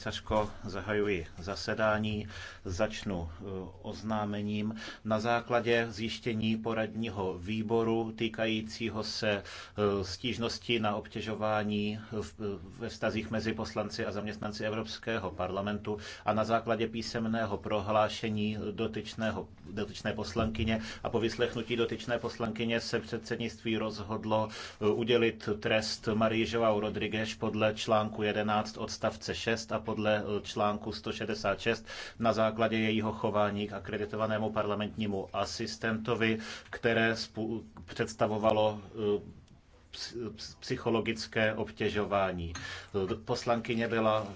Saško, zahajuji zasedání. Začnu eh, oznámením. Na základě zjištění poradního výboru týkajícího se eh, stížnosti na obtěžování eh, ve vztazích mezi poslanci a zaměstnanci Evropského parlamentu a na základě písemného prohlášení dotyčného, dotyčné poslankyně a po vyslechnutí dotyčné poslankyně se předsednictví rozhodlo udělit trest Marii Joao Rodriguez podle článku 11 odstavce 6 a podle eh, článku 166 na základě jejího chování k akreditovanému parlamentnímu asistentovi, které představovalo eh, psychologické obtěžování. Eh, poslankyně byla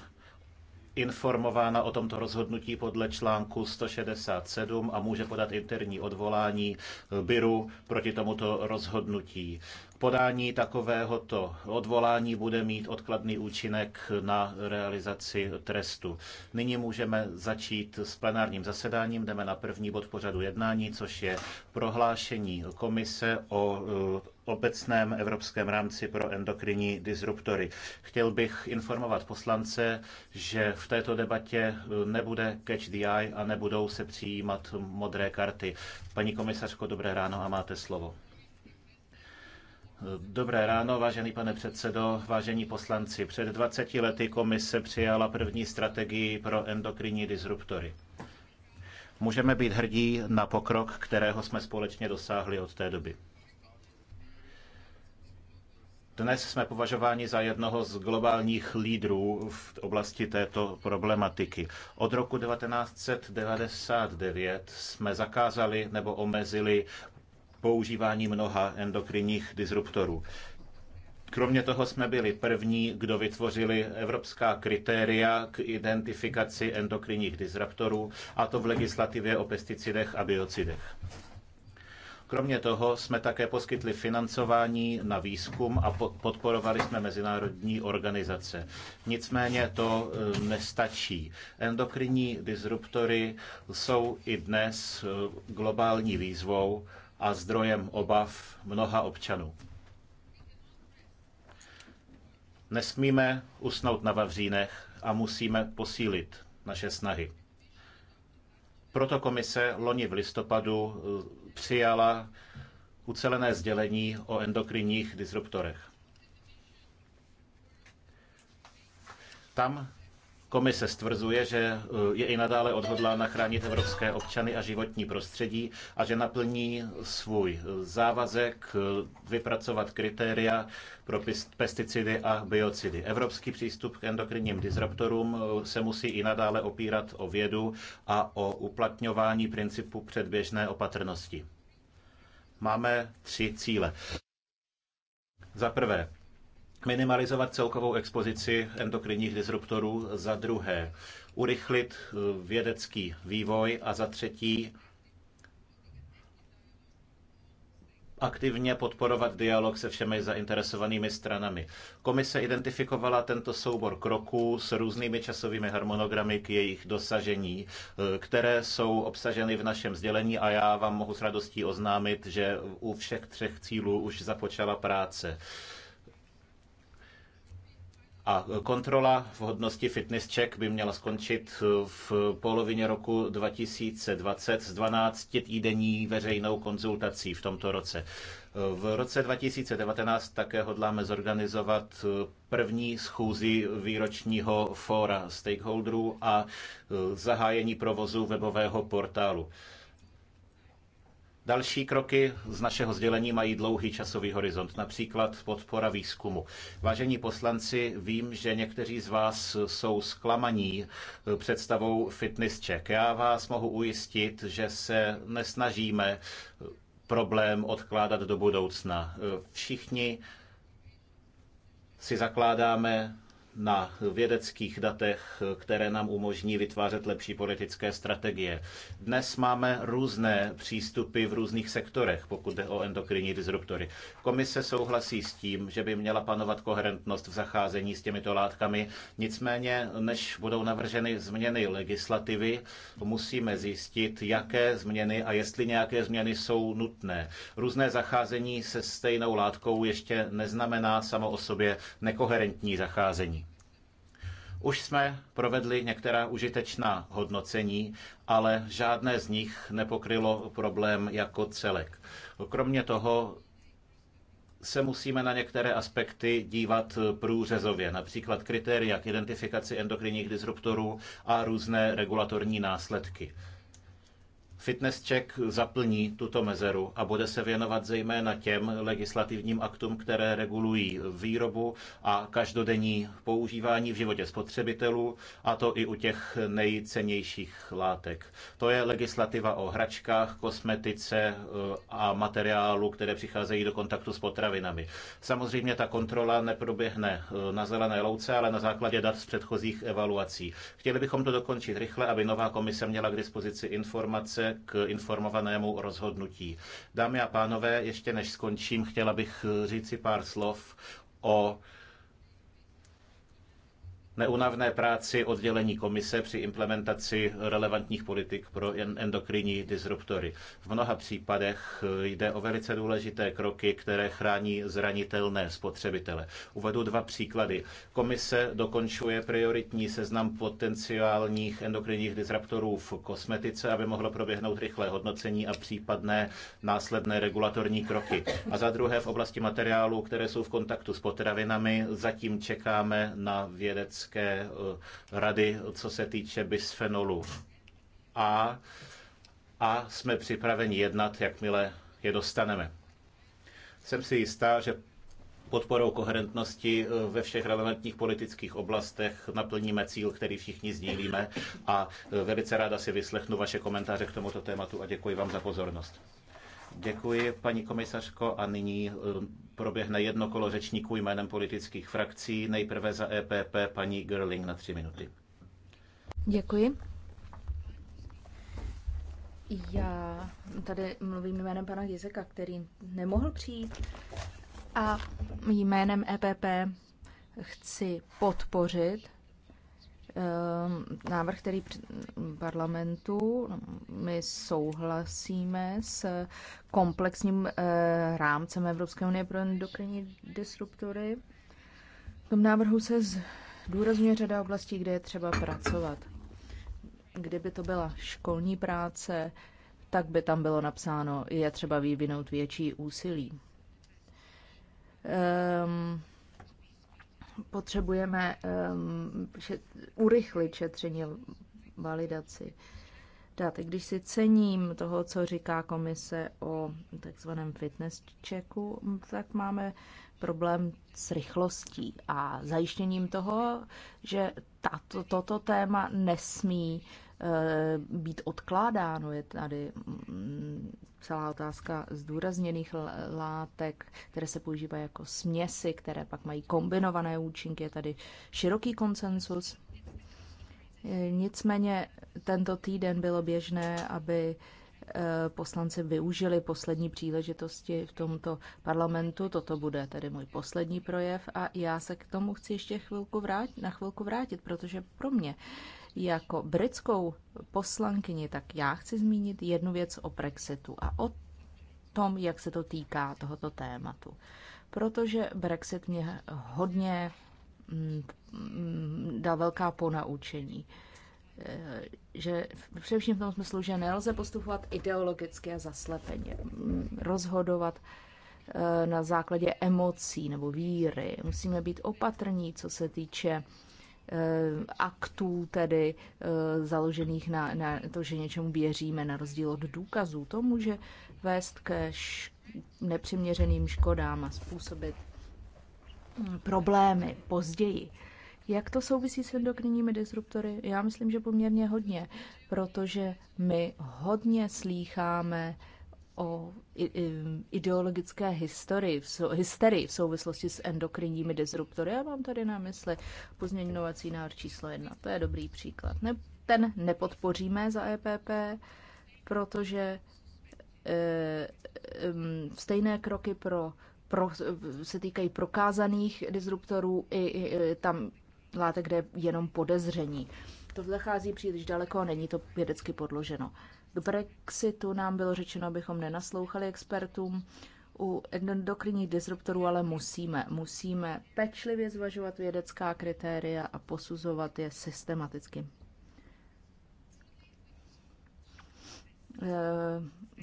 informována o tomto rozhodnutí podle článku 167 a může podat interní odvolání Byru proti tomuto rozhodnutí. Podání takovéhoto odvolání bude mít odkladný účinek na realizaci trestu. Nyní můžeme začít s plenárním zasedáním. Jdeme na první bod pořadu jednání, což je prohlášení komise o e, obecném evropském rámci pro endokrinní disruptory. Chtěl bych informovat poslance, že v této debatě e, nebude catch the eye a nebudou se přijímat modré karty. Paní komisařko, dobré ráno a máte slovo. Dobré ráno, vážený pane předsedo, vážení poslanci. Před 20 lety komise přijala první strategii pro endokrinní disruptory. Můžeme být hrdí na pokrok, kterého jsme společně dosáhli od té doby. Dnes jsme považováni za jednoho z globálních lídrů v oblasti této problematiky. Od roku 1999 jsme zakázali nebo omezili používání mnoha endokrinních disruptorů. Kromě toho jsme byli první, kdo vytvořili evropská kritéria k identifikaci endokrinních disruptorů, a to v legislativě o pesticidech a biocidech. Kromě toho jsme také poskytli financování na výzkum a podporovali jsme mezinárodní organizace. Nicméně to e, nestačí. Endokrinní disruptory jsou i dnes e, globální výzvou, a zdrojem obav mnoha občanů. Nesmíme usnout na vavřínech a musíme posílit naše snahy. Proto komise loni v listopadu eh, přijala ucelené sdělení o endokrinních disruptorech. Tam Komise stvrzuje, že eh, je i nadále odhodlána chránit evropské občany a životní prostředí a že naplní svůj eh, závazek eh, vypracovat kritéria pro pesticidy a biocidy. Evropský přístup k endokrinním disruptorům se musí i nadále opírat o vědu a o uplatňování principu předběžné opatrnosti. Máme tři cíle. Za prvé, minimalizovat celkovou expozici endokrinních disruptorů, za druhé urychlit eh, vědecký vývoj a za třetí aktivně podporovat dialog se všemi zainteresovanými stranami. Komise identifikovala tento soubor kroků s různými časovými harmonogramy k jejich dosažení, eh, které jsou obsaženy v našem sdělení a já vám mohu s radostí oznámit, že u všech třech cílů už započala práce. A kontrola vhodnosti fitness check by měla skončit v polovině roku 2020 s 12 týdenní veřejnou konzultací v tomto roce. V roce 2019 také hodláme zorganizovat první schůzi výročního fóra stakeholderů a zahájení provozu webového portálu. Další kroky z našeho sdělení mají dlouhý časový horizont, například podpora výzkumu. Vážení poslanci, vím, že někteří z vás jsou zklamaní představou fitness check. Já vás mohu ujistit, že se nesnažíme problém odkládat do budoucna. Všichni si zakládáme na vědeckých datech, které nám umožní vytvářet lepší politické strategie. Dnes máme různé přístupy v různých sektorech, pokud jde o endokrinní disruptory. Komise souhlasí s tím, že by měla panovat koherentnost v zacházení s těmito látkami. Nicméně, než budou navrženy změny legislativy, musíme zjistit, jaké změny a jestli nějaké změny jsou nutné. Různé zacházení se stejnou látkou ještě neznamená samo o sobě nekoherentní zacházení. Už jsme provedli některá užitečná hodnocení, ale žádné z nich nepokrylo problém jako celek. Kromě toho se musíme na některé aspekty dívat průřezově, například kritéria k identifikaci endokrinních disruptorů a různé regulatorní následky. Fitness check zaplní tuto mezeru a bude se věnovat zejména těm legislativním aktům, které regulují výrobu a každodenní používání v životě spotřebitelů, a to i u těch nejcennějších látek. To je legislativa o hračkách, kosmetice eh, a materiálu, které přicházejí do kontaktu s potravinami. Samozřejmě ta kontrola neproběhne eh, na zelené louce, ale na základě dat z předchozích evaluací. Chtěli bychom to dokončit rychle, aby nová komise měla k dispozici informace, k informovanému rozhodnutí. Dámy a pánové, ještě než skončím, chtěla bych říci pár slov o neunavné práci oddělení komise při implementaci relevantních politik pro endokrinní disruptory. V mnoha případech jde o velice důležité kroky, které chrání zranitelné spotřebitele. Uvedu dva příklady. Komise dokončuje prioritní seznam potenciálních endokrinních disruptorů v kosmetice, aby mohlo proběhnout rychlé hodnocení a případné následné regulatorní kroky. A za druhé v oblasti materiálů, které jsou v kontaktu s potravinami, zatím čekáme na vědec Evropské eh, rady, co se týče bisfenolu A a jsme připraveni jednat, jakmile je dostaneme. Jsem si jistá, že podporou koherentnosti eh, ve všech relevantních politických oblastech naplníme cíl, který všichni sdílíme a eh, velice ráda si vyslechnu vaše komentáře k tomuto tématu a děkuji vám za pozornost. Děkuji, paní komisařko, a nyní proběhne jedno kolo řečníků jménem politických frakcí. Nejprve za EPP paní Girling na tři minuty. Děkuji. Já tady mluvím jménem pana Gizeka, který nemohl přijít a jménem EPP chci podpořit Ehm, návrh, který parlamentu, no, my souhlasíme s komplexním eh, rámcem Evropské unie pro endokrinní disruptory. V tom návrhu se zdůrazňuje řada oblastí, kde je třeba pracovat. Kdyby to byla školní práce, tak by tam bylo napsáno, je třeba vyvinout větší úsilí. Um, Potřebujeme um, šet, urychlit šetření validaci dat. Když si cením toho, co říká komise o takzvaném fitness checku, tak máme problém s rychlostí a zajištěním toho, že tato, toto téma nesmí Eh, být odkládáno. Je tady mm, celá otázka zdůrazněných látek, které se používají jako směsi, které pak mají kombinované účinky. Je tady široký koncensus. Eh, nicméně tento týden bylo běžné, aby Eh, poslanci využili poslední příležitosti v tomto parlamentu. Toto bude tedy můj poslední projev a já se k tomu chci ještě chvilku vrátit, na chvilku vrátit, protože pro mě jako britskou poslankyni, tak já chci zmínit jednu věc o Brexitu a o tom, jak se to týká tohoto tématu. Protože Brexit mě hodně mm, mm, dal velká ponaučení. učení Eh, že především v tom smyslu, že nelze postupovat ideologicky a zaslepeně, rozhodovat eh, na základě emocí nebo víry. Musíme být opatrní, co se týče eh, aktů tedy založených na, na to, že něčemu věříme, na rozdíl od důkazů. To může vést ke nepřiměřeným škodám a způsobit hm, problémy později. Jak to souvisí s endokrinními disruptory? Já myslím, že poměrně hodně, protože my hodně slýcháme o ideologické historii, hysterii v souvislosti s endokrinními disruptory. Já mám tady na mysli pozměňovací návrh číslo jedna. To je dobrý příklad. Ne, ten nepodpoříme za EPP, protože e, stejné kroky pro pro, se týkají prokázaných disruptorů, i, i tam látek, kde je jenom podezření. To zachází příliš daleko a není to vědecky podloženo. K Brexitu nám bylo řečeno, abychom nenaslouchali expertům. U endokrinních disruptorů ale musíme. Musíme pečlivě zvažovat vědecká kritéria a posuzovat je systematicky. Eh,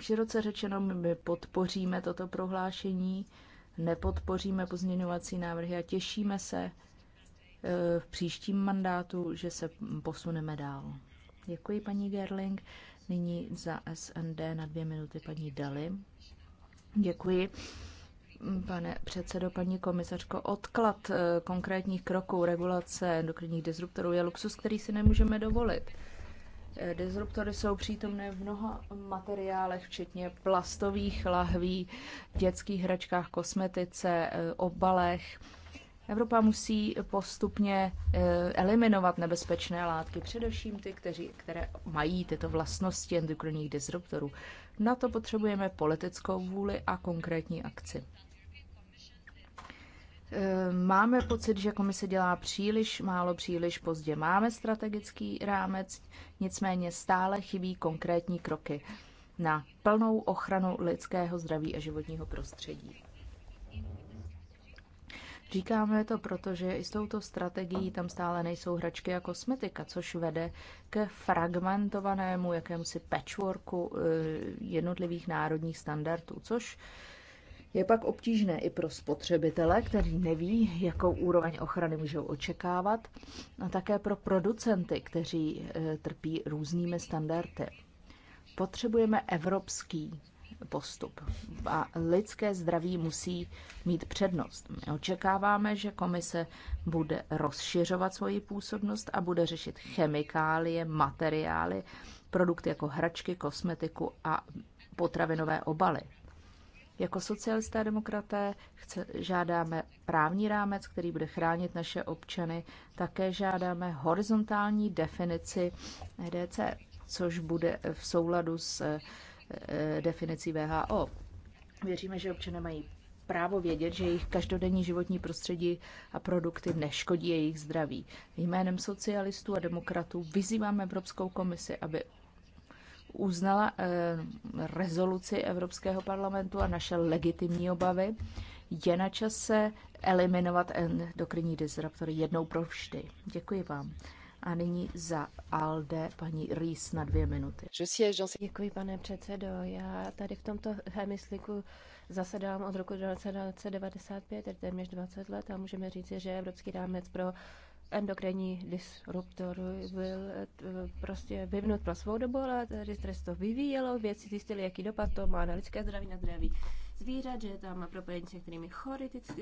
široce řečeno, my podpoříme toto prohlášení, nepodpoříme pozměňovací návrhy a těšíme se v příštím mandátu, že se posuneme dál. Děkuji, paní Gerling. Nyní za SND na dvě minuty paní Dali. Děkuji. Pane předsedo, paní komisařko, odklad eh, konkrétních kroků regulace endokrinních disruptorů je luxus, který si nemůžeme dovolit. Eh, disruptory jsou přítomné v mnoha materiálech, včetně plastových lahví, dětských hračkách, kosmetice, eh, obalech Evropa musí postupně eh, eliminovat nebezpečné látky, především ty, kteří, které mají tyto vlastnosti endokrinních disruptorů. Na to potřebujeme politickou vůli a konkrétní akci. Eh, máme pocit, že komise dělá příliš málo, příliš pozdě. Máme strategický rámec, nicméně stále chybí konkrétní kroky na plnou ochranu lidského zdraví a životního prostředí. Říkáme to proto, že i s touto strategií tam stále nejsou hračky a kosmetika, což vede k fragmentovanému jakémusi patchworku eh, jednotlivých národních standardů, což je pak obtížné i pro spotřebitele, kteří neví, jakou úroveň ochrany můžou očekávat, a také pro producenty, kteří eh, trpí různými standardy. Potřebujeme evropský postup. A lidské zdraví musí mít přednost. My očekáváme, že komise bude rozšiřovat svoji působnost a bude řešit chemikálie, materiály, produkty jako hračky, kosmetiku a potravinové obaly. Jako socialisté a demokraté chce, žádáme právní rámec, který bude chránit naše občany. Také žádáme horizontální definici EDC, což bude v souladu s Eh, definicí VHO. Věříme, že občané mají právo vědět, že jejich každodenní životní prostředí a produkty neškodí jejich zdraví. Jménem socialistů a demokratů vyzývám Evropskou komisi, aby uznala eh, rezoluci Evropského parlamentu a naše legitimní obavy. Je na čase eliminovat endokrinní disruptory jednou pro vždy. Děkuji vám. A nyní za ALDE paní Rýs na dvě minuty. Děkuji, pane předsedo. Já tady v tomto hemisliku zasedám od roku 1995, tedy téměř 20 let a můžeme říct, že Evropský rámec pro endokrinní disruptor byl eh, prostě vyvnut pro svou dobu, ale tady se to vyvíjelo, věci zjistili, jaký dopad to má na lidské zdraví, na zdraví zvířat, že je tam propojení s některými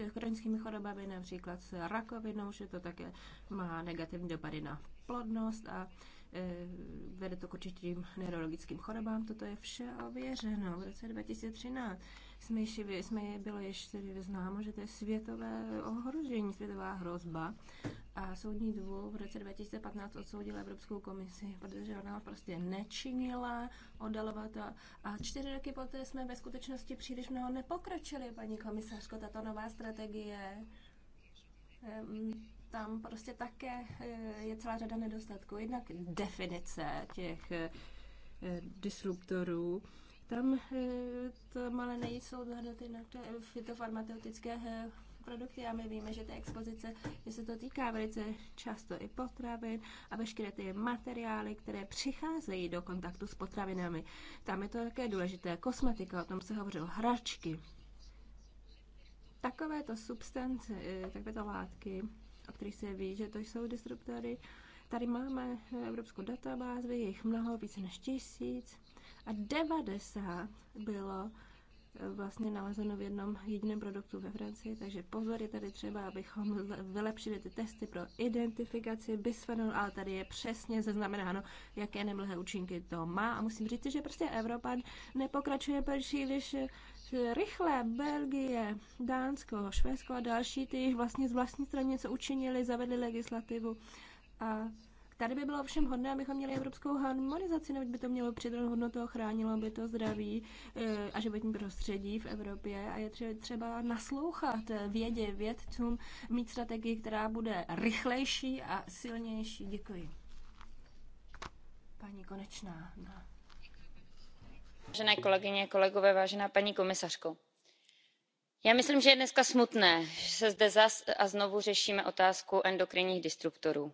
chronickými chorobami, například s rakovinou, že to také má negativní dopady na plodnost a e, vede to k určitým neurologickým chorobám. Toto je vše ověřeno v roce 2013 jsme ještě, jsme, bylo již známo, že to je světové ohrožení, světová hrozba. A soudní dvůr v roce 2015 odsoudil Evropskou komisi, protože ona prostě nečinila, oddalovat to. A čtyři roky poté jsme ve skutečnosti příliš mnoho nepokročili, paní komisařko, tato nová strategie. Tam prostě také eh, je celá řada nedostatků. Jednak definice těch eh, disruptorů, tam eh, tam ale nejsou zahrnuty na fytofarmaceutické eh, produkty a my víme, že ta expozice, že se to týká velice často i potravin a veškeré ty materiály, které přicházejí do kontaktu s potravinami. Tam je to také důležité. Kosmetika, o tom se hovořil, hračky. Takovéto substance, eh, takovéto látky, o kterých se ví, že to jsou disruptory, tady máme evropskou databázi, je jich mnoho, více než tisíc a 90 bylo eh, vlastně nalezeno v jednom jediném produktu ve Francii, takže pozor je tady třeba, abychom vylepšili ty testy pro identifikaci bisfenol, ale tady je přesně zaznamenáno, jaké nemlhé účinky to má a musím říct, že prostě Evropa nepokračuje příliš eh, rychle. Belgie, Dánsko, Švédsko a další, ty vlastně z vlastní strany něco učinili, zavedli legislativu a Tady by bylo všem hodné, abychom měli evropskou harmonizaci, neboť by to mělo přidanou hodnotu a chránilo by to zdraví eh, a životní prostředí v Evropě. A je třeba naslouchat eh, vědě, vědcům, mít strategii, která bude rychlejší a silnější. Děkuji. Paní Konečná. No. Vážené kolegyně, kolegové, vážená paní komisařko já myslím že je dneska smutné že zde zas a znovu řešíme otázku endokrinních disruptorů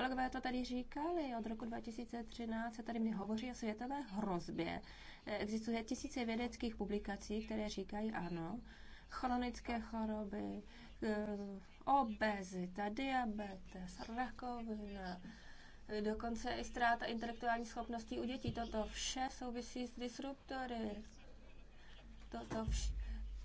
Kolegové to tady říkali, od roku 2013 se tady mi hovoří o světové hrozbě. Eh, existuje tisíce vědeckých publikací, které říkají ano, chronické choroby, eh, obezita, diabetes, rakovina, eh, dokonce i ztráta intelektuální schopností u dětí. Toto vše souvisí s disruptory. Toto vše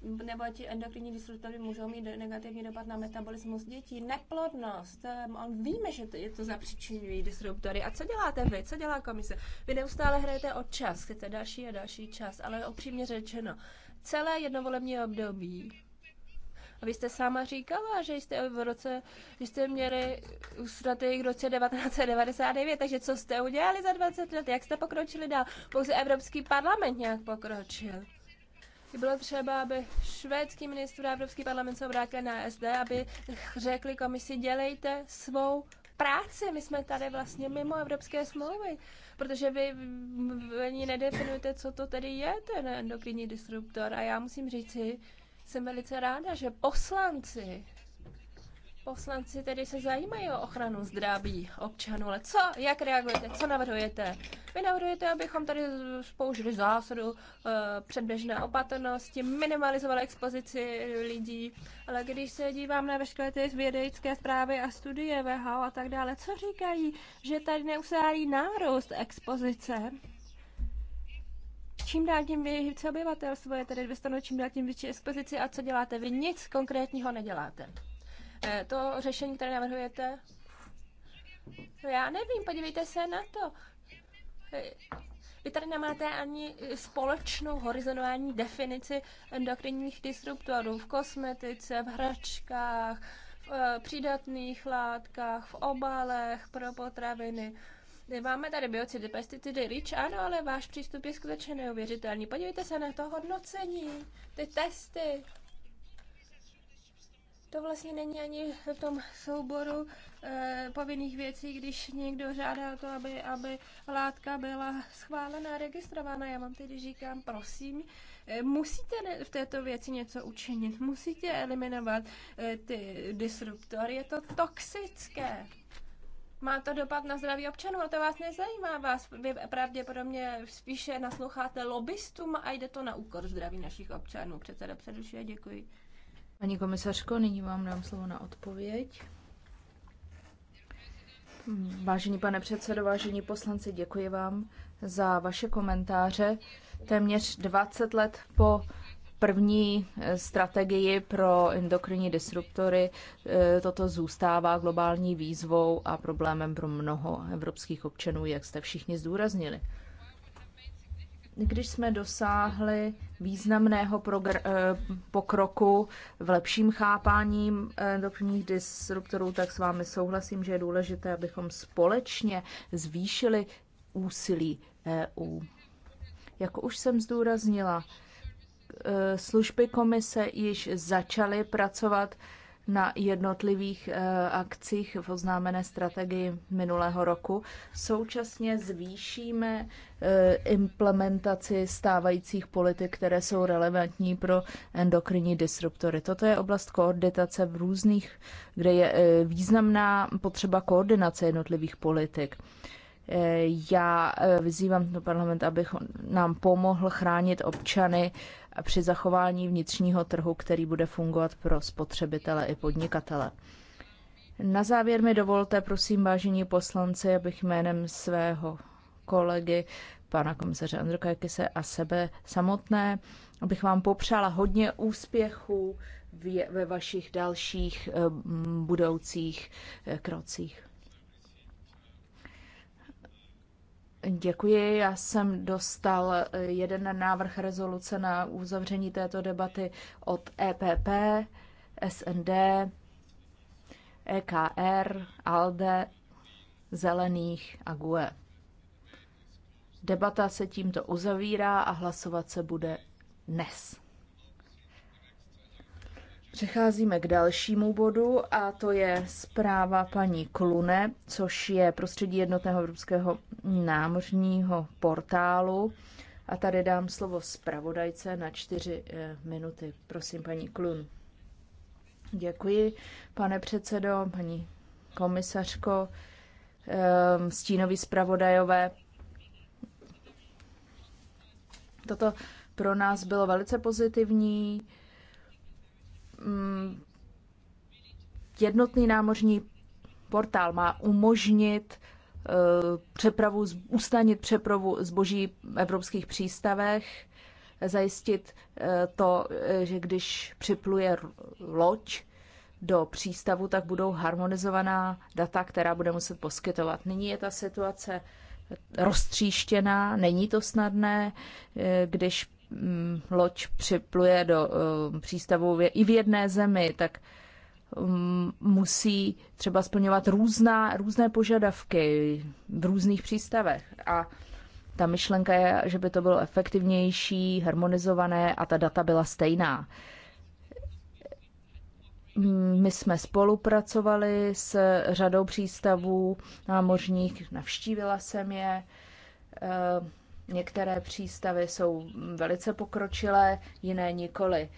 neboť endokrinní disruptory můžou mít negativní dopad na metabolismus dětí, neplodnost. Eh, on víme, že to, je to zapříčinují disruptory. A co děláte vy? Co dělá komise? Vy neustále hrajete o čas, chcete další a další čas, ale opřímně řečeno, celé jednovolební období a vy jste sama říkala, že jste v roce, že jste měli strategii k roce 1999, takže co jste udělali za 20 let, jak jste pokročili dál? Pouze Evropský parlament nějak pokročil bylo třeba, aby švédský ministr a Evropský parlament se obrátil na SD, aby řekli komisi, dělejte svou práci. My jsme tady vlastně mimo evropské smlouvy, protože vy ani nedefinujete, co to tedy je ten endokrinní disruptor. A já musím říci, jsem velice ráda, že poslanci Poslanci tedy se zajímají o ochranu zdraví občanů, ale co, jak reagujete, co navrhujete? Vy navrhujete, abychom tady použili zásadu uh, předběžné opatrnosti, minimalizovali expozici lidí, ale když se dívám na veškeré ty vědecké zprávy a studie VHO a tak dále, co říkají, že tady neusálí nárůst expozice? čím dál tím více obyvatelstvo je tady dostanou čím dál tím větší expozici a co děláte vy? Nic konkrétního neděláte. Eh, to řešení, které navrhujete? No, já nevím, podívejte se na to. Eh, vy tady nemáte ani společnou horizontální definici endokrinních disruptorů v kosmetice, v hračkách, v eh, přídatných látkách, v obalech pro potraviny. Máme tady biocidy, pesticidy, Rich. ano, ale váš přístup je skutečně neuvěřitelný. Podívejte se na to hodnocení, ty testy to vlastně není ani v tom souboru e, povinných věcí, když někdo žádá o to, aby, aby látka byla schválená, registrována. Já vám tedy říkám, prosím, e, musíte v této věci něco učinit, musíte eliminovat e, ty disruptory, je to toxické. Má to dopad na zdraví občanů ale to vás nezajímá. Vás vy pravděpodobně spíše nasloucháte lobbystům a jde to na úkor zdraví našich občanů. Předseda předušuje, děkuji. Paní komisařko, nyní vám dám slovo na odpověď. Vážený pane předsedo, vážení poslanci, děkuji vám za vaše komentáře. Téměř 20 let po první eh, strategii pro endokrinní disruptory eh, toto zůstává globální výzvou a problémem pro mnoho evropských občanů, jak jste všichni zdůraznili když jsme dosáhli významného eh, pokroku v lepším chápání endokrinních eh, disruptorů, tak s vámi souhlasím, že je důležité, abychom společně zvýšili úsilí EU. Jak už jsem zdůraznila, eh, služby komise již začaly pracovat na jednotlivých eh, akcích v oznámené strategii minulého roku. Současně zvýšíme eh, implementaci stávajících politik, které jsou relevantní pro endokrinní disruptory. Toto je oblast koordinace v různých, kde je eh, významná potřeba koordinace jednotlivých politik. Já vyzývám parlament, aby nám pomohl chránit občany při zachování vnitřního trhu, který bude fungovat pro spotřebitele i podnikatele. Na závěr mi dovolte, prosím, vážení poslanci, abych jménem svého kolegy, pana komisaře Androkajkise a sebe samotné, abych vám popřála hodně úspěchů ve vašich dalších eh, budoucích eh, krocích. Děkuji. Já jsem dostal eh, jeden návrh rezoluce na uzavření této debaty od EPP, SND, EKR, ALDE, Zelených a GUE. Debata se tímto uzavírá a hlasovat se bude dnes. Přecházíme k dalšímu bodu a to je zpráva paní Klune, což je prostředí jednotného evropského námořního portálu. A tady dám slovo zpravodajce na čtyři eh, minuty. Prosím, paní Klun. Děkuji, pane předsedo, paní komisařko, ehm, stínoví zpravodajové. Toto pro nás bylo velice pozitivní Mm, jednotný námořní portál má umožnit eh, přepravu, ustanit přepravu zboží v evropských přístavech, zajistit eh, to, eh, že když připluje loď do přístavu, tak budou harmonizovaná data, která bude muset poskytovat. Nyní je ta situace roztříštěná, není to snadné, když Mm, loď připluje do eh, přístavu i v jedné zemi, tak mm, musí třeba splňovat různá, různé požadavky v různých přístavech. A ta myšlenka je, že by to bylo efektivnější, harmonizované a ta data byla stejná. Mm, my jsme spolupracovali s řadou přístavů námořních, navštívila jsem je eh, Některé přístavy jsou velice pokročilé, jiné nikoli.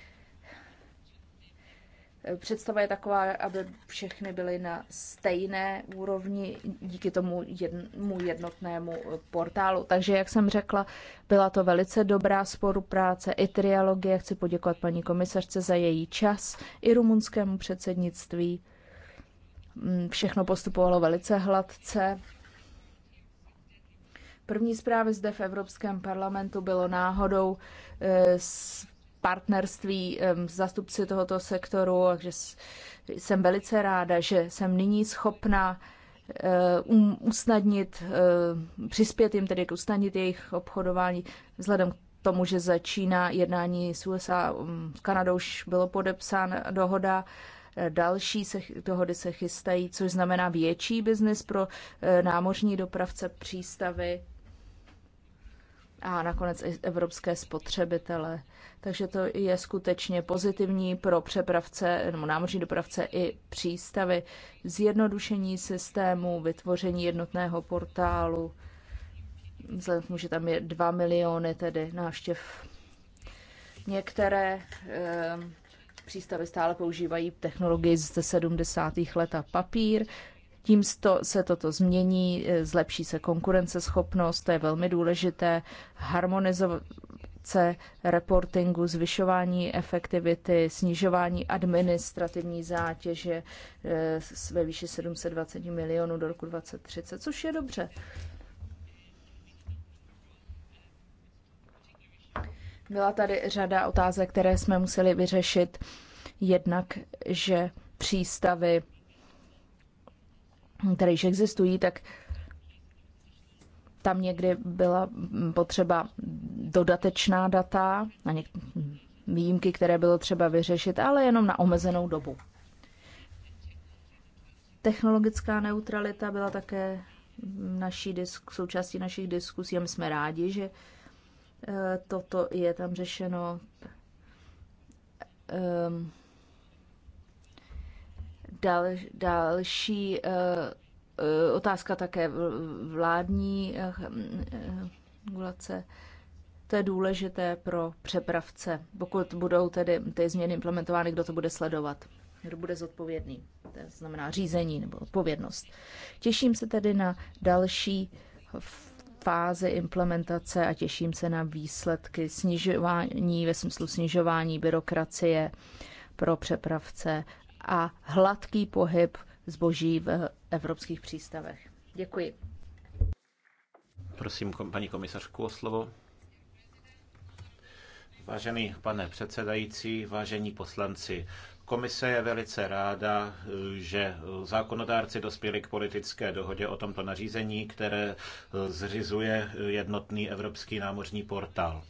Představa je taková, aby všechny byly na stejné úrovni díky tomu jednému jednotnému eh, portálu. Takže, jak jsem řekla, byla to velice dobrá spolupráce i trialogie. Chci poděkovat paní komisařce za její čas i rumunskému předsednictví. Mm, všechno postupovalo velice hladce První zprávy zde v Evropském parlamentu bylo náhodou s eh, partnerství s zastupci tohoto sektoru, takže jsem velice ráda, že jsem nyní schopna eh, um, usnadnit, eh, přispět jim tedy k usnadnit jejich obchodování vzhledem k tomu, že začíná jednání s USA, um, s Kanadou už bylo podepsána dohoda, další se, dohody se chystají, což znamená větší biznis pro námořní dopravce přístavy a nakonec i evropské spotřebitele. Takže to je skutečně pozitivní pro přepravce nebo námořní dopravce i přístavy. Zjednodušení systému, vytvoření jednotného portálu, vzhledem k tomu, že tam je 2 miliony tedy návštěv. Některé e, přístavy stále používají technologii z 70. let a papír. Tím se toto změní, e, zlepší se konkurenceschopnost, to je velmi důležité, harmonizace reportingu, zvyšování efektivity, snižování administrativní zátěže e, ve výši 720 milionů do roku 2030, což je dobře. Byla tady řada otázek, které jsme museli vyřešit. Jednak, že přístavy které již existují, tak tam někdy byla potřeba dodatečná data, na něk- výjimky, které bylo třeba vyřešit, ale jenom na omezenou dobu. Technologická neutralita byla také naší disk, součástí našich diskusí a my jsme rádi, že e, toto je tam řešeno. Ehm, Dal, další eh, eh, otázka také vládní eh, hm, regulace. To je důležité pro přepravce, pokud budou tedy ty změny implementovány, kdo to bude sledovat, kdo bude zodpovědný, to znamená řízení nebo odpovědnost. Těším se tedy na další fáze implementace a těším se na výsledky snižování, ve smyslu snižování byrokracie pro přepravce a hladký pohyb zboží v evropských přístavech. Děkuji. Prosím, paní komisařku, o slovo. Vážený pane předsedající, vážení poslanci, Komise je velice ráda, že zákonodárci dospěli k politické dohodě o tomto nařízení, které zřizuje jednotný evropský námořní portál.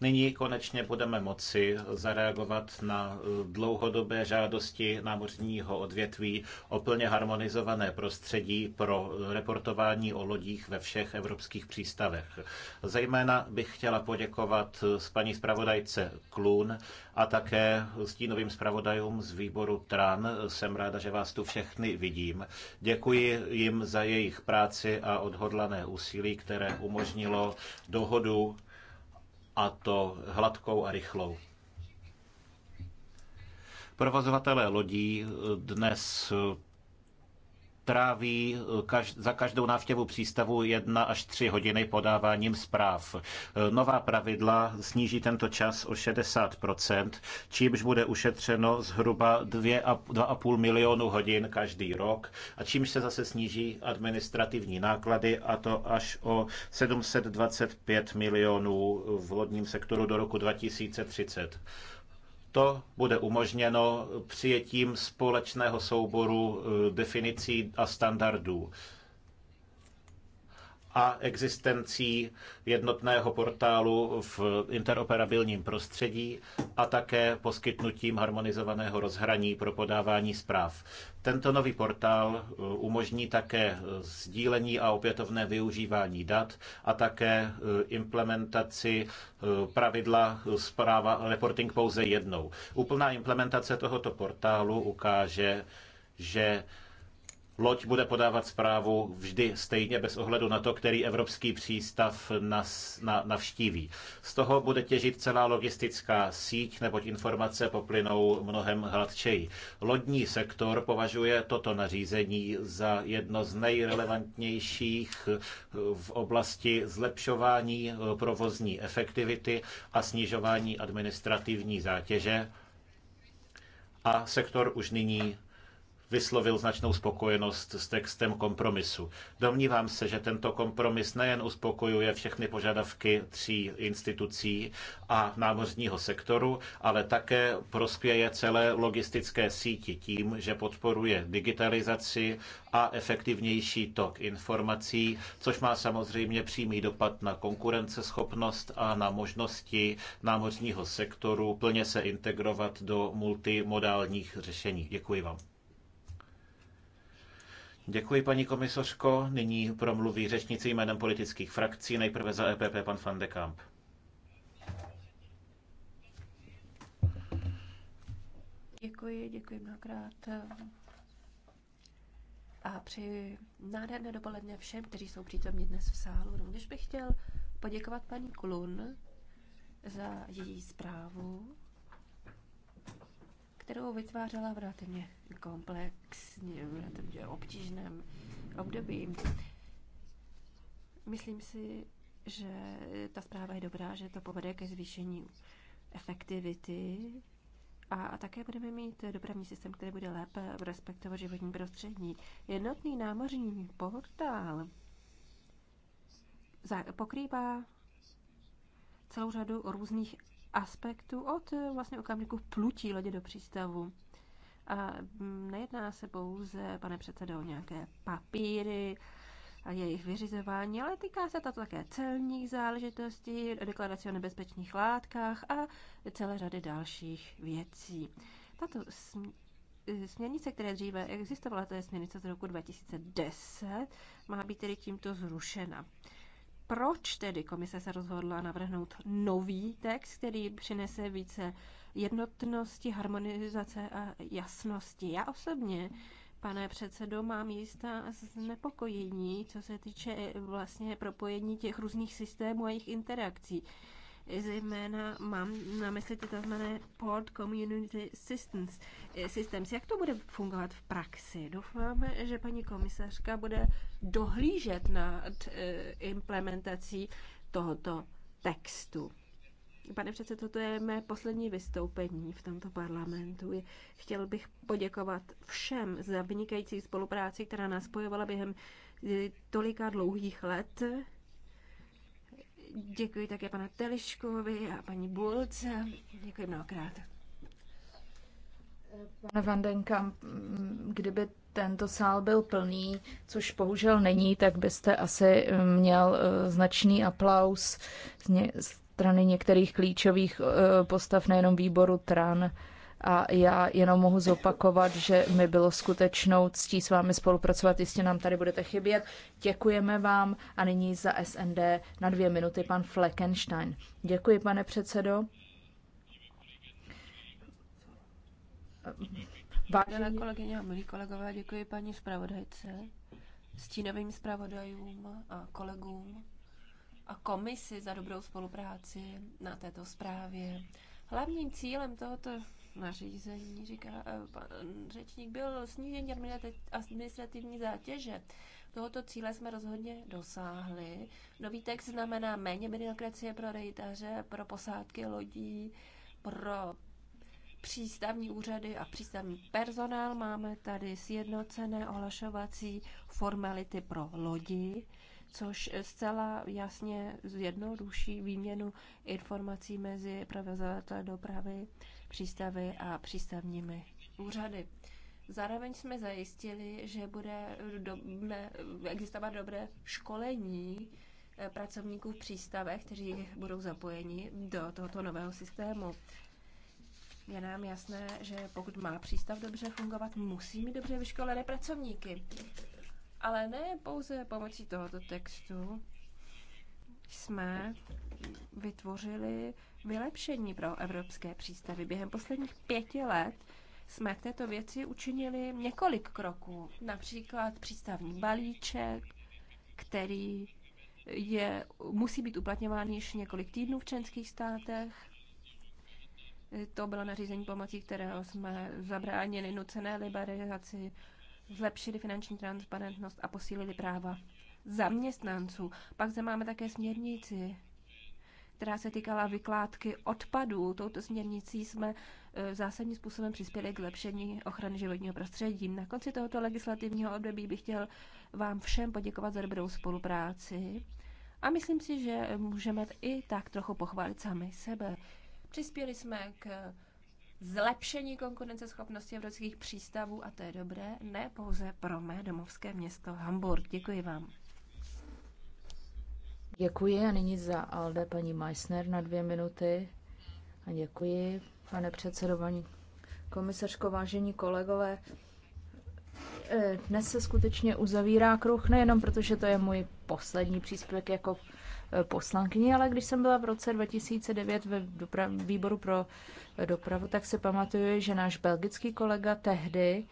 Nyní konečně budeme moci zareagovat na eh, dlouhodobé žádosti námořního odvětví o plně harmonizované prostředí pro eh, reportování o lodích ve všech evropských přístavech. Zejména bych chtěla poděkovat eh, s paní zpravodajce Klun a také stínovým zpravodajům z výboru TRAN. Jsem ráda, že vás tu všechny vidím. Děkuji jim za jejich práci a odhodlané úsilí, které umožnilo dohodu a to hladkou a rychlou. Provozovatelé lodí dnes tráví eh, za každou návštěvu přístavu jedna až tři hodiny podáváním zpráv. Eh, nová pravidla sníží tento čas o 60%, čímž bude ušetřeno zhruba 2,5 milionu hodin každý rok a čímž se zase sníží administrativní náklady a to až o 725 milionů v lodním sektoru do roku 2030. To bude umožněno přijetím společného souboru eh, definicí a standardů a existencí jednotného portálu v interoperabilním prostředí a také poskytnutím harmonizovaného rozhraní pro podávání zpráv. Tento nový portál uh, umožní také uh, sdílení a opětovné využívání dat a také uh, implementaci pravidla zpráva reporting pouze jednou. Úplná implementace tohoto portálu ukáže, že Loď bude podávat zprávu vždy stejně bez ohledu na to, který evropský přístav nas, na, navštíví. Z toho bude těžit celá logistická síť, neboť informace poplynou mnohem hladčeji. Lodní sektor považuje toto nařízení za jedno z nejrelevantnějších eh, v oblasti zlepšování eh, provozní efektivity a snižování administrativní zátěže. A sektor už nyní vyslovil značnou spokojenost s textem kompromisu. Domnívám se, že tento kompromis nejen uspokojuje všechny požadavky tří institucí a námořního sektoru, ale také prospěje celé logistické síti tím, že podporuje digitalizaci a efektivnější tok informací, což má samozřejmě přímý dopad na konkurenceschopnost a na možnosti námořního sektoru plně se integrovat do multimodálních řešení. Děkuji vám. Děkuji, paní komisořko. Nyní promluví řečnici jménem politických frakcí, nejprve za EPP pan van de Kamp. Děkuji, děkuji mnohokrát. A při nádherné dopoledne všem, kteří jsou přítomni dnes v sálu. Rovněž bych chtěl poděkovat paní Kulun za její zprávu kterou vytvářela v relativně komplexně, v relativně obtížném období. Myslím si, že ta zpráva je dobrá, že to povede ke zvýšení efektivity a také budeme mít dopravní systém, který bude lépe respektovat životní prostředí. Jednotný námořní portál pokrývá celou řadu různých Aspektu od eh, vlastně okamžiku plutí lodě do přístavu. A mm, nejedná se pouze, pane předsedo, o nějaké papíry a jejich vyřizování, ale týká se to také celních záležitostí, deklarací o nebezpečných látkách a celé řady dalších věcí. Tato eh, směrnice, které dříve existovala, to je směrnice z roku 2010, má být tedy tímto zrušena. Proč tedy komise se rozhodla navrhnout nový text, který přinese více jednotnosti, harmonizace a jasnosti? Já osobně Pane předsedo, mám jistá znepokojení, co se týče eh, vlastně propojení těch různých systémů a jejich interakcí. Zejména mám na mysli ty tzv. Port Community Systems. Eh, systems. Jak to bude fungovat v praxi? Doufáme, že paní komisařka bude dohlížet nad eh, implementací tohoto textu. Pane přece, toto je mé poslední vystoupení v tomto parlamentu. Chtěl bych poděkovat všem za vynikající spolupráci, která nás spojovala během eh, tolika dlouhých let. Děkuji také panu Teliškovi a paní Bulce, Děkuji mnohokrát. Pane Vandenka, kdyby tento sál byl plný, což bohužel není, tak byste asi eh, měl eh, značný aplaus z strany některých klíčových eh, postav nejenom výboru TRAN, a já jenom mohu zopakovat, že mi bylo skutečnou ctí s vámi spolupracovat, jistě nám tady budete chybět. Děkujeme vám a nyní za SND na dvě minuty pan Fleckenstein. Děkuji, pane předsedo. Vážené kolegyně a milí kolegové, děkuji paní zpravodajce, stínovým zpravodajům a kolegům a komisi za dobrou spolupráci na této zprávě. Hlavním cílem tohoto nařízení, říká eh, pan řečník, byl snížení administrativní zátěže. Tohoto cíle jsme rozhodně dosáhli. Nový text znamená méně byrokracie pro rejtaře, pro posádky lodí, pro přístavní úřady a přístavní personál. Máme tady sjednocené ohlašovací formality pro lodi, což zcela jasně zjednoduší výměnu informací mezi provozovatelem dopravy přístavy a přístavními úřady. Zároveň jsme zajistili, že bude do, ne, existovat dobré školení eh, pracovníků v přístavech, kteří budou zapojeni do tohoto nového systému. Je nám jasné, že pokud má přístav dobře fungovat, musí mít dobře vyškolené pracovníky. Ale ne pouze pomocí tohoto textu jsme vytvořili vylepšení pro evropské přístavy. Během posledních pěti let jsme v této věci učinili několik kroků. Například přístavní balíček, který je, musí být uplatňován již několik týdnů v členských státech. To bylo nařízení pomocí, kterého jsme zabránili nucené liberalizaci, zlepšili finanční transparentnost a posílili práva zaměstnanců. Pak zde máme také směrnici která se týkala vykládky odpadů. Touto směrnicí jsme e, zásadním způsobem přispěli k zlepšení ochrany životního prostředí. Na konci tohoto legislativního období bych chtěl vám všem poděkovat za dobrou spolupráci a myslím si, že můžeme i tak trochu pochválit sami sebe. Přispěli jsme k zlepšení konkurenceschopnosti evropských přístavů a to je dobré, ne pouze pro mé domovské město Hamburg. Děkuji vám. Děkuji a nyní za Alde paní Meissner na dvě minuty. A děkuji, pane předsedování, komisařko, vážení kolegové. E, dnes se skutečně uzavírá kruh, nejenom protože to je můj poslední příspěvek jako e, poslankyně, ale když jsem byla v roce 2009 ve dopra- výboru pro dopravu, tak se pamatuju, že náš belgický kolega tehdy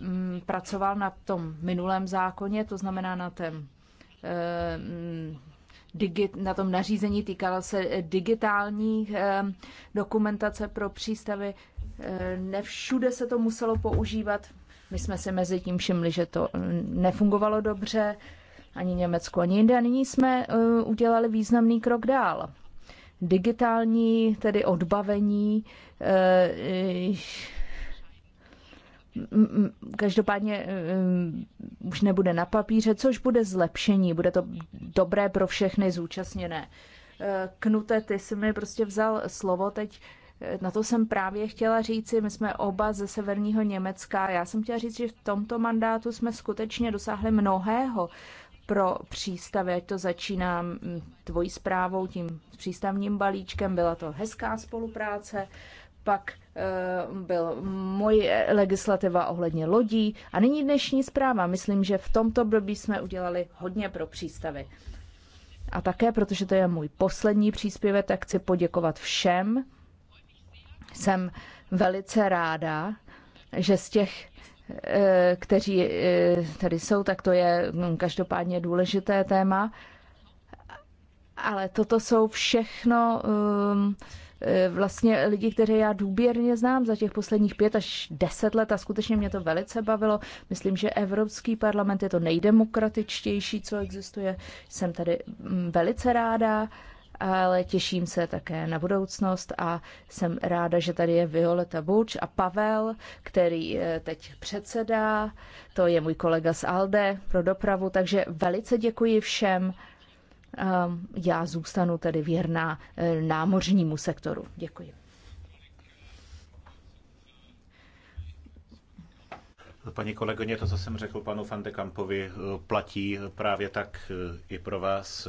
mm, pracoval na tom minulém zákoně, to znamená na tom e, mm, digit, na tom nařízení týkalo se eh, digitální eh, dokumentace pro přístavy. Eh, Nevšude se to muselo používat. My jsme si mezi tím všimli, že to mm, nefungovalo dobře, ani Německo, ani jinde. A nyní jsme udělali významný krok dál digitální, tedy odbavení, Každopádně um, už nebude na papíře, což bude zlepšení, bude to dobré pro všechny zúčastněné. E, Knute, ty jsi mi prostě vzal slovo teď. Na to jsem právě chtěla říci, my jsme oba ze severního Německa. Já jsem chtěla říct, že v tomto mandátu jsme skutečně dosáhli mnohého pro přístavy, ať to začínám tvojí zprávou, tím přístavním balíčkem, byla to hezká spolupráce, pak Eh, byl moje legislativa ohledně lodí a nyní dnešní zpráva. Myslím, že v tomto období jsme udělali hodně pro přístavy. A také, protože to je můj poslední příspěvek, tak chci poděkovat všem. Jsem velice ráda, že z těch, eh, kteří eh, tady jsou, tak to je hm, každopádně důležité téma. Ale toto jsou všechno um, E, vlastně lidi, kteří já důběrně znám za těch posledních pět až deset let a skutečně mě to velice bavilo. Myslím, že Evropský parlament je to nejdemokratičtější, co existuje. Jsem tady mm, velice ráda, ale těším se také na budoucnost a jsem ráda, že tady je Violeta Buč a Pavel, který e, teď předsedá. To je můj kolega z ALDE pro dopravu, takže velice děkuji všem Ehm, já zůstanu tedy věrná eh, námořnímu sektoru. Děkuji. Paní kolegyně, to, co jsem řekl panu Fandekampovi, eh, platí právě tak eh, i pro vás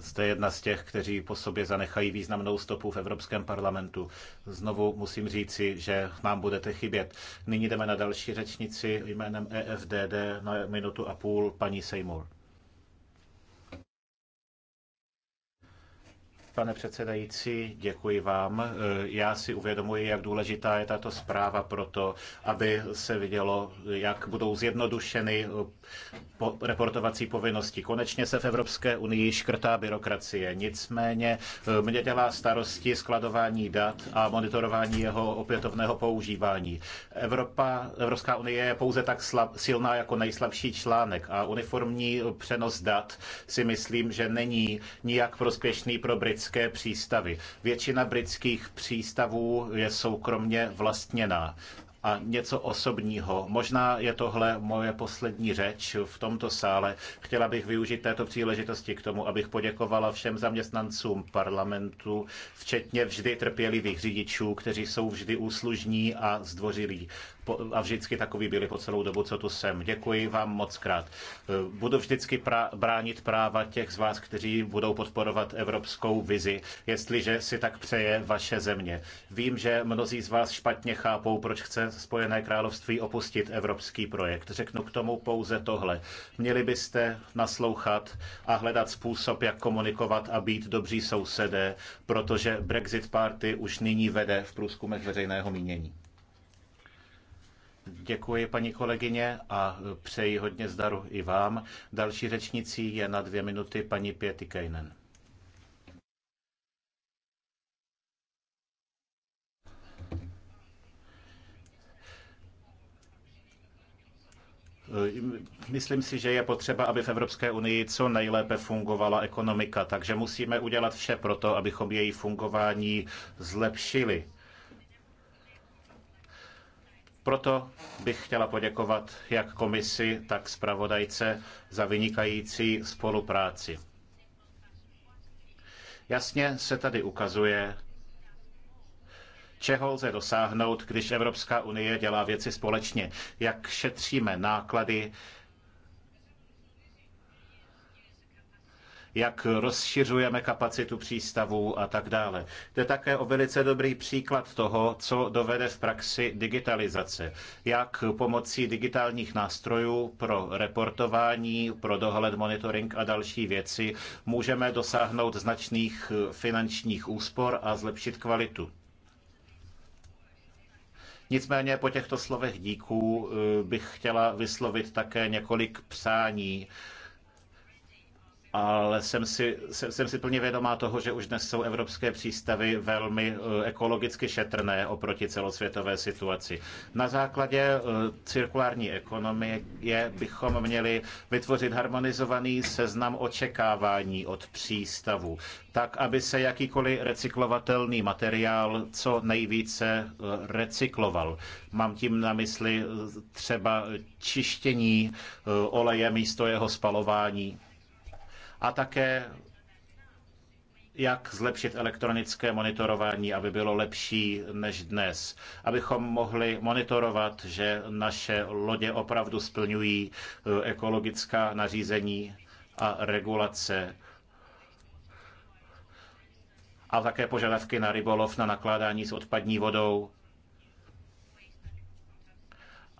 jste jedna z těch, kteří po sobě zanechají významnou stopu v Evropském parlamentu. Znovu musím říci, že nám budete chybět. Nyní jdeme na další řečnici jménem EFDD na minutu a půl paní Seymour. Pane předsedající, děkuji vám. E, já si uvědomuji, jak důležitá je tato zpráva pro to, aby se vidělo, jak budou zjednodušeny e, reportovací povinnosti. Konečně se v Evropské unii škrtá byrokracie. Nicméně e, mě dělá starosti skladování dat a monitorování jeho opětovného používání. Evropa, Evropská unie je pouze tak slab, silná jako nejslabší článek a uniformní přenos dat si myslím, že není nijak prospěšný pro Britské britské přístavy. Většina britských přístavů je soukromně vlastněná a něco osobního. Možná je tohle moje poslední řeč v tomto sále. Chtěla bych využít této příležitosti k tomu, abych poděkovala všem zaměstnancům parlamentu, včetně vždy trpělivých řidičů, kteří jsou vždy úslužní a zdvořilí a vždycky takový byli po celou dobu, co tu jsem. Děkuji vám moc krát. E, budu vždycky pra, bránit práva těch z vás, kteří budou podporovat evropskou vizi, jestliže si tak přeje vaše země. Vím, že mnozí z vás špatně chápou, proč chce Spojené království opustit evropský projekt. Řeknu k tomu pouze tohle. Měli byste naslouchat a hledat způsob, jak komunikovat a být dobří sousedé, protože Brexit Party už nyní vede v průzkumech veřejného mínění. Děkuji, paní kolegyně, a přeji hodně zdaru i vám. Další řečnicí je na dvě minuty paní Pěty Kejnen. Myslím si, že je potřeba, aby v Evropské unii co nejlépe fungovala ekonomika, takže musíme udělat vše pro to, abychom její fungování zlepšili. Proto bych chtěla poděkovat jak komisi, tak zpravodajce za vynikající spolupráci. Jasně se tady ukazuje, čeho lze dosáhnout, když Evropská unie dělá věci společně, jak šetříme náklady, jak rozšiřujeme kapacitu přístavů a tak dále. To je také o velice dobrý příklad toho, co dovede v praxi digitalizace. Jak pomocí digitálních nástrojů pro reportování, pro dohled, monitoring a další věci můžeme dosáhnout značných finančních úspor a zlepšit kvalitu. Nicméně po těchto slovech díků eh, bych chtěla vyslovit také několik přání ale jsem si, jsem, jsem si plně vědomá toho, že už dnes jsou evropské přístavy velmi eh, ekologicky šetrné oproti celosvětové situaci. Na základě eh, cirkulární ekonomie bychom měli vytvořit harmonizovaný seznam očekávání od přístavu, tak aby se jakýkoliv recyklovatelný materiál co nejvíce eh, recykloval. Mám tím na mysli třeba čištění oleje místo jeho spalování a také jak zlepšit elektronické monitorování, aby bylo lepší než dnes. Abychom mohli monitorovat, že naše lodě opravdu splňují eh, ekologická nařízení a regulace a také požadavky na rybolov, na nakládání s odpadní vodou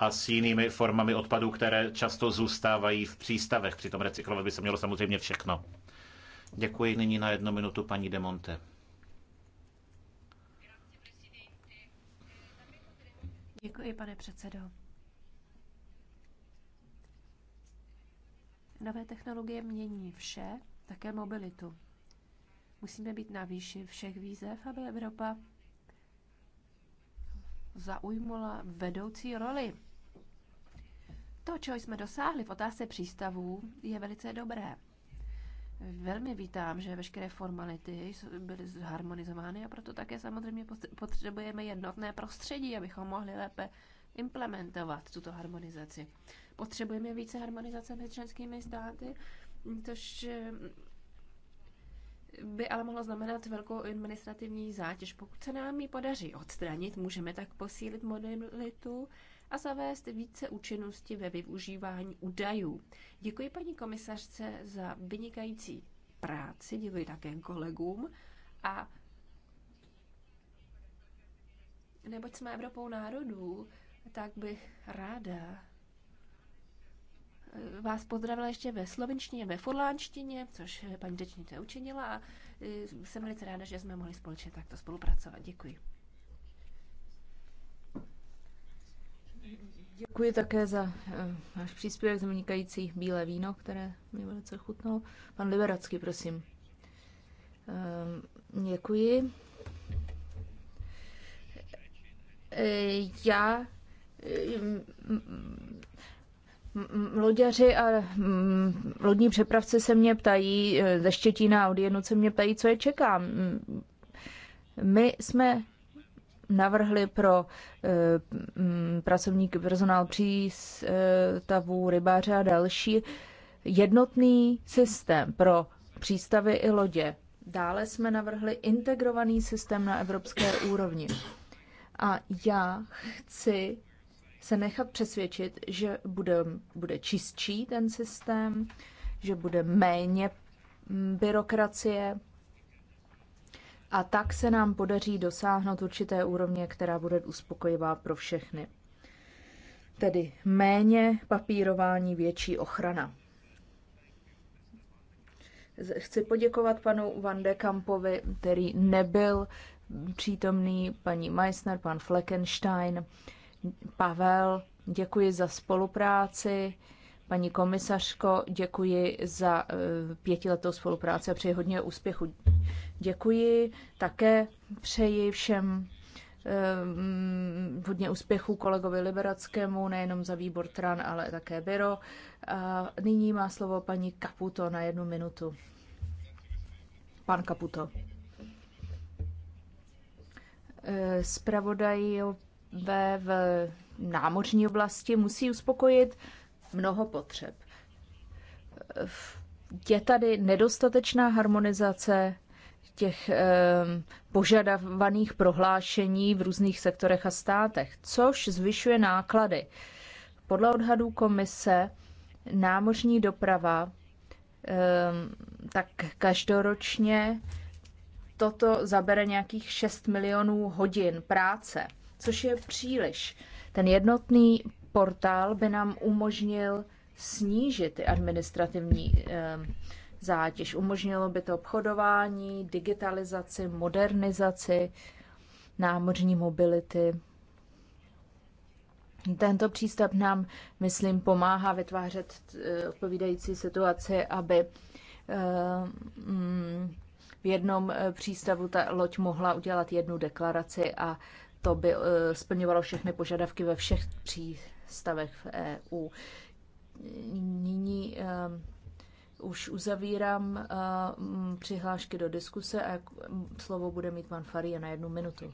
a s jinými formami odpadů, které často zůstávají v přístavech. Přitom recyklovat by se mělo samozřejmě všechno. Děkuji nyní na jednu minutu paní Demonte. Děkuji, pane předsedo. Nové technologie mění vše, také mobilitu. Musíme být na výši všech výzev, aby Evropa zaujmula vedoucí roli to, čeho jsme dosáhli v otázce přístavů, je velice dobré. Velmi vítám, že veškeré formality byly zharmonizovány a proto také samozřejmě potřebujeme jednotné prostředí, abychom mohli lépe implementovat tuto harmonizaci. Potřebujeme více harmonizace mezi členskými státy, což eh, by ale mohlo znamenat velkou administrativní zátěž. Pokud se nám ji podaří odstranit, můžeme tak posílit modelitu a zavést více účinnosti ve využívání údajů. Děkuji paní komisařce za vynikající práci, děkuji také kolegům a neboť jsme Evropou národů, tak bych ráda eh, vás pozdravila ještě ve slovenštině, ve furlánštině, což paní řečnice učinila a eh, jsem velice ráda, že jsme mohli společně takto spolupracovat. Děkuji. Děkuji také za váš eh, uh, příspěvek, za vynikající bílé víno, které mi velice chutnalo. Pan Liberacký, prosím. Uh, děkuji. Uh, já Loďaři a mm, lodní přepravci se mě ptají, ze Štětína a od jednoce mě ptají, co je čeká. Mm, my jsme navrhli pro eh, pracovníky, personál přístavů, rybáře a další jednotný systém pro přístavy i lodě. Dále jsme navrhli integrovaný systém na evropské úrovni. A já chci se nechat přesvědčit, že bude, bude čistší ten systém, že bude méně byrokracie, a tak se nám podaří dosáhnout určité úrovně, která bude uspokojivá pro všechny. Tedy méně papírování, větší ochrana. Chci poděkovat panu Van de Kampovi, který nebyl přítomný, paní Meissner, pan Fleckenstein, Pavel. Děkuji za spolupráci. Paní komisařko, děkuji za eh, pětiletou spolupráci a přeji hodně úspěchu. Děkuji, také přeji všem eh, hodně úspěchů kolegovi Liberackému, nejenom za výbor TRAN, ale také biro. A nyní má slovo paní Kaputo na jednu minutu. Pan Kaputo. Spravodajové eh, v námořní oblasti musí uspokojit mnoho potřeb. Je tady nedostatečná harmonizace těch ehm, požadovaných prohlášení v různých sektorech a státech, což zvyšuje náklady. Podle odhadů komise námořní doprava ehm, tak každoročně toto zabere nějakých 6 milionů hodin práce, což je příliš. Ten jednotný portál by nám umožnil snížit administrativní eh, zátěž. Umožnilo by to obchodování, digitalizaci, modernizaci námořní mobility. Tento přístup nám, myslím, pomáhá vytvářet eh, odpovídající situaci, aby eh, mm, v jednom přístavu ta loď mohla udělat jednu deklaraci a to by splňovalo všechny požadavky ve všech přístavech stavech v EU. Nyní uh, už uzavírám uh, přihlášky do diskuse a slovo bude mít pan Faria na jednu minutu.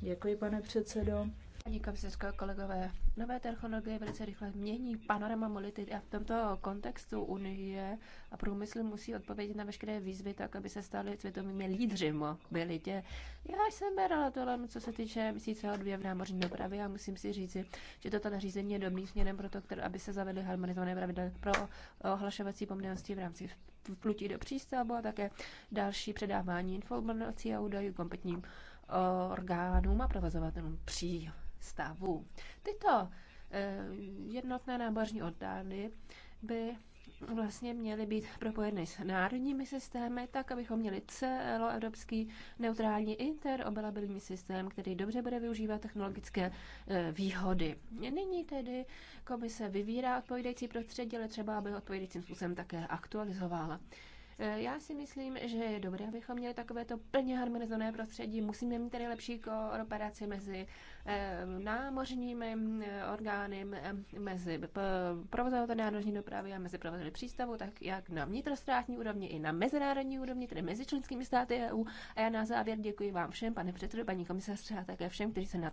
Děkuji, pane předsedo. Paní komisařko, kolegové, nové technologie velice rychle mění panorama molity a v tomto kontextu Unie a průmysl musí odpovědět na veškeré výzvy tak, aby se stali světovými lídři mobilitě. Já jsem berala relativně, co se týče emisí CO2 v námořní dopravě a musím si říci, že toto nařízení je dobrý směrem pro to, které, aby se zavedly harmonizované pravidla pro ohlašovací poměrnosti v rámci plutí do přístavu a také další předávání informací a údajů kompetním eh, orgánům a provozovatelům příjmu stavů. Tyto eh, jednotné nábořní oddány by vlastně měly být propojeny s národními systémy, tak abychom měli celoevropský neutrální interoperabilní systém, který dobře bude využívat technologické eh, výhody. Nyní tedy komise vyvírá odpovídající prostředí, ale třeba aby odpovídajícím způsobem také aktualizovala. E, já si myslím, že je dobré, abychom měli takovéto plně harmonizované prostředí. Musíme mít tady lepší kooperaci mezi e, námořními e, orgány, mezi provozovateli národní dopravy a mezi provozovateli přístavu, tak jak na vnitrostátní úrovni i na mezinárodní úrovni, tedy mezi členskými státy EU. A já na závěr děkuji vám všem, pane předsedo, paní komisařce a také všem, kteří se na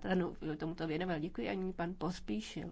tomuto věnovali. Děkuji ani pan Pospíšil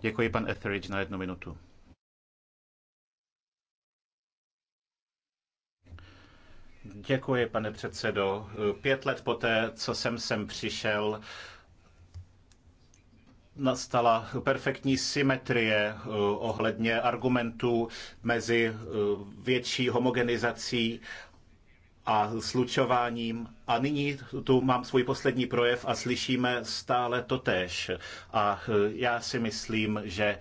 Děkuji, pan Etheridge, na jednu minutu. Děkuji, pane předsedo. Pět let poté, co jsem sem přišel, nastala perfektní symetrie eh, ohledně argumentů mezi eh, větší homogenizací a slučováním. A nyní tu mám svůj poslední projev a slyšíme stále to tež. A e, já si myslím, že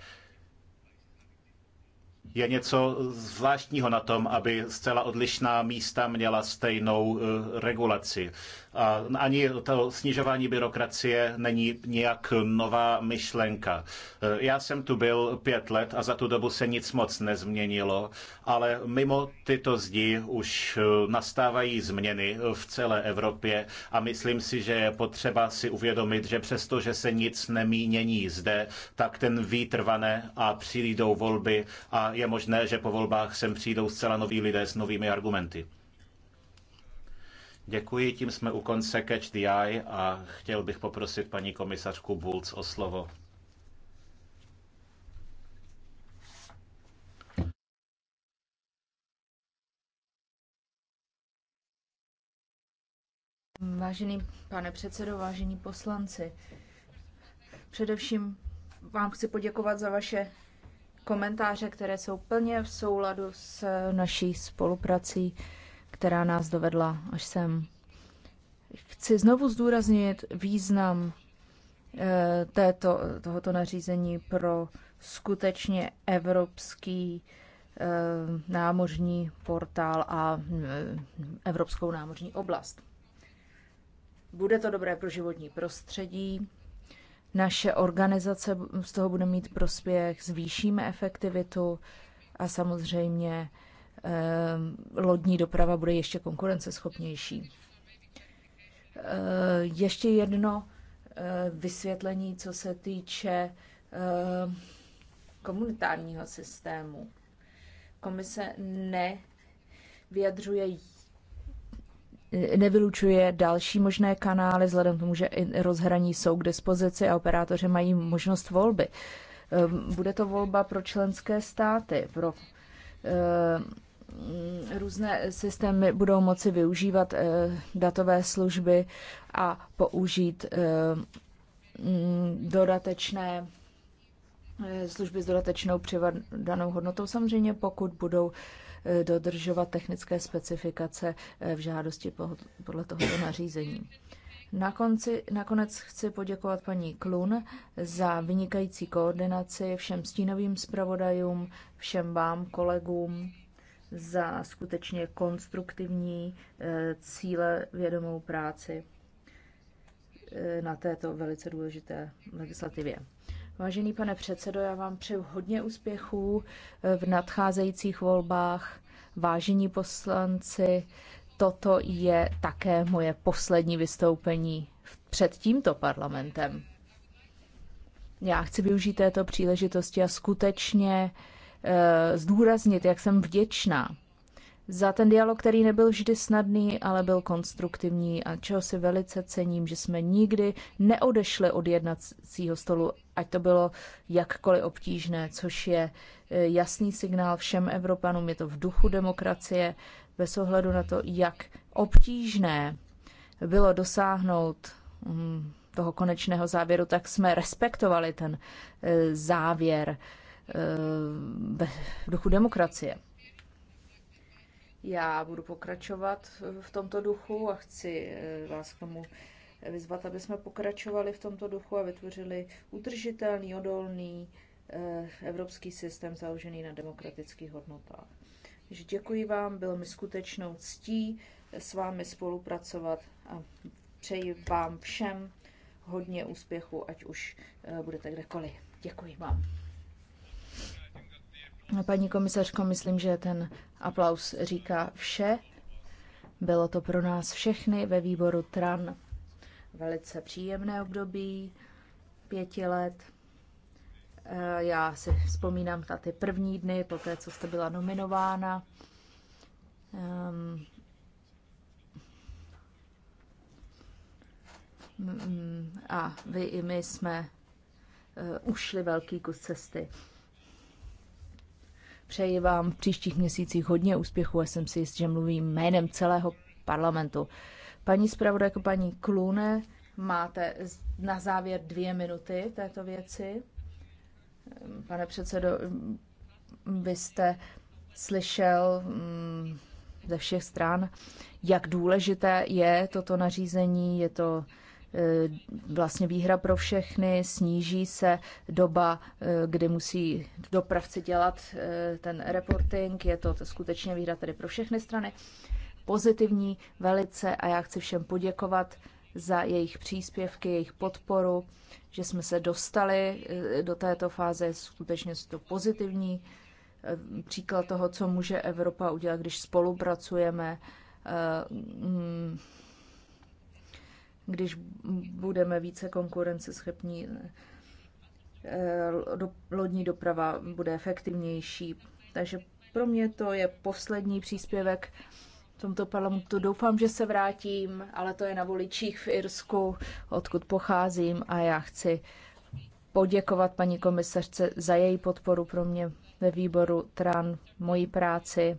je něco zvláštního na tom, aby zcela odlišná místa měla stejnou e, regulaci. A ani to snižování byrokracie není nějak nová myšlenka. E, já jsem tu byl pět let a za tu dobu se nic moc nezměnilo, ale mimo tyto zdi už e, nastávají změny v celé Evropě a myslím si, že je potřeba si uvědomit, že přesto, že se nic nemínění zde, tak ten výtrvané a přijdou volby a je možné, že po volbách sem přijdou zcela noví lidé s novými argumenty. Děkuji, tím jsme u konce Catch the Eye a chtěl bych poprosit paní komisařku Bulc o slovo. Vážený pane předsedo, vážení poslanci, především vám chci poděkovat za vaše komentáře, které jsou plně v souladu s naší spoluprací která nás dovedla až sem. Chci znovu zdůraznit význam eh, této, tohoto nařízení pro skutečně evropský eh, námořní portál a eh, evropskou námořní oblast. Bude to dobré pro životní prostředí, naše organizace z toho bude mít prospěch, zvýšíme efektivitu a samozřejmě Ehm, lodní doprava bude ještě konkurenceschopnější. Ehm, ještě jedno ehm, vysvětlení, co se týče komunitárního systému. Komise ne vyjadřuje nevylučuje další možné kanály, vzhledem k tomu, že rozhraní jsou k dispozici a operátoři mají možnost volby. Bude to volba pro členské státy, pro Mm, různé systémy budou moci využívat eh, datové služby a použít eh, mm, dodatečné eh, služby s dodatečnou přivadanou hodnotou, samozřejmě pokud budou dodržovat technické specifikace v žádosti podle tohoto nařízení. Na konci, nakonec chci poděkovat paní Klun za vynikající koordinaci všem stínovým zpravodajům, všem vám, kolegům za skutečně konstruktivní eh, cíle vědomou práci eh, na této velice důležité legislativě. Vážený pane předsedo, já vám přeju hodně úspěchů eh, v nadcházejících volbách. Vážení poslanci, toto je také moje poslední vystoupení před tímto parlamentem. Já chci využít této příležitosti a skutečně Eh, zdůraznit, jak jsem vděčná za ten dialog, který nebyl vždy snadný, ale byl konstruktivní a čeho si velice cením, že jsme nikdy neodešli od jednacího stolu, ať to bylo jakkoliv obtížné, což je eh, jasný signál všem Evropanům, je to v duchu demokracie, bez ohledu na to, jak obtížné bylo dosáhnout hm, toho konečného závěru, tak jsme respektovali ten eh, závěr Eh, v duchu demokracie. Já budu pokračovat v tomto duchu a chci eh, vás k tomu vyzvat, aby jsme pokračovali v tomto duchu a vytvořili udržitelný, odolný eh, evropský systém založený na demokratických hodnotách. Takže děkuji vám, bylo mi skutečnou ctí s vámi spolupracovat a přeji vám všem hodně úspěchu, ať už budete kdekoliv. Děkuji vám. Paní komisařko, myslím, že ten aplaus říká vše. Bylo to pro nás všechny ve výboru TRAN velice příjemné období, pěti let. E, já si vzpomínám na ty první dny, po té, co jste byla nominována. Ehm, a vy i my jsme e, ušli velký kus cesty. Přeji vám v příštích měsících hodně úspěchu a jsem si jist, že mluvím jménem celého parlamentu. Paní zpravodajko, paní Klune, máte na závěr dvě minuty této věci. Pane předsedo, vy jste slyšel mm, ze všech stran, jak důležité je toto nařízení. Je to Eh, vlastně výhra pro všechny, sníží se doba, eh, kdy musí dopravci dělat eh, ten reporting, je to, to skutečně výhra tedy pro všechny strany. Pozitivní velice a já chci všem poděkovat za jejich příspěvky, jejich podporu, že jsme se dostali do této fáze, skutečně to pozitivní příklad toho, co může Evropa udělat, když spolupracujeme mm, když budeme více konkurenceschopní, eh, lodní doprava bude efektivnější. Takže pro mě to je poslední příspěvek v tomto parlamentu. Doufám, že se vrátím, ale to je na voličích v Irsku, odkud pocházím a já chci poděkovat paní komisařce za její podporu pro mě ve výboru TRAN, moji práci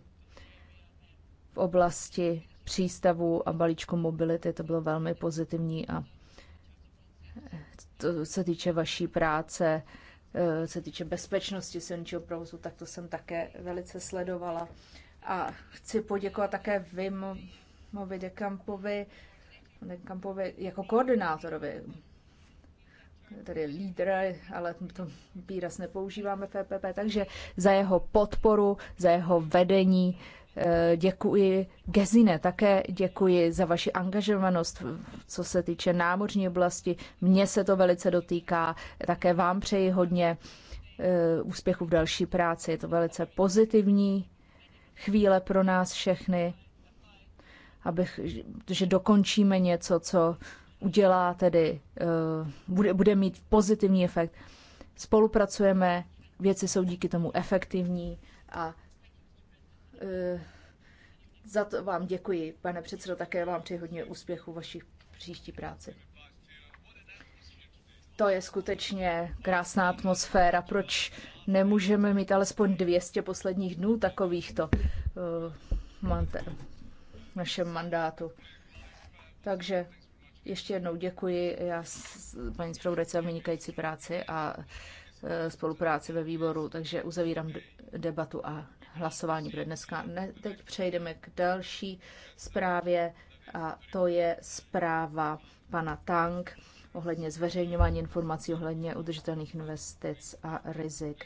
v oblasti přístavu a balíčku mobility. To bylo velmi pozitivní a to se týče vaší práce, eh, se týče bezpečnosti silničního provozu, tak to jsem také velice sledovala. A chci poděkovat také Vimovi de Campovi, de Campovi jako koordinátorovi, tedy lídr, ale to výraz nepoužíváme v EPP, takže za jeho podporu, za jeho vedení, Eh, děkuji Gezine, také děkuji za vaši angažovanost, co se týče námořní oblasti. Mně se to velice dotýká, také vám přeji hodně eh, úspěchu v další práci. Je to velice pozitivní chvíle pro nás všechny, abych, že dokončíme něco, co udělá tedy, eh, bude, bude mít pozitivní efekt. Spolupracujeme, věci jsou díky tomu efektivní a Eh, za to vám děkuji, pane předsedo, také vám přeji hodně úspěchu vaší příští práci. To je skutečně krásná atmosféra. Proč nemůžeme mít alespoň 200 posledních dnů takovýchto eh, v našem mandátu? Takže ještě jednou děkuji. Já paní zpravodajce mám vynikající práci a eh, spolupráci ve výboru, takže uzavírám debatu a hlasování bude dneska. Ne, teď přejdeme k další zprávě a to je zpráva pana Tang ohledně zveřejňování informací ohledně udržitelných investic a rizik.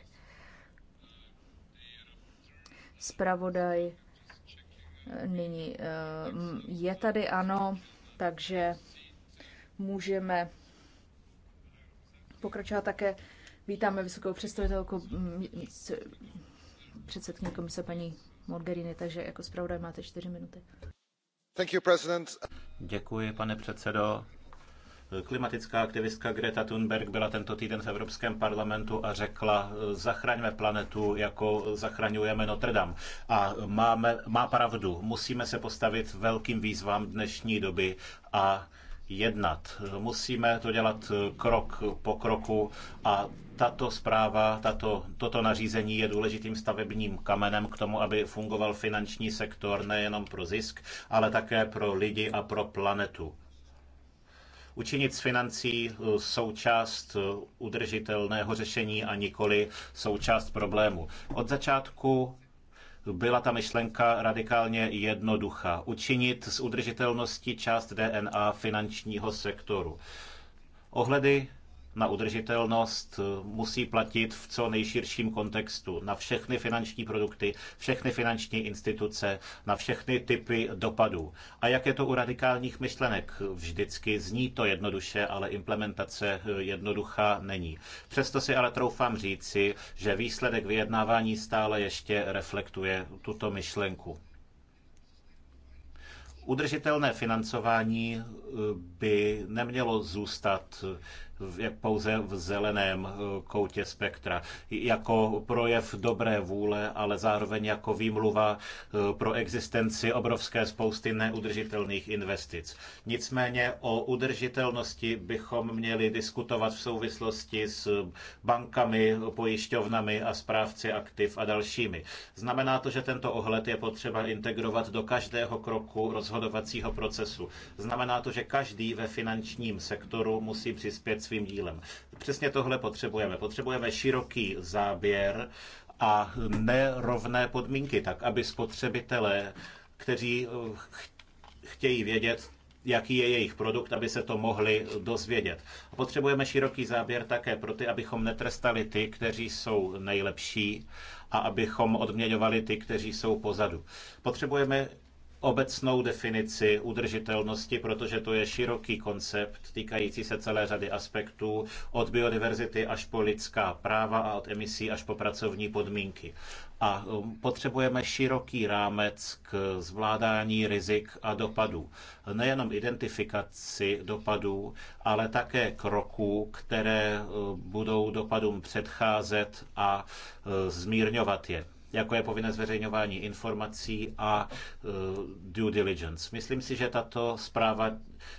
Spravodaj eh, nyní eh, je tady, ano, takže můžeme pokračovat také. Vítáme vysokou představitelku mm, předsedkyně komise paní Mogherini, takže jako zpravodaj máte čtyři minuty. Thank you, president. Děkuji, pane předsedo. Klimatická aktivistka Greta Thunberg byla tento týden v Evropském parlamentu a řekla, zachraňme planetu, jako zachraňujeme Notre Dame. A máme, má pravdu, musíme se postavit velkým výzvám dnešní doby a jednat. Musíme to dělat krok po kroku a tato zpráva, tato, toto nařízení je důležitým stavebním kamenem k tomu, aby fungoval finanční sektor nejenom pro zisk, ale také pro lidi a pro planetu. Učinit z financí eh, součást eh, udržitelného řešení a nikoli součást problému. Od začátku byla ta myšlenka radikálně jednoduchá. Učinit z udržitelnosti část DNA finančního sektoru. Ohledy na udržitelnost eh, musí platit v co nejširším kontextu na všechny finanční produkty, všechny finanční instituce, na všechny typy dopadů. A jak je to u radikálních myšlenek? Vždycky zní to jednoduše, ale implementace eh, jednoduchá není. Přesto si ale troufám říci, že výsledek vyjednávání stále ještě reflektuje tuto myšlenku. Udržitelné financování eh, by nemělo zůstat jak pouze v zeleném eh, koutě spektra. Jako projev dobré vůle, ale zároveň jako výmluva eh, pro existenci obrovské spousty neudržitelných investic. Nicméně o udržitelnosti bychom měli diskutovat v souvislosti s bankami, pojišťovnami a správci aktiv a dalšími. Znamená to, že tento ohled je potřeba integrovat do každého kroku rozhodovacího procesu. Znamená to, že každý ve finančním sektoru musí přispět svým dílem. Přesně tohle potřebujeme. Potřebujeme široký záběr a nerovné podmínky, tak aby spotřebitelé, kteří eh, chtějí vědět, jaký je jejich produkt, aby se to mohli dozvědět. Potřebujeme široký záběr také pro ty, abychom netrestali ty, kteří jsou nejlepší a abychom odměňovali ty, kteří jsou pozadu. Potřebujeme obecnou definici udržitelnosti, protože to je široký koncept týkající se celé řady aspektů, od biodiverzity až po lidská práva a od emisí až po pracovní podmínky. A um, potřebujeme široký rámec k zvládání rizik a dopadů. Nejenom identifikaci dopadů, ale také kroků, které um, budou dopadům předcházet a uh, zmírňovat je jako je povinné zveřejňování informací a e, due diligence. Myslím si, že tato zpráva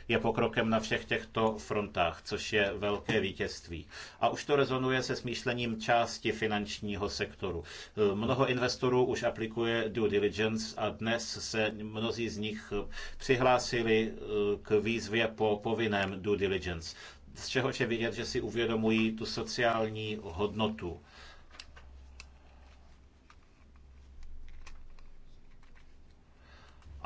je pokrokem na všech těchto frontách, což je velké vítězství. A už to rezonuje se smýšlením části finančního sektoru. E, mnoho investorů už aplikuje due diligence a dnes se mnozí z nich přihlásili e, k výzvě po povinném due diligence z čehož je vidět, že si uvědomují tu sociální hodnotu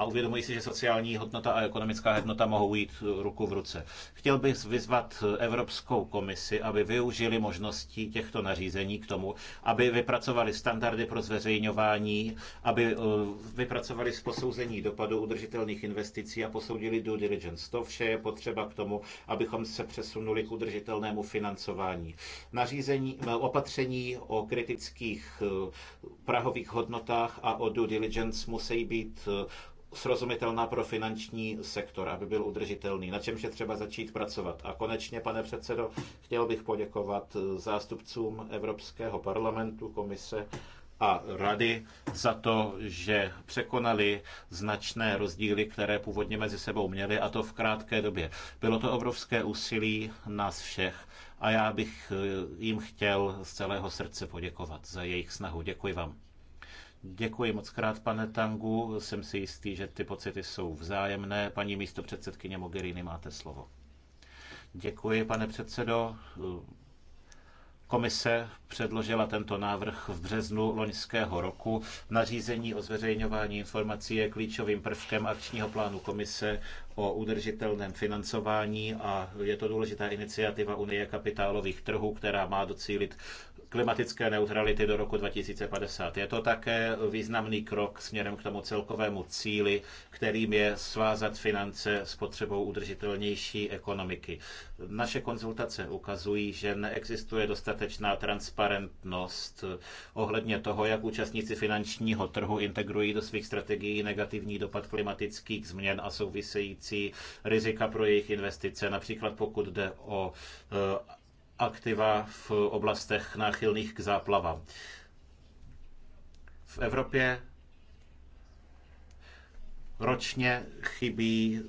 a uvědomují si, že sociální hodnota a ekonomická hodnota mohou jít eh, ruku v ruce. Chtěl bych vyzvat eh, Evropskou komisi, aby využili možnosti těchto nařízení k tomu, aby vypracovali standardy pro zveřejňování, aby eh, vypracovali posouzení dopadu udržitelných investicí a posoudili due diligence. To vše je potřeba k tomu, abychom se přesunuli k udržitelnému financování. Nařízení, opatření o kritických prahových hodnotách a o due diligence musí být srozumitelná pro finanční sektor, aby byl udržitelný, na čemž je třeba začít pracovat. A konečně, pane předsedo, chtěl bych poděkovat zástupcům Evropského parlamentu, komise a rady za to, že překonali značné rozdíly, které původně mezi sebou měli, a to v krátké době. Bylo to obrovské úsilí nás všech a já bych jim chtěl z celého srdce poděkovat za jejich snahu. Děkuji vám. Děkuji moc krát, pane Tangu. Jsem si jistý, že ty pocity jsou vzájemné. Paní místo předsedkyně Mogherini, máte slovo. Děkuji, pane předsedo. Komise předložila tento návrh v březnu loňského roku. Nařízení o zveřejňování informací je klíčovým prvkem akčního plánu komise o udržitelném financování a je to důležitá iniciativa Unie kapitálových trhů, která má docílit klimatické neutrality do roku 2050. Je to také významný krok směrem k tomu celkovému cíli, kterým je svázat finance s potřebou udržitelnější ekonomiky. Naše konzultace ukazují, že neexistuje dostatečná transparentnost ohledně toho, jak účastníci finančního trhu integrují do svých strategií negativní dopad klimatických změn a související rizika pro jejich investice, například pokud jde o eh, aktiva v oblastech náchylných k záplavám. V Evropě ročně chybí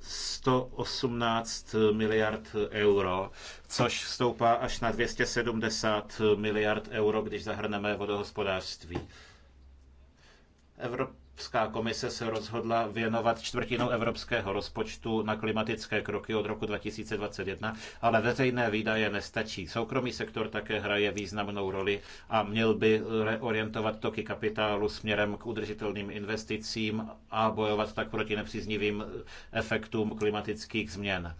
118 miliard euro, což stoupá až na 270 miliard euro, když zahrneme vodohospodářství. Evropa Evropská komise se rozhodla věnovat čtvrtinu evropského rozpočtu na klimatické kroky od roku 2021, ale veřejné výdaje nestačí. Soukromý sektor také hraje významnou roli a měl by reorientovat toky kapitálu směrem k udržitelným investicím a bojovat tak proti nepříznivým efektům klimatických změn.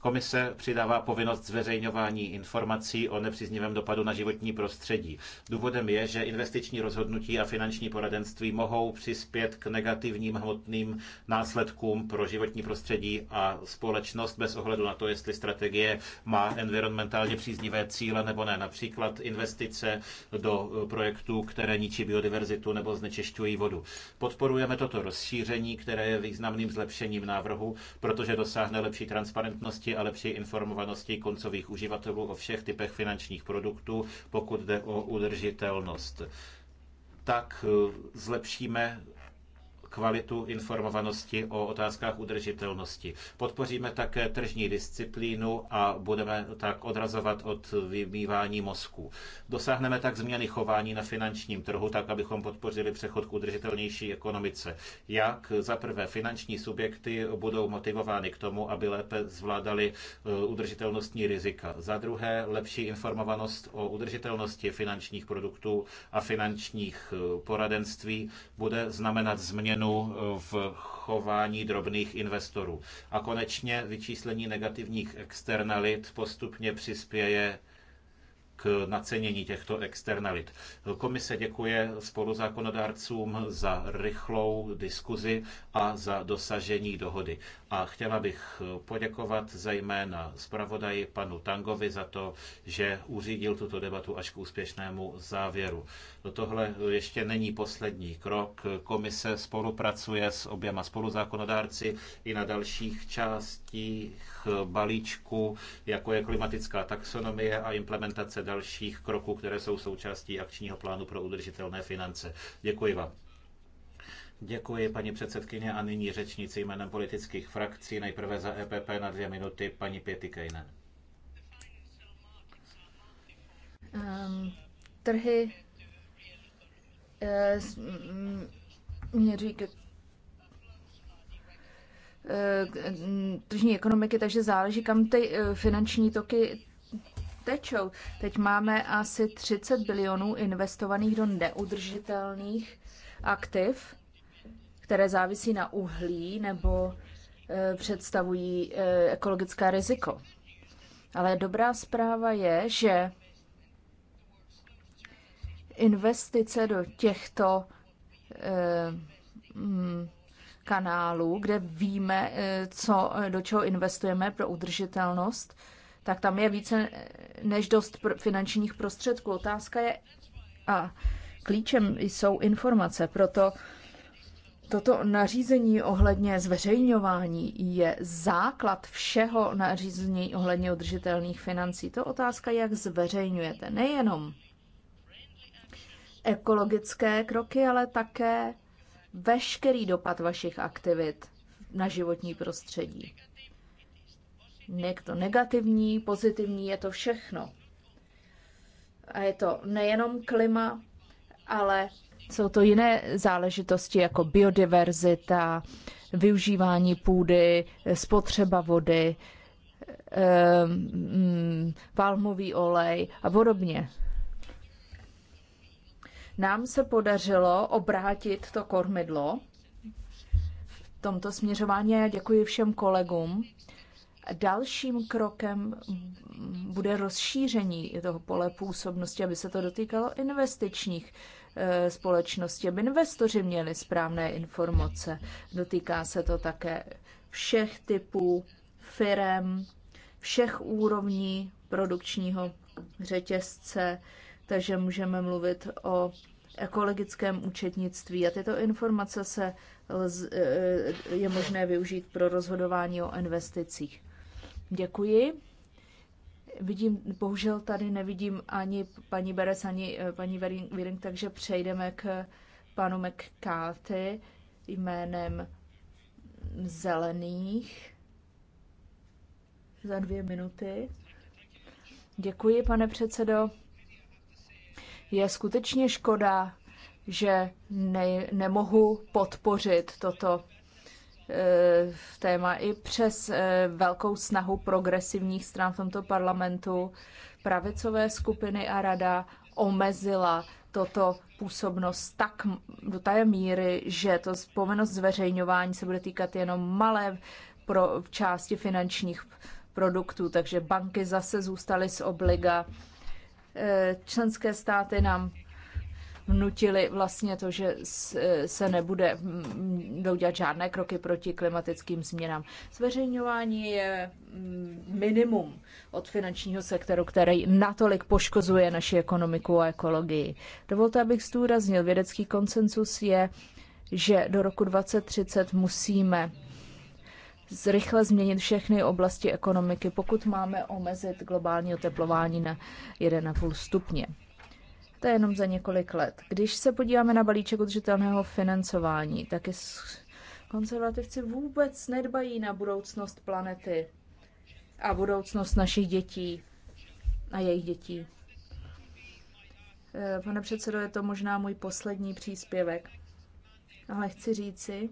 Komise přidává povinnost zveřejňování informací o nepříznivém dopadu na životní prostředí. Důvodem je, že investiční rozhodnutí a finanční poradenství mohou přispět k negativním hmotným následkům pro životní prostředí a společnost bez ohledu na to, jestli strategie má environmentálně příznivé cíle nebo ne. Například investice do projektů, které ničí biodiverzitu nebo znečišťují vodu. Podporujeme toto rozšíření, které je významným zlepšením návrhu, protože dosáhne lepší transparentnosti bezpečnosti, ale při informovanosti koncových uživatelů o všech typech finančních produktů, pokud jde o udržitelnost. Tak e, zlepšíme kvalitu informovanosti o otázkách udržitelnosti. Podpoříme také tržní disciplínu a budeme tak odrazovat od vymývání mozků. Dosáhneme tak změny chování na finančním trhu, tak abychom podpořili přechod k udržitelnější ekonomice. Jak za prvé finanční subjekty budou motivovány k tomu, aby lépe zvládali eh, udržitelnostní rizika. Za druhé lepší informovanost o udržitelnosti finančních produktů a finančních eh, poradenství bude znamenat změnu změnu eh, v chování drobných investorů. A konečně vyčíslení negativních externalit postupně přispěje k nacenění těchto externalit. Komise děkuje spoluzákonodárcům za rychlou diskuzi a za dosažení dohody a chtěla bych poděkovat zejména zpravodaji panu Tangovi za to, že uřídil tuto debatu až k úspěšnému závěru. No tohle ještě není poslední krok. Komise spolupracuje s oběma spoluzákonodárci i na dalších částích balíčku, jako je klimatická taxonomie a implementace dalších kroků, které jsou součástí akčního plánu pro udržitelné finance. Děkuji vám. Děkuji, paní předsedkyně, a nyní řečníci jménem politických frakcí. Nejprve za EPP na dvě minuty paní Pětikejnen. Um, ehm, trhy eh, měří k eh, tržní ekonomiky, takže záleží, kam ty eh, finanční toky tečou. Teď máme asi 30 bilionů investovaných do neudržitelných aktiv které závisí na uhlí nebo eh, představují eh, ekologické riziko. Ale dobrá zpráva je, že investice do těchto eh, mm, kanálů, kde víme, co, do čeho investujeme pro udržitelnost, tak tam je více než dost finančních prostředků. Otázka je, a klíčem jsou informace, proto Toto nařízení ohledně zveřejňování je základ všeho nařízení ohledně udržitelných financí. To otázka, jak zveřejňujete nejenom ekologické kroky, ale také veškerý dopad vašich aktivit na životní prostředí. Někdo negativní, pozitivní, je to všechno. A je to nejenom klima, ale jsou to jiné záležitosti jako biodiverzita, využívání půdy, spotřeba vody, ehm, mm, palmový olej a podobně. Nám se podařilo obrátit to kormidlo v tomto směřování a děkuji všem kolegům Dalším krokem bude rozšíření toho pole působnosti, aby se to dotýkalo investičních eh, společností, aby investoři měli správné informace. Dotýká se to také všech typů firem, všech úrovní produkčního řetězce, takže můžeme mluvit o ekologickém účetnictví a tyto informace se eh, je možné využít pro rozhodování o investicích. Děkuji. Vidím, bohužel tady nevidím ani paní Beres, ani eh, paní Viring, takže přejdeme k panu McCarthy jménem Zelených za dvě minuty. Děkuji, pane předsedo. Je skutečně škoda, že ne, nemohu podpořit toto Eh, téma i přes eh, velkou snahu progresivních stran v tomto parlamentu. Pravicové skupiny a rada omezila toto působnost tak do té míry, že to povinnost zveřejňování se bude týkat jenom malé pro části finančních produktů, takže banky zase zůstaly z obliga. Eh, členské státy nám vnutili vlastně to, že se nebude mm, dělat žádné kroky proti klimatickým změnám. Zveřejňování je mm, minimum od finančního sektoru, který natolik poškozuje naši ekonomiku a ekologii. Dovolte, abych zdůraznil, vědecký konsensus je, že do roku 2030 musíme zrychle změnit všechny oblasti ekonomiky, pokud máme omezit globální oteplování na 1,5 stupně. To je jenom za několik let. Když se podíváme na balíček udržitelného financování, tak je konzervativci vůbec nedbají na budoucnost planety a budoucnost našich dětí a jejich dětí. Eh, pane předsedo, je to možná můj poslední příspěvek, ale chci říci,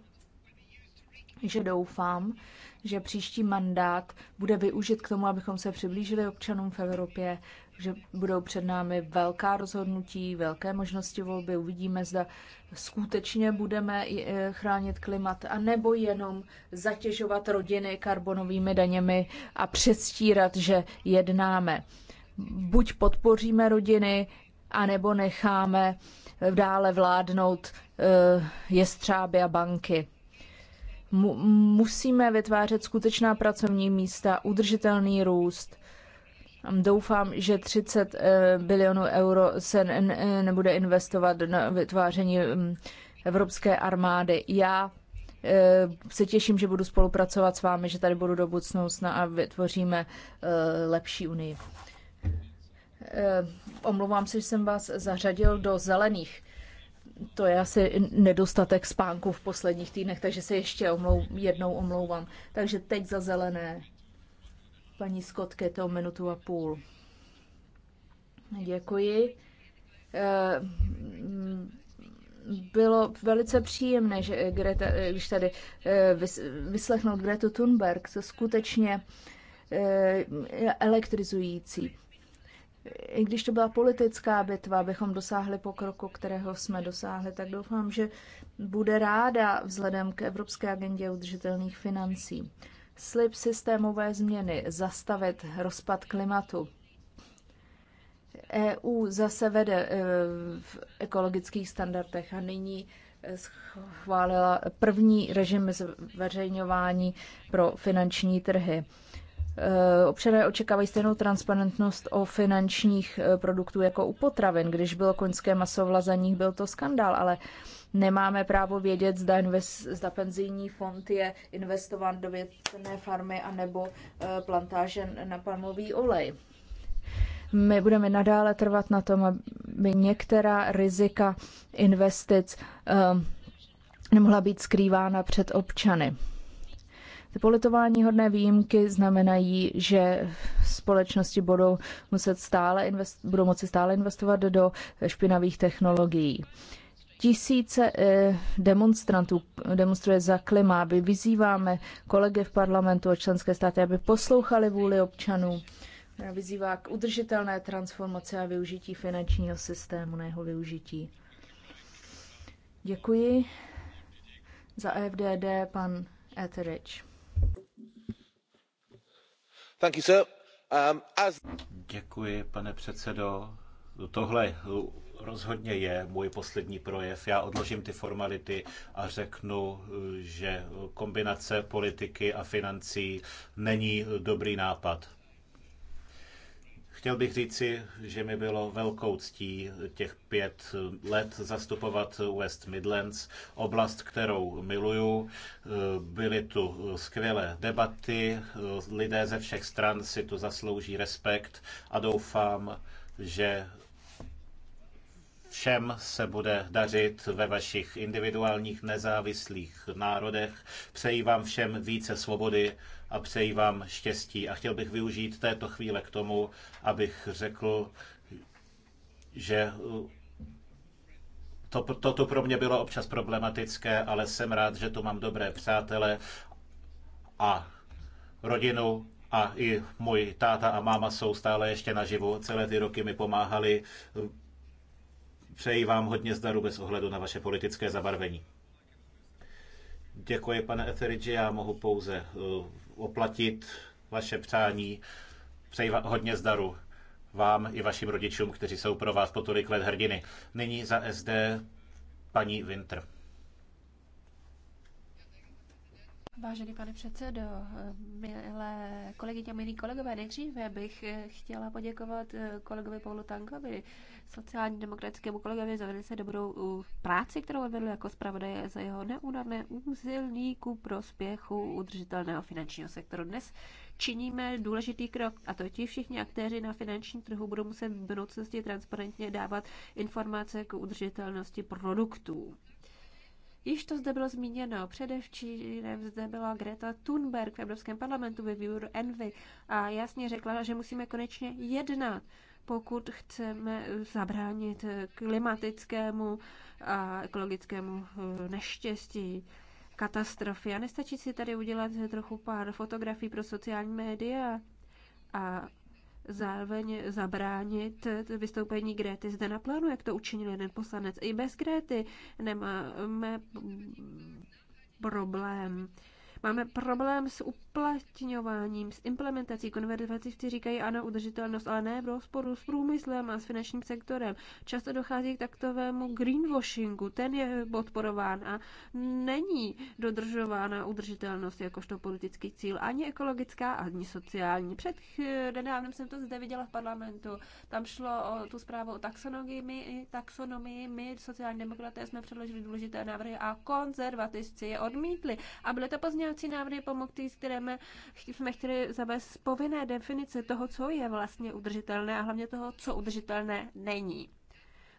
že doufám, že příští mandát bude využit k tomu, abychom se přiblížili občanům v Evropě, že budou před námi velká rozhodnutí, velké možnosti volby. Uvidíme, zda skutečně budeme eh, chránit klimat, a nebo jenom zatěžovat rodiny karbonovými daněmi a předstírat, že jednáme. Buď podpoříme rodiny, anebo necháme eh, dále vládnout eh, jestřáby a banky. Musíme vytvářet skutečná pracovní místa, udržitelný růst – Doufám, že 30 eh, bilionů euro se nebude investovat na vytváření mm, evropské armády. Já eh, se těším, že budu spolupracovat s vámi, že tady budu do budoucnosti a vytvoříme eh, lepší unii. Omlouvám se, že jsem vás zařadil do zelených. To je asi nedostatek spánku v posledních týdnech, takže se ještě omlou, jednou omlouvám. Takže teď za zelené Paní Skotke, to minutu a půl. Děkuji. Eh, bylo velice příjemné, že Greta, když tady eh, vyslechnout Gretu Thunberg, co skutečně eh, elektrizující. I když to byla politická bitva, abychom dosáhli pokroku, kterého jsme dosáhli, tak doufám, že bude ráda vzhledem k Evropské agendě udržitelných financí slib systémové změny, zastavit rozpad klimatu. EU zase vede e, v ekologických standardech a nyní e, schválila první režim zveřejňování pro finanční trhy. E, občané očekávají stejnou transparentnost o finančních produktů jako u potravin. Když bylo koňské maso v lazaních, byl to skandál, ale nemáme právo vědět, zda, invest, zda penzijní fond je investován do větrné farmy anebo eh, plantáže na palmový olej. My budeme nadále trvat na tom, aby některá rizika investic eh, nemohla být skrývána před občany. Ty politování hodné výjimky znamenají, že společnosti budou, muset stále invest, budou moci stále investovat do špinavých technologií. Tisíce eh, demonstrantů demonstruje za klima, aby vyzýváme kolegy v parlamentu a členské státy, aby poslouchali vůli občanů. Vyzývá k udržitelné transformaci a využití finančního systému na jeho využití. Děkuji. Za FDD pan Etheridge. Um, Děkuji, pane předsedo. Tohle rozhodně je můj poslední projev. Já odložím ty formality a řeknu, že kombinace politiky a financí není dobrý nápad. Chtěl bych říci, že mi bylo velkou ctí těch pět let zastupovat West Midlands, oblast, kterou miluju. Byly tu skvělé debaty, lidé ze všech stran si tu zaslouží respekt a doufám, že všem se bude dařit ve vašich individuálních nezávislých národech. Přeji vám všem více svobody a přeji vám štěstí. A chtěl bych využít této chvíle k tomu, abych řekl, že uh, to, to pro mě bylo občas problematické, ale jsem rád, že tu mám dobré přátele a rodinu a i můj táta a máma jsou stále ještě naživu. Celé ty roky mi pomáhali Přeji vám hodně zdaru bez ohledu na vaše politické zabarvení. Děkuji, pane Etheridge, já mohu pouze eh, oplatit vaše přání. Přeji vám hodně zdaru vám i vašim rodičům, kteří jsou pro vás po tolik let hrdiny. Nyní za SD paní Winter. Vážený pane předsedo, milé kolegyně, milí kolegové, nejdříve bych chtěla poděkovat eh, kolegovi Paulu Tankovi, sociální demokratickému kolegovi za velice dobrou eh, práci, kterou vedl jako zpravodaje za jeho neúnavné úzilní ku prospěchu udržitelného finančního sektoru. Dnes činíme důležitý krok a to ti všichni aktéři na finančním trhu budou muset v budoucnosti transparentně dávat informace k udržitelnosti produktů. Již to zde bylo zmíněno, předevčírem zde byla Greta Thunberg v Evropském parlamentu ve výboru Envy a jasně řekla, že musíme konečně jednat, pokud chceme zabránit klimatickému a ekologickému eh, neštěstí katastrofy. A nestačí si tady udělat trochu pár fotografií pro sociální média a zároveň zabránit vystoupení Gréty zde na plánu, jak to učinil jeden poslanec. I bez Gréty nemáme problém. Máme problém s uplatňováním, s implementací konverzací říkají ano, udržitelnost, ale ne v rozporu s průmyslem a s finančním sektorem. Často dochází k taktovému greenwashingu, ten je podporován a není dodržována udržitelnost jakožto politický cíl, ani ekologická, ani sociální. Před nedávnem jsem to zde viděla v parlamentu, tam šlo o tu zprávu o taxonomii, my, taxonomii, my sociální demokraté jsme předložili důležité návrhy a konzervativci je odmítli. A byly to pozměňovací návrhy pomoci, které chceme, jsme chtěli zavést povinné definice toho, co je vlastně udržitelné a hlavně toho, co udržitelné není.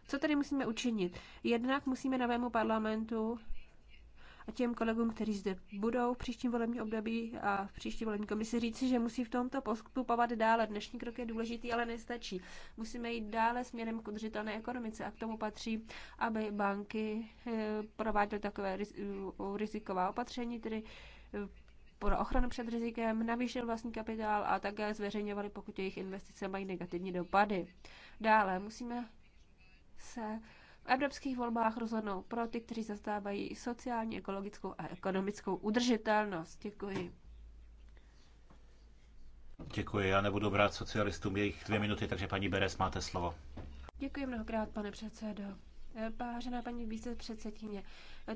Co tedy musíme učinit? Jednak musíme novému parlamentu a těm kolegům, kteří zde budou v příštím volebním období a v příští volební komisi říci, že musí v tomto postupovat dále. Dnešní krok je důležitý, ale nestačí. Musíme jít dále směrem k udržitelné ekonomice a k tomu patří, aby banky eh, prováděly takové riziková opatření, tedy eh, pro ochranu před rizikem, navýšil vlastní kapitál a také zveřejňovali, pokud jejich investice mají negativní dopady. Dále musíme se v evropských volbách rozhodnout pro ty, kteří zastávají sociální, ekologickou a ekonomickou udržitelnost. Děkuji. Děkuji, já nebudu brát socialistům jejich dvě minuty, takže paní Beres, máte slovo. Děkuji mnohokrát, pane předsedo. Vážená paní vicepředsedkyně,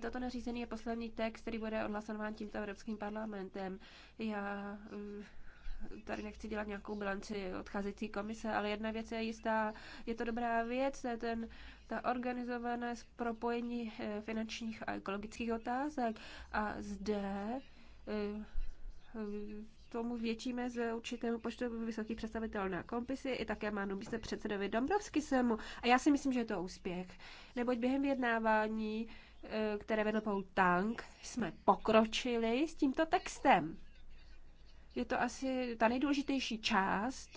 toto nařízení je poslední text, který bude odhlasován tímto Evropským parlamentem. Já eh, tady nechci dělat nějakou bilanci odcházející komise, ale jedna věc je jistá, je to dobrá věc, ten, ta organizované propojení eh, finančních a ekologických otázek. A zde eh, tomu většíme z určitého počtu vysokých představitelů na kompisy i také panu místo předsedovi semu. A já si myslím, že je to úspěch. Neboť během vyjednávání, eh, které vedl Paul Tank, jsme pokročili s tímto textem. Je to asi ta nejdůležitější část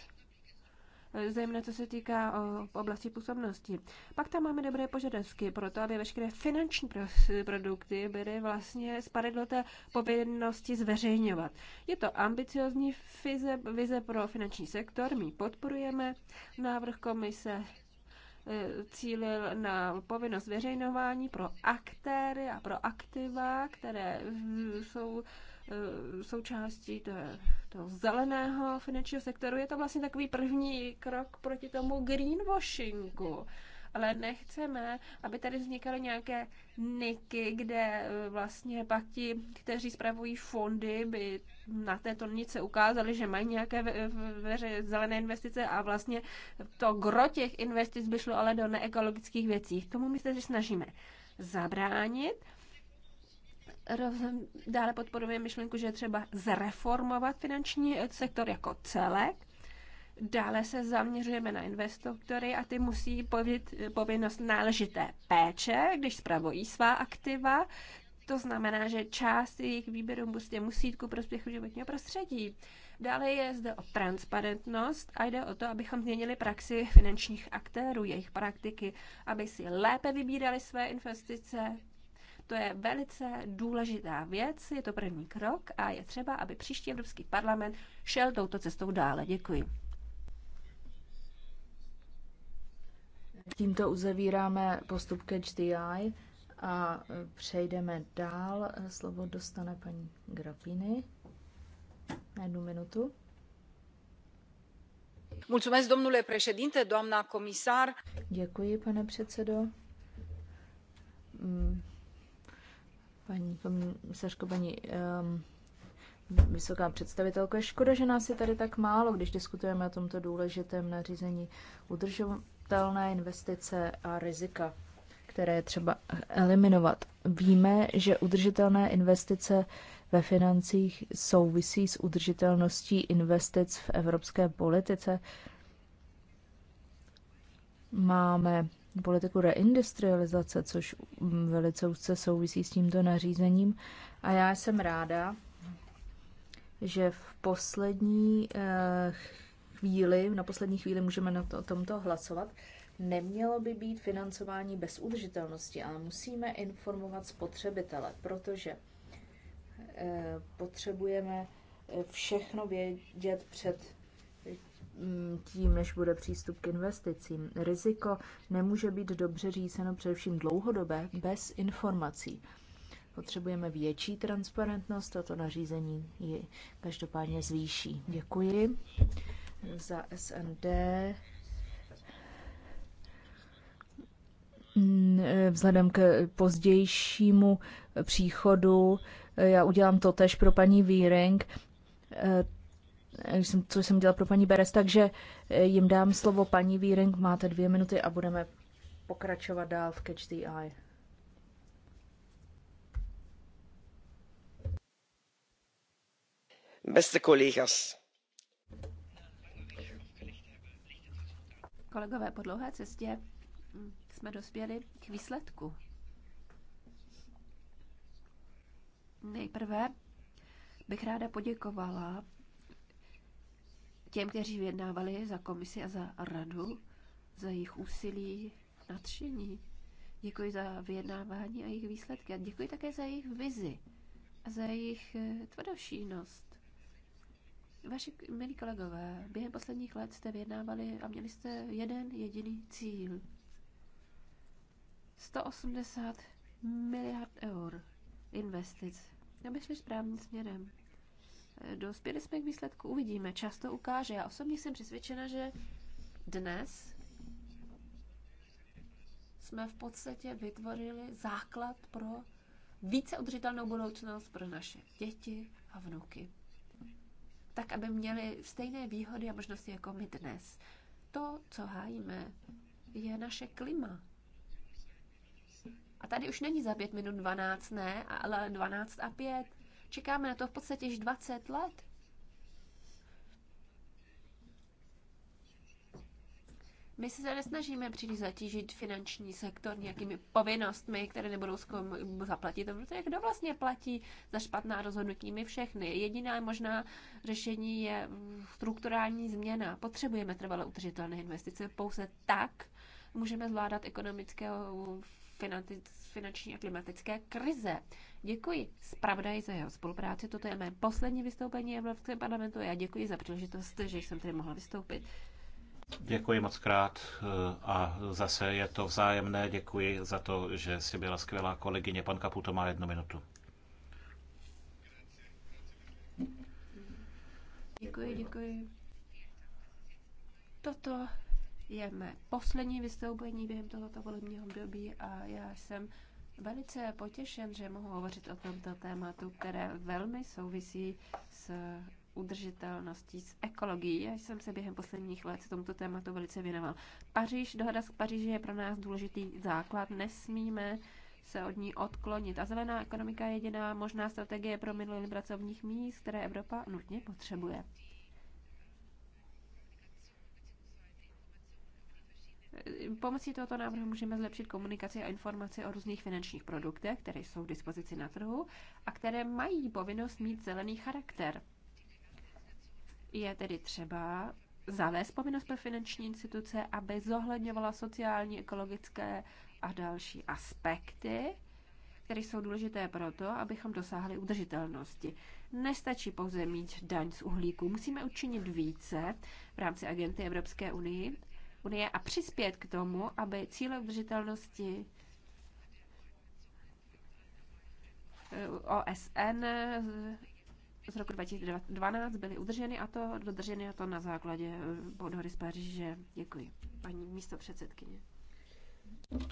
zejména co se týká oblasti působnosti. Pak tam máme dobré požadavky pro to, aby veškeré finanční produkty byly vlastně spadly do té povinnosti zveřejňovat. Je to ambiciozní vize, vize pro finanční sektor, my podporujeme návrh komise, e, cílil na povinnost veřejnování pro aktéry a pro aktiva, které jsou Eh, součástí toho, toho zeleného finančního sektoru. Je to vlastně takový první krok proti tomu greenwashingu. Ale nechceme, aby tady vznikaly nějaké niky, kde eh, vlastně pak ti, kteří spravují fondy, by na této nice ukázali, že mají nějaké veře, zelené investice a vlastně to gro těch investic by šlo ale do neekologických věcí. K tomu my se snažíme zabránit Dále podporuje myšlenku, že je třeba zreformovat finanční eh, sektor jako celek. Dále se zaměřujeme na investory a ty musí povět, eh, povinnost náležité péče, když spravují svá aktiva. To znamená, že část jejich výběru musí, prostě musí jít ku prospěchu životního prostředí. Dále je zde o transparentnost a jde o to, abychom změnili praxi finančních aktérů, jejich praktiky, aby si lépe vybírali své investice, to je velice důležitá věc, je to první krok a je třeba, aby příští Evropský parlament šel touto cestou dále. Děkuji. Tímto uzavíráme postup Catch the Eye a přejdeme dál. Slovo dostane paní Grapiny na jednu minutu. Mulțumesc, domnule președinte, doamna comisar. Děkuji, pane předsedo. Mm, Paní komisařko, paní um, vysoká představitelko, je škoda, že nás je tady tak málo, když diskutujeme o tomto důležitém nařízení udržitelné investice a rizika, které je třeba eliminovat. Víme, že udržitelné investice ve financích souvisí s udržitelností investic v evropské politice. Máme politiku reindustrializace, což mm, velice úzce souvisí s tímto nařízením. A já jsem ráda, že v poslední eh, chvíli, na poslední chvíli můžeme na to, o tomto hlasovat. Nemělo by být financování bez udržitelnosti, ale musíme informovat spotřebitele, protože eh, potřebujeme eh, všechno vědět před tím, než bude přístup k investicím. Riziko nemůže být dobře řízeno především dlouhodobé bez informací. Potřebujeme větší transparentnost, toto nařízení ji každopádně zvýší. Děkuji za SND. E, vzhledem k pozdějšímu příchodu, e, já udělám to tež pro paní Víring e, Eh, jsem, jsem dělal pro paní Beres, takže eh, jim dám slovo paní Víring, máte dvě minuty a budeme pokračovat dál v Catch the Eye. Beste kolegas. Kolegové, po dlouhé cestě hm, jsme dospěli k výsledku. Nejprve bych ráda poděkovala těm, kteří vyjednávali za komisi a za radu, za jejich úsilí, nadšení. Děkuji za vyjednávání a jejich výsledky. A děkuji také za jejich vizi a za jejich eh, tvrdošínost. Vaši milí kolegové, během posledních let jste vyjednávali a měli jste jeden jediný cíl. 180 miliard eur investic, Já bych šli správným směrem dospěli jsme k výsledku, uvidíme, čas to ukáže. Já osobně jsem přesvědčena, že dnes jsme v podstatě vytvořili základ pro více udržitelnou budoucnost pro naše děti a vnuky. Tak, aby měli stejné výhody a možnosti jako my dnes. To, co hájíme, je naše klima. A tady už není za pět minut 12, ne, ale 12 a 5. Čekáme na to v podstatě již 20 let. My se snažíme, příliš zatížit finanční sektor nějakými povinnostmi, které nebudou zaplatit, protože kdo vlastně platí za špatná rozhodnutí? My všechny. Jediná možná řešení je strukturální změna. Potřebujeme trvalé udržitelné investice. Pouze tak můžeme zvládat ekonomické finanční a klimatické krize. Děkuji zpravodaj za jeho spolupráci. Toto je mé poslední vystoupení v Evropském parlamentu a já děkuji za příležitost, že jsem tady mohla vystoupit. Děkuji moc krát eh, a zase je to vzájemné. Děkuji za to, že jsi byla skvělá kolegyně. Pan Kaputo má jednu minutu. Děkuji, děkuji. Toto je mé poslední vystoupení během tohoto volebního období a já jsem velice potěšen, že mohu hovořit o tomto tématu, které velmi souvisí s udržitelností, s ekologií. Já jsem se během posledních let tomuto tématu velice věnoval. Paříž, dohoda z Paříže je pro nás důležitý základ. Nesmíme se od ní odklonit. A zelená ekonomika je jediná možná strategie pro minulý pracovních míst, které Evropa nutně potřebuje. Pomocí tohoto návrhu můžeme zlepšit komunikaci a informaci o různých finančních produktech, které jsou v dispozici na trhu a které mají povinnost mít zelený charakter. Je tedy třeba zavést povinnost pro finanční instituce, aby zohledňovala sociální, ekologické a další aspekty, které jsou důležité pro to, abychom dosáhli udržitelnosti. Nestačí pouze mít daň z uhlíku, musíme učinit více v rámci agenty Evropské unii, unie a přispět k tomu, aby cíle udržitelnosti eh, OSN eh, z roku 2012 byly udrženy a to dodrženy a to na základě eh, dohody z Paříže. Děkuji, paní místo předsedkyně.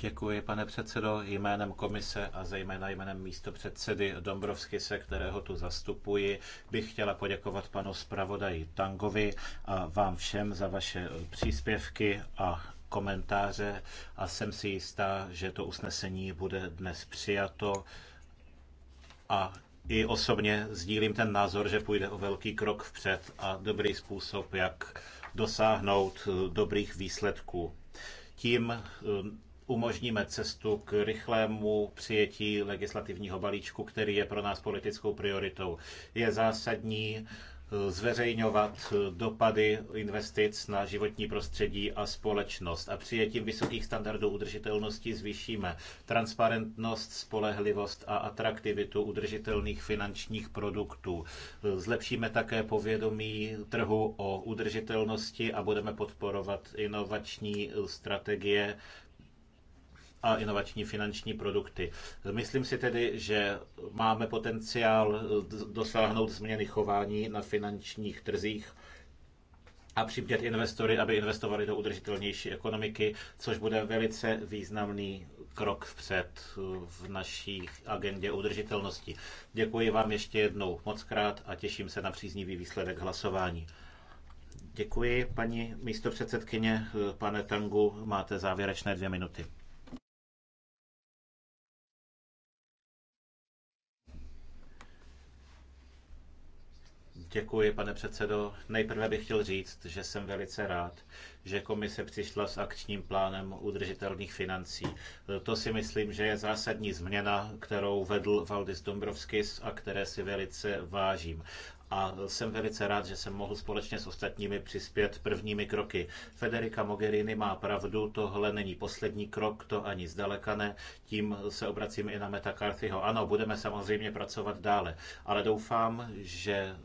Děkuji, pane předsedo, jménem komise a zejména jménem místopředsedy Dombrovskise, kterého tu zastupuji, bych chtěla poděkovat panu zpravodaji Tangovi a vám všem za vaše příspěvky a komentáře a jsem si jistá, že to usnesení bude dnes přijato a i osobně sdílím ten názor, že půjde o velký krok vpřed a dobrý způsob, jak dosáhnout dobrých výsledků. Tím umožníme cestu k rychlému přijetí legislativního balíčku, který je pro nás politickou prioritou. Je zásadní eh, zveřejňovat eh, dopady investic na životní prostředí a společnost. A přijetím vysokých standardů udržitelnosti zvýšíme transparentnost, spolehlivost a atraktivitu udržitelných finančních produktů. Eh, zlepšíme také povědomí trhu o udržitelnosti a budeme podporovat inovační strategie a inovační finanční produkty. Myslím si tedy, že máme potenciál dosáhnout změny chování na finančních trzích a přimět investory, aby investovali do udržitelnější ekonomiky, což bude velice významný krok vpřed v naší agendě udržitelnosti. Děkuji vám ještě jednou moc krát a těším se na příznivý výsledek hlasování. Děkuji, paní místopředsedkyně. Pane Tangu, máte závěrečné dvě minuty. Děkuji, pane předsedo. Nejprve bych chtěl říct, že jsem velice rád, že komise přišla s akčním plánem udržitelných financí. To si myslím, že je zásadní změna, kterou vedl Valdis Dombrovskis a které si velice vážím a jsem velice rád, že jsem mohl společně s ostatními přispět prvními kroky. Federica Mogherini má pravdu, tohle není poslední krok, to ani zdaleka ne. Tím se obracím i na Meta Carthyho. Ano, budeme samozřejmě pracovat dále, ale doufám, že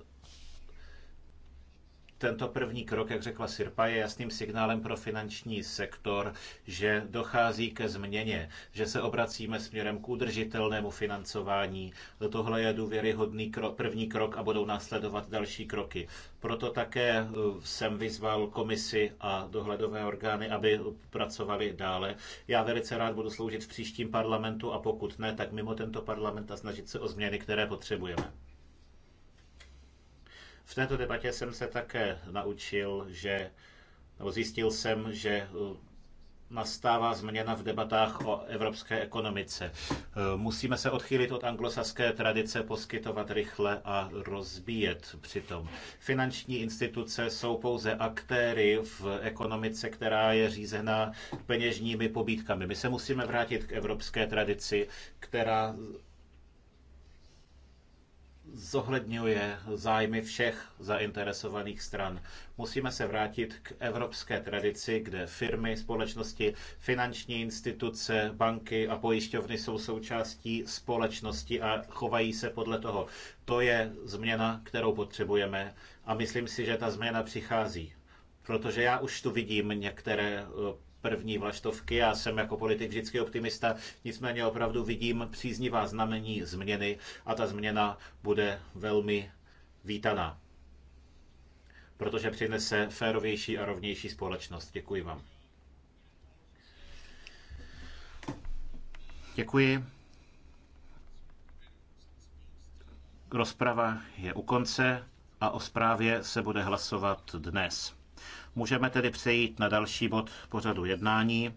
tento první krok, jak řekla Sirpa, je jasným signálem pro finanční sektor, že dochází ke změně, že se obracíme směrem k udržitelnému financování. Tohle je důvěryhodný krok, první krok a budou následovat další kroky. Proto také eh, jsem vyzval komisi a dohledové orgány, aby pracovali dále. Já velice rád budu sloužit v příštím parlamentu a pokud ne, tak mimo tento parlament a snažit se o změny, které potřebujeme. V této debatě jsem se také naučil, že, nebo zjistil jsem, že eh, nastává změna v debatách o evropské ekonomice. Eh, musíme se odchýlit od anglosaské tradice poskytovat rychle a rozbíjet přitom. Finanční instituce jsou pouze aktéry v ekonomice, která je řízená peněžními pobídkami. My se musíme vrátit k evropské tradici, která zohledňuje zájmy všech zainteresovaných stran. Musíme se vrátit k evropské tradici, kde firmy, společnosti, finanční instituce, banky a pojišťovny jsou součástí společnosti a chovají se podle toho. To je změna, kterou potřebujeme a myslím si, že ta změna přichází. Protože já už tu vidím některé eh, první vlaštovky. Já jsem jako politik vždycky optimista, nicméně opravdu vidím příznivá znamení změny a ta změna bude velmi vítaná, protože přinese férovější a rovnější společnost. Děkuji vám. Děkuji. Rozprava je u konce a o zprávě se bude hlasovat dnes. Můžeme tedy přejít na další bod pořadu jednání,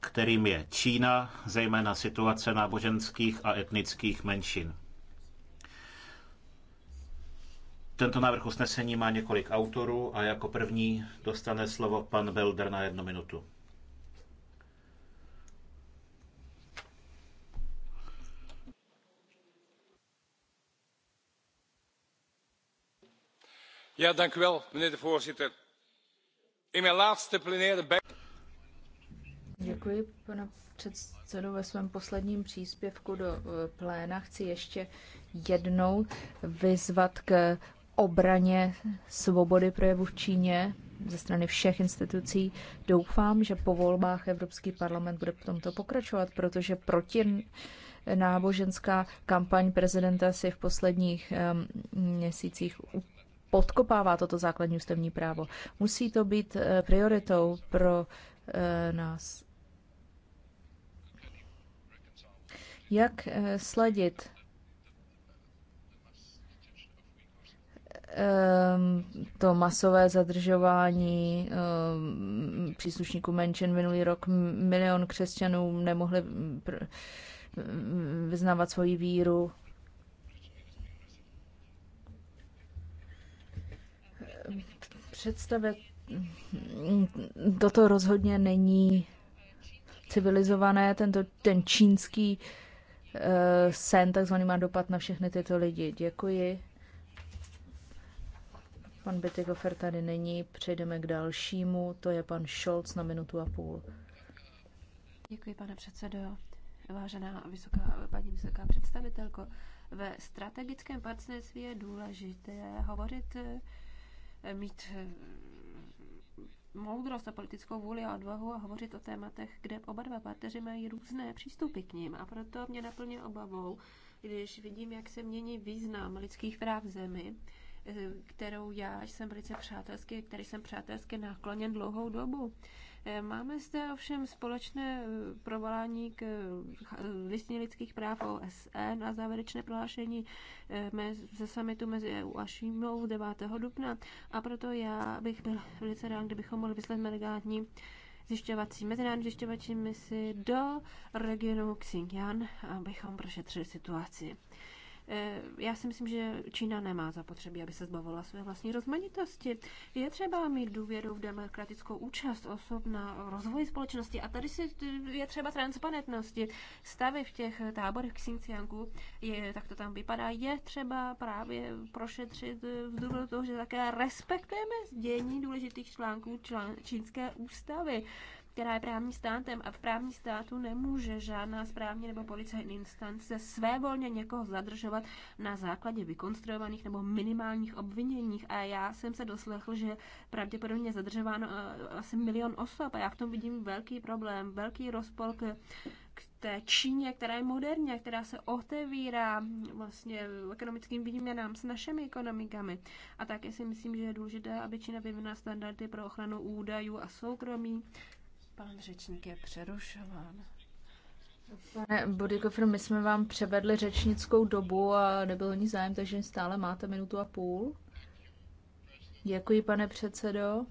kterým je Čína, zejména situace náboženských a etnických menšin. Tento návrh usnesení má několik autorů a jako první dostane slovo pan Belder na jednu minutu. Děkuji, pane předsedo. Ve svém posledním příspěvku do eh, pléna chci ještě jednou vyzvat k obraně svobody projevu v Číně ze strany všech institucí. Doufám, že po volbách Evropský parlament bude v tomto pokračovat, protože proti náboženská kampaň prezidenta si v posledních um, měsících podkopává toto základní ústavní právo. Musí to být eh, prioritou pro eh, nás. Jak eh, sledit ehm, to masové zadržování ehm, příslušníků menšin minulý rok milion křesťanů nemohli vyznávat svoji víru Představit toto rozhodně není civilizované, tento, ten čínský uh, sen takzvaný má dopad na všechny tyto lidi. Děkuji. Pan Bittigofer tady není, přejdeme k dalšímu, to je pan Scholz na minutu a půl. Děkuji, pane předsedo. Vážená vysoká, paní vysoká představitelko, ve strategickém partnerství je důležité hovořit mít eh, moudrost a politickou vůli a odvahu a hovořit o tématech, kde oba dva partneři mají různé přístupy k ním. A proto mě naplně obavou, když vidím, jak se mění význam lidských práv v zemi, eh, kterou já jsem velice přátelsky, který jsem přátelsky nakloněn dlouhou dobu. Máme zde ovšem společné eh, provolání k eh, eh, listině lidských práv OSN a závěrečné prohlášení ze samitu mezi EU a Šímou 9. dubna. A proto já bych byl velice rád, kdybychom mohli vyslat delegátní zjišťovací, mezinárodní zjišťovací misi do regionu Xinjiang, abychom prošetřili situaci. Eh, já si myslím, že Čína nemá zapotřebí, aby se zbavila své vlastní rozmanitosti. Je třeba mít důvěru v demokratickou účast osob na rozvoji společnosti a tady si je třeba transparentnosti. Stavy v těch táborech v Xinjiangu, je, tak to tam vypadá, je třeba právě prošetřit v eh, důvodu toho, že také respektujeme dění důležitých článků člán, čínské ústavy která je právní státem a v právní státu nemůže žádná správní nebo policajní instance svévolně někoho zadržovat na základě vykonstruovaných nebo minimálních obviněních. A já jsem se doslechl, že pravděpodobně zadržováno eh, asi milion osob a já v tom vidím velký problém, velký rozpol k k té Číně, která je moderní, která se otevírá vlastně ekonomickým výměnám s našimi ekonomikami. A také si myslím, že je důležité, aby Čína vyvinula standardy pro ochranu údajů a soukromí, Pan řečník je přerušován. Pane Bodykofer, my jsme vám převedli řečnickou dobu a nebyl ní zájem, takže stále máte minutu a půl. Děkuji, pane předsedo.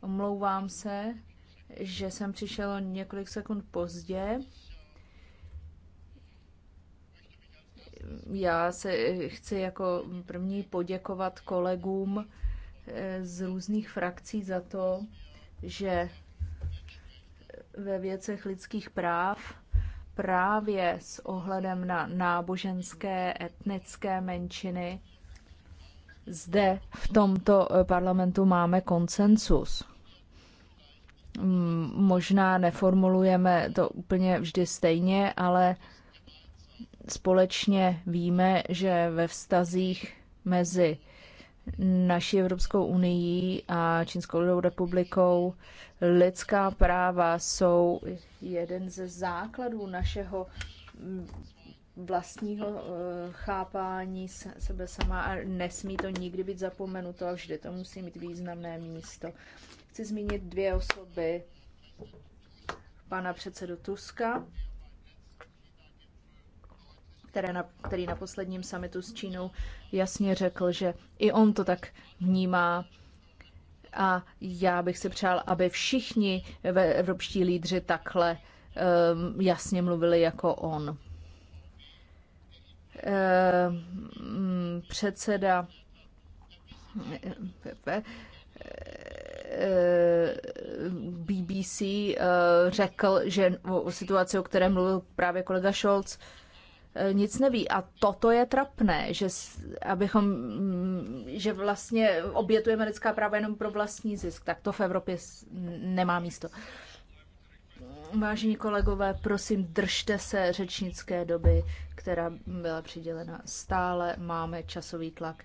Omlouvám se, že jsem přišel několik sekund pozdě. Já se chci jako první poděkovat kolegům eh, z různých frakcí za to, že ve věcech lidských práv právě s ohledem na náboženské, etnické menšiny. Zde v tomto eh, parlamentu máme koncensus. Možná neformulujeme to úplně vždy stejně, ale společně víme, že ve vztazích mezi naší Evropskou unii a Čínskou lidovou republikou lidská práva jsou jeden ze základů našeho mm, vlastního eh, chápání sebe sama a nesmí to nikdy být zapomenuto a vždy to musí mít významné místo. Chci zmínit dvě osoby. Pana předsedu Tuska, které na, který na posledním summitu s Čínou jasně řekl, že i on to tak vnímá. A já bych si přál, aby všichni evropští lídři takhle um, jasně mluvili jako on. Um, předseda ehm, BBC eh, řekl, že o situaci, o které mluvil právě kolega Scholz, Eh, nic neví. A toto je trapné, že, abychom, mm, že vlastně obětujeme lidská práva jenom pro vlastní zisk. Tak to v Evropě nemá místo. Vážení kolegové, prosím, držte se řečnické doby, která byla přidělena. Stále máme časový tlak,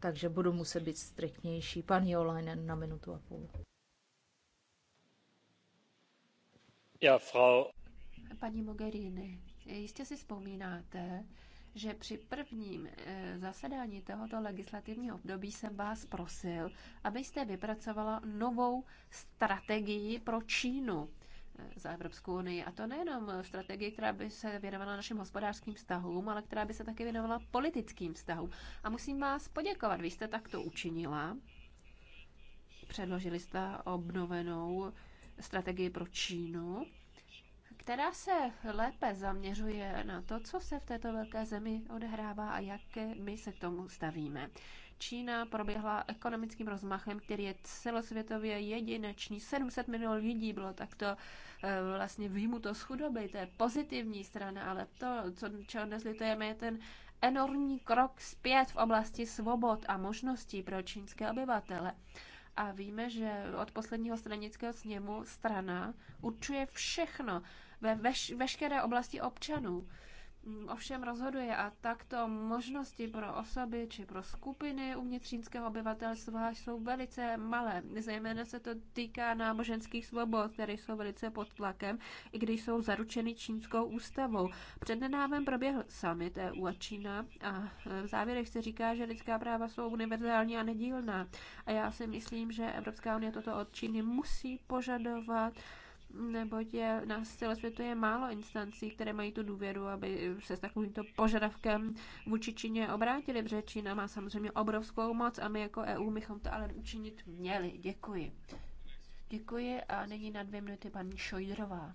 takže budu muset být striktnější. Pan Jolajnen na minutu a půl. Ja, Frau. Paní Mogherini, Jistě si vzpomínáte, že při prvním eh, zasedání tohoto legislativního období jsem vás prosil, abyste vypracovala novou strategii pro Čínu eh, za Evropskou unii. A to nejenom strategii, která by se věnovala našim hospodářským vztahům, ale která by se také věnovala politickým vztahům. A musím vás poděkovat, vy jste takto učinila. Předložili jste obnovenou strategii pro Čínu která se lépe zaměřuje na to, co se v této velké zemi odehrává a jak my se k tomu stavíme. Čína proběhla ekonomickým rozmachem, který je celosvětově jedinečný. 700 milionů lidí bylo takto eh, vlastně výmuto z chudoby. To je pozitivní strana, ale to, co, čeho dnes litujeme, je ten enormní krok zpět v oblasti svobod a možností pro čínské obyvatele a víme, že od posledního stranického sněmu strana určuje všechno ve veš- veškeré oblasti občanů. Mm, ovšem rozhoduje a takto možnosti pro osoby či pro skupiny čínského obyvatelstva jsou velice malé. Zejména se to týká náboženských svobod, které jsou velice pod tlakem, i když jsou zaručeny čínskou ústavou. Před nedávem proběhl summit EU a Čína a e, v závěrech se říká, že lidská práva jsou univerzální a nedílná. A já si myslím, že Evropská unie toto od Číny musí požadovat neboť je, na světě je málo instancí, které mají tu důvěru, aby se s takovýmto požadavkem vůči Číně obrátili, protože Čína má samozřejmě obrovskou moc a my jako EU bychom to ale učinit měli. Děkuji. Děkuji a nyní na dvě minuty paní Šojdrová.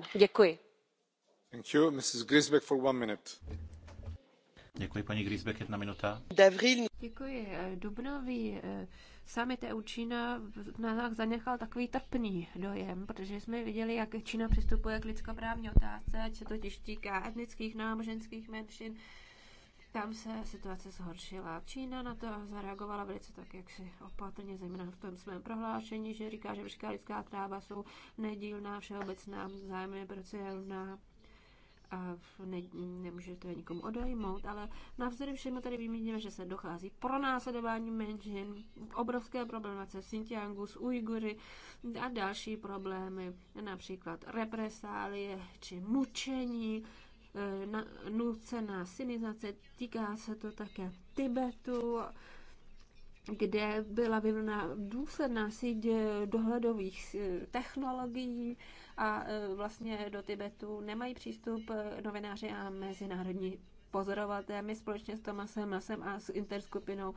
You, děkuji jedna minuta. Eh, dubnový eh, summit EU Čína na nás zanechal takový trpný dojem, protože jsme viděli, jak Čína přistupuje k lidskoprávní otázce, ať se totiž týká etnických, náboženských menšin, tam se situace zhoršila. Čína na to zareagovala velice tak, jak si opatrně, zejména v tom svém prohlášení, že říká, že veškerá lidská práva jsou nedílná, všeobecná, vzájemně procielná a ne, nemůže to nikomu odejmout, ale navzdory všemu tady vymíníme, že se dochází pro následování menšin, obrovské problémace v Xinjiangu s Ujgury a další problémy, například represálie či mučení, Eh, nucená synizace, týká se to také Tibetu, kde byla vyvlna důsledná síť eh, dohledových eh, technologií a vlastně do Tibetu nemají přístup novináři a mezinárodní pozorovatelé. My společně s Tomasem Masem a s interskupinou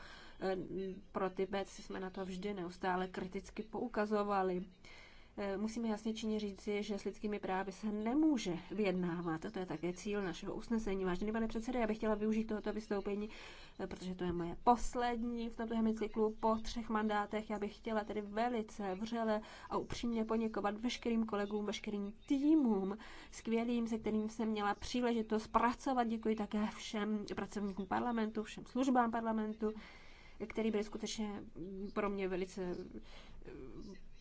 pro Tibet jsme na to vždy neustále kriticky poukazovali. Eh, musíme jasně činně říci, že s lidskými právy se nemůže vyjednávat. To je také cíl našeho usnesení. Vážený pane předsedo, já bych chtěla využít tohoto vystoupení, eh, protože to je moje poslední v tomto hemicyklu po třech mandátech. Já bych chtěla tedy velice vřele a upřímně poněkovat veškerým kolegům, veškerým týmům, skvělým, se kterým jsem měla příležitost pracovat. Děkuji také všem pracovníkům parlamentu, všem službám parlamentu, který byly skutečně pro mě velice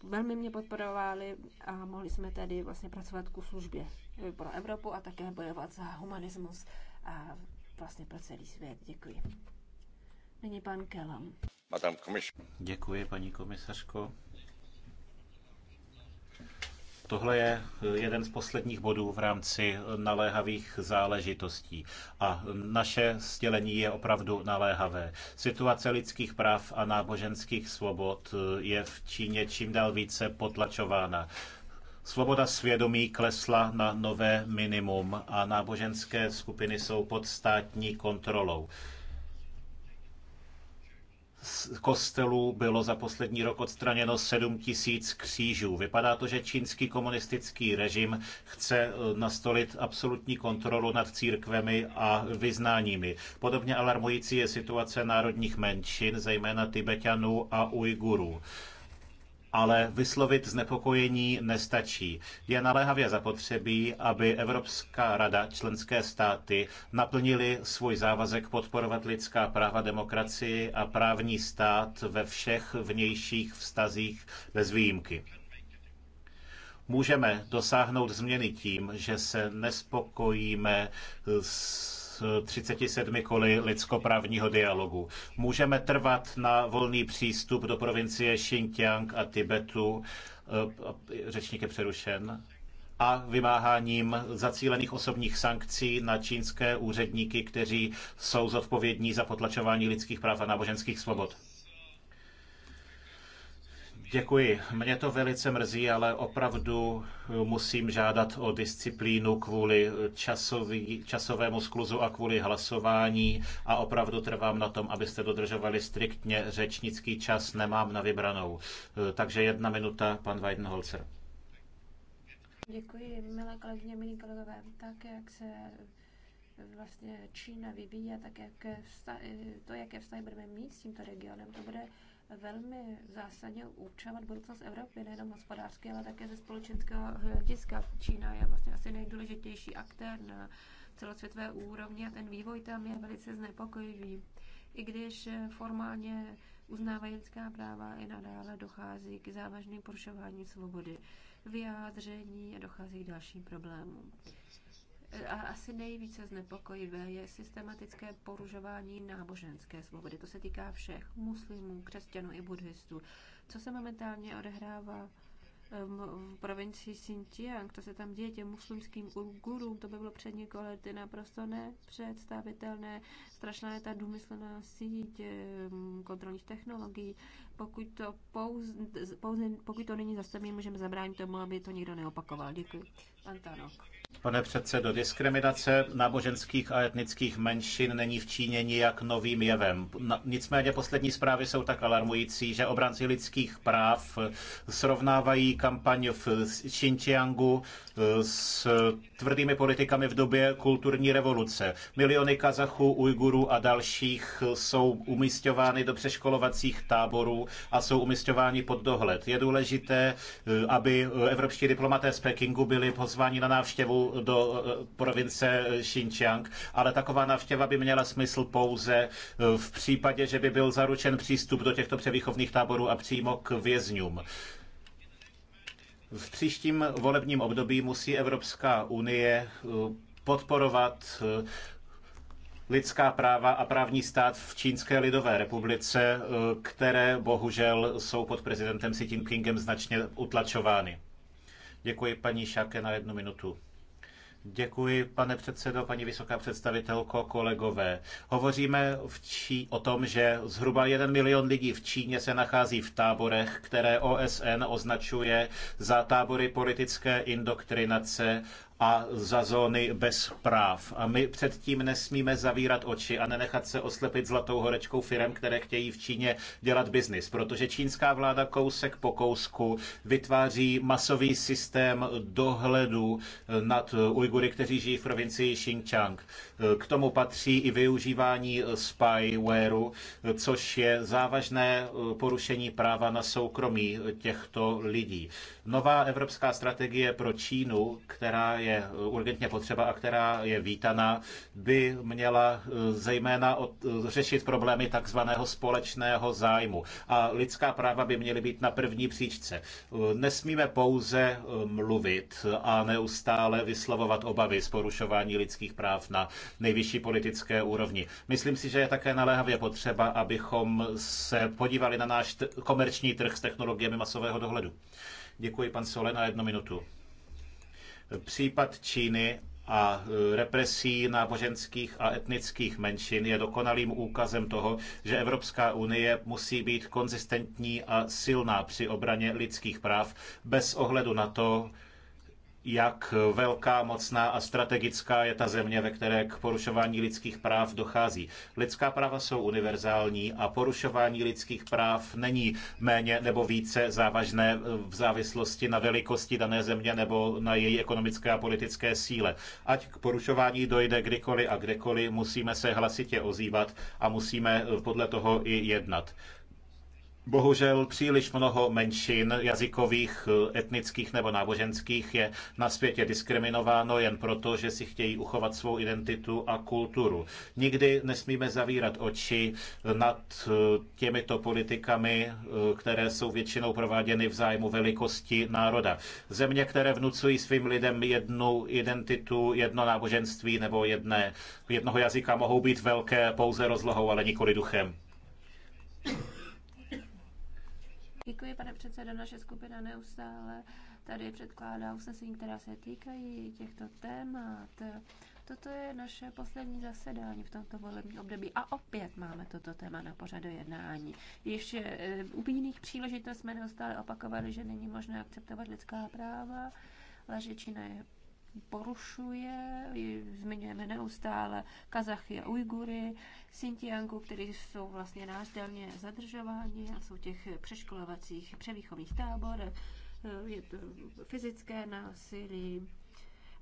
velmi mě podporovali a mohli jsme tedy vlastně pracovat ku službě pro Evropu a také bojovat za humanismus a vlastně pro celý svět. Děkuji. Nyní pan Kelam. Děkuji, paní komisařko. Tohle je eh, jeden z posledních bodů v rámci eh, naléhavých záležitostí a mm, naše sdělení je opravdu naléhavé. Situace lidských práv a náboženských svobod eh, je v Číně čím dál více potlačována. Svoboda svědomí klesla na nové minimum a náboženské skupiny jsou pod státní kontrolou z kostelů bylo za poslední rok odstraněno 7 tisíc křížů. Vypadá to, že čínský komunistický režim chce eh, nastolit absolutní kontrolu nad církvemi a vyznáními. Podobně alarmující je situace národních menšin, zejména Tibetanů a Ujgurů ale vyslovit znepokojení nestačí. Je naléhavě zapotřebí, aby Evropská rada, členské státy naplnili svůj závazek podporovat lidská práva, demokracii a právní stát ve všech vnějších vztazích bez výjimky. Můžeme dosáhnout změny tím, že se nespokojíme s 37 koli lidskoprávního dialogu. Můžeme trvat na volný přístup do provincie Xinjiang a Tibetu. Eh, řečník je přerušen a vymáháním zacílených osobních sankcí na čínské úředníky, kteří jsou zodpovědní za potlačování lidských práv a náboženských svobod. Děkuji. Mě to velice mrzí, ale opravdu eh, musím žádat o disciplínu kvůli eh, časový, časovému skluzu a kvůli hlasování a opravdu trvám na tom, abyste dodržovali striktně řečnický čas, nemám na vybranou. Eh, takže jedna minuta, pan Weidenholzer. Děkuji, milé kolegyně, milí kolegové. Tak, jak se vlastně Čína vyvíjí a tak, jak vztah, to, jaké vztahy budeme mít s tímto regionem, to bude velmi zásadně určovat budoucnost Evropy, nejenom hospodářské, ale také ze společenského hlediska. Čína je vlastně asi nejdůležitější aktér na celosvětové úrovni a ten vývoj tam je velice znepokojivý. I když formálně uznávají lidská práva, i nadále dochází k závažným porušování svobody vyjádření a dochází k dalším problémům a asi nejvíce znepokojivé je systematické poružování náboženské svobody. To se týká všech muslimů, křesťanů i buddhistů. Co se momentálně odehrává ehm, v provincii Xinjiang, to se tam děje těm muslimským gurům, to by bylo před několik lety naprosto nepředstavitelné strašná je ta důmyslná síť eh, kontrolních technologií. Pokud to, pouze, pouze, pokud to není zastavení, můžeme zabránit tomu, aby to nikdo neopakoval. Děkuji. Pan Tanok. Pane předsedo, diskriminace náboženských a etnických menšin není v Číně nijak novým jevem. Nicméně poslední zprávy jsou tak alarmující, že obranci lidských práv eh, srovnávají kampaň v Xinjiangu eh, s tvrdými politikami v době kulturní revoluce. Miliony Kazachů, Ujgurů, juniorů a dalších jsou umisťovány do přeškolovacích táborů a jsou umisťováni pod dohled. Je důležité, eh, aby eh, evropští diplomaté z Pekingu byli pozváni na návštěvu do eh, province Xinjiang, ale taková návštěva by měla smysl pouze v případě, že by byl zaručen přístup do těchto převýchovných táborů a přímo k vězňům. V příštím volebním období musí Evropská unie podporovat lidská práva a právní stát v Čínské lidové republice, eh, které bohužel jsou pod prezidentem Xi Jinpingem značně utlačovány. Děkuji paní Šáke na jednu minutu. Děkuji, pane předsedo, paní vysoká představitelko, kolegové. Hovoříme v Čí, o tom, že zhruba jeden milion lidí v Číně se nachází v táborech, které OSN označuje za tábory politické indoktrinace a za zóny bez práv. A my předtím nesmíme zavírat oči a nenechat se oslepit zlatou horečkou firm, které chtějí v Číně dělat biznis, protože čínská vláda kousek po kousku vytváří masový systém dohledu nad Ujgury, kteří žijí v provincii Xinjiang. K tomu patří i využívání spywareu, což je závažné porušení práva na soukromí těchto lidí. Nová evropská strategie pro Čínu, která je uh, urgentně potřeba a která je vítaná, by měla uh, zejména od, uh, řešit problémy takzvaného společného zájmu. A lidská práva by měly být na první příčce. Nesmíme pouze mluvit a neustále vyslovovat obavy z porušování lidských práv na nejvyšší politické úrovni. Myslím si, že je také naléhavě potřeba, abychom se podívali na náš komerční trh s technologiemi masového dohledu. Děkuji, pan Sole, na jednu minutu. Případ Číny a e, represí náboženských a etnických menšin je dokonalým úkazem toho, že Evropská unie musí být konzistentní a silná při obraně lidských práv bez ohledu na to, jak velká, mocná a strategická je ta země, ve které k porušování lidských práv dochází. Lidská práva jsou univerzální a porušování lidských práv není méně nebo více závažné v závislosti na velikosti dané země nebo na její ekonomické a politické síle. Ať k porušování dojde kdykoliv a kdekoliv, musíme se hlasitě ozývat a musíme podle toho i jednat. Bohužel příliš mnoho menšin jazykových, etnických nebo náboženských je na světě diskriminováno jen proto, že si chtějí uchovat svou identitu a kulturu. Nikdy nesmíme zavírat oči nad eh, těmito politikami, eh, které jsou většinou prováděny v zájmu velikosti národa. Země, které vnucují svým lidem jednu identitu, jedno náboženství nebo jedné, jednoho jazyka, mohou být velké pouze rozlohou, ale nikoli duchem. Děkuji, pane předsedo. Naše skupina neustále tady předkládá usnesení, která se týkají těchto témat. Toto je naše poslední zasedání v tomto volebním období a opět máme toto téma na pořadu jednání. Již eh, u jiných příležitostí jsme neustále opakovali, že není možné akceptovat lidská práva. Lažičina je porušuje, zmiňujeme neustále Kazachy a Ujgury, Sintiangu, kteří jsou vlastně násilně zadržováni a jsou těch přeškolovacích převýchových tábor, je to fyzické násilí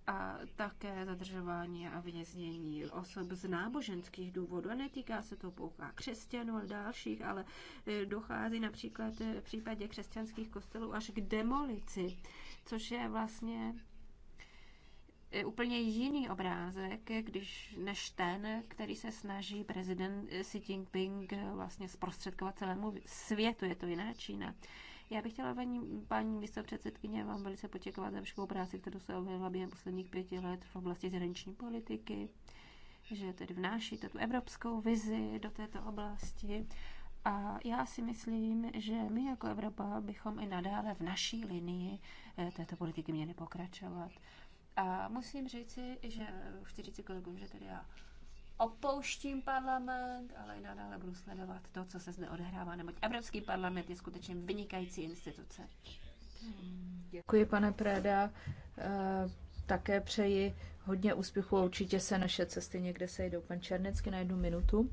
a také zadržování a věznění osob z náboženských důvodů. A netýká se to pouze křesťanů a dalších, ale eh, dochází například eh, v případě křesťanských kostelů až k demolici, což je vlastně úplně jiný obrázek, když než ten, který se snaží prezident Xi Jinping eh, vlastně zprostředkovat celému světu. Je to jiná Čína. Já bych chtěla paní, paní místopředsedkyně vám velice poděkovat za veškerou práci, kterou se objevila během posledních pěti let v oblasti zahraniční politiky, že tedy vnášíte tu evropskou vizi do této oblasti. A já si myslím, že my jako Evropa bychom i nadále v naší linii eh, této politiky měli pokračovat. A musím říci, že chci říci kolegům, že tedy já opouštím parlament, ale i nadále budu sledovat to, co se zde odehrává, neboť Evropský parlament je skutečně vynikající instituce. Děkuji, pane Preda. Eh, také přeji hodně úspěchu a určitě se naše cesty někde sejdou. Pan Černecky na jednu minutu.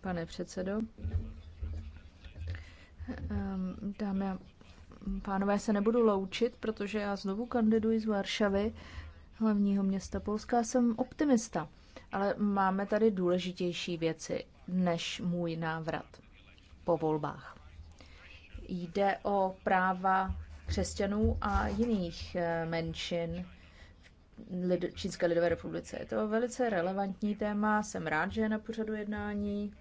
Pane předsedo. Ehm, dámy a Pánové, se nebudu loučit, protože já znovu kandiduji z Varšavy, hlavního města Polska. Jsem optimista, ale máme tady důležitější věci než můj návrat po volbách. Jde o práva křesťanů a jiných eh, menšin v Čínské lidové republice. Je to velice relevantní téma, jsem rád, že je na pořadu jednání.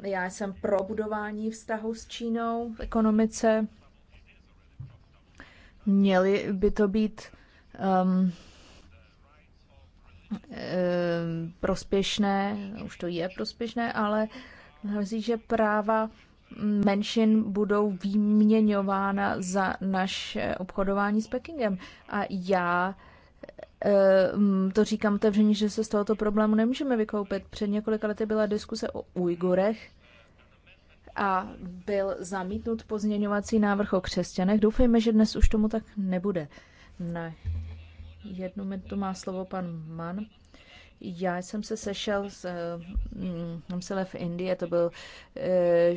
Já jsem pro budování vztahu s Čínou v ekonomice. Měly by to být um, um, prospěšné, už to je prospěšné, ale hrozí, že práva menšin budou výměňována za naše obchodování s Pekingem. A já uh, Eh, mm, to říkám otevřeně, že se z tohoto problému nemůžeme vykoupit. Před několika lety byla diskuse o Ujgurech a byl zamítnut pozměňovací návrh o křesťanech. Doufejme, že dnes už tomu tak nebude. Ne. Jednu minutu má slovo pan Mann. Já jsem se sešel s Namsele eh, mm, v Indii, to byl eh,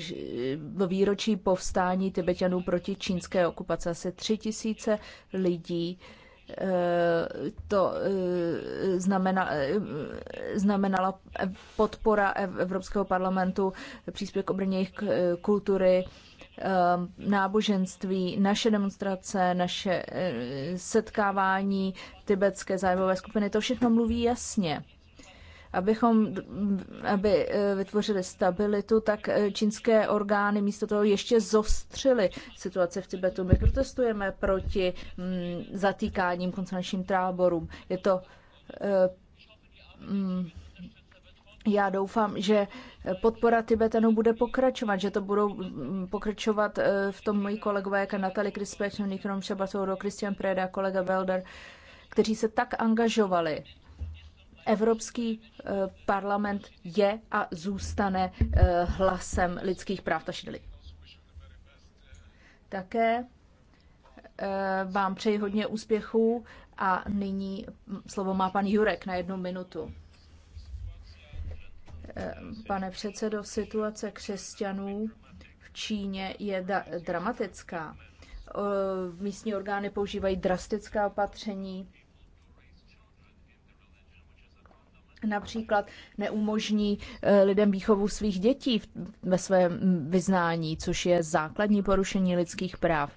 výročí povstání Tibetanů proti čínské okupaci. Asi tři tisíce lidí to eh, znamená, eh, znamenala podpora Evropského parlamentu příspěvek obrně jejich eh, kultury, náboženství, naše demonstrace, naše setkávání tibetské zájmové skupiny, to všechno mluví jasně abychom aby eh, vytvořili stabilitu, tak eh, čínské orgány místo toho ještě zostřily situaci v Tibetu. My protestujeme proti mm, zatýkáním koncentračním táborům. Je to eh, mm, já doufám, že podpora Tibetanů bude pokračovat, že to budou mm, pokračovat v tom moji kolegové, jako Natalie Krispečnou, Nikrom Šabasouro, Christian Preda, kolega Belder, kteří se tak angažovali Evropský eh, parlament je a zůstane eh, hlasem lidských práv Tašideli. Také eh, vám přeji hodně úspěchů a nyní slovo má pan Jurek na jednu minutu. Pane předsedo, situace křesťanů v Číně je dramatická. Místní orgány používají drastická opatření například neumožní eh, lidem výchovu svých dětí ve svém vyznání, což je základní porušení lidských práv.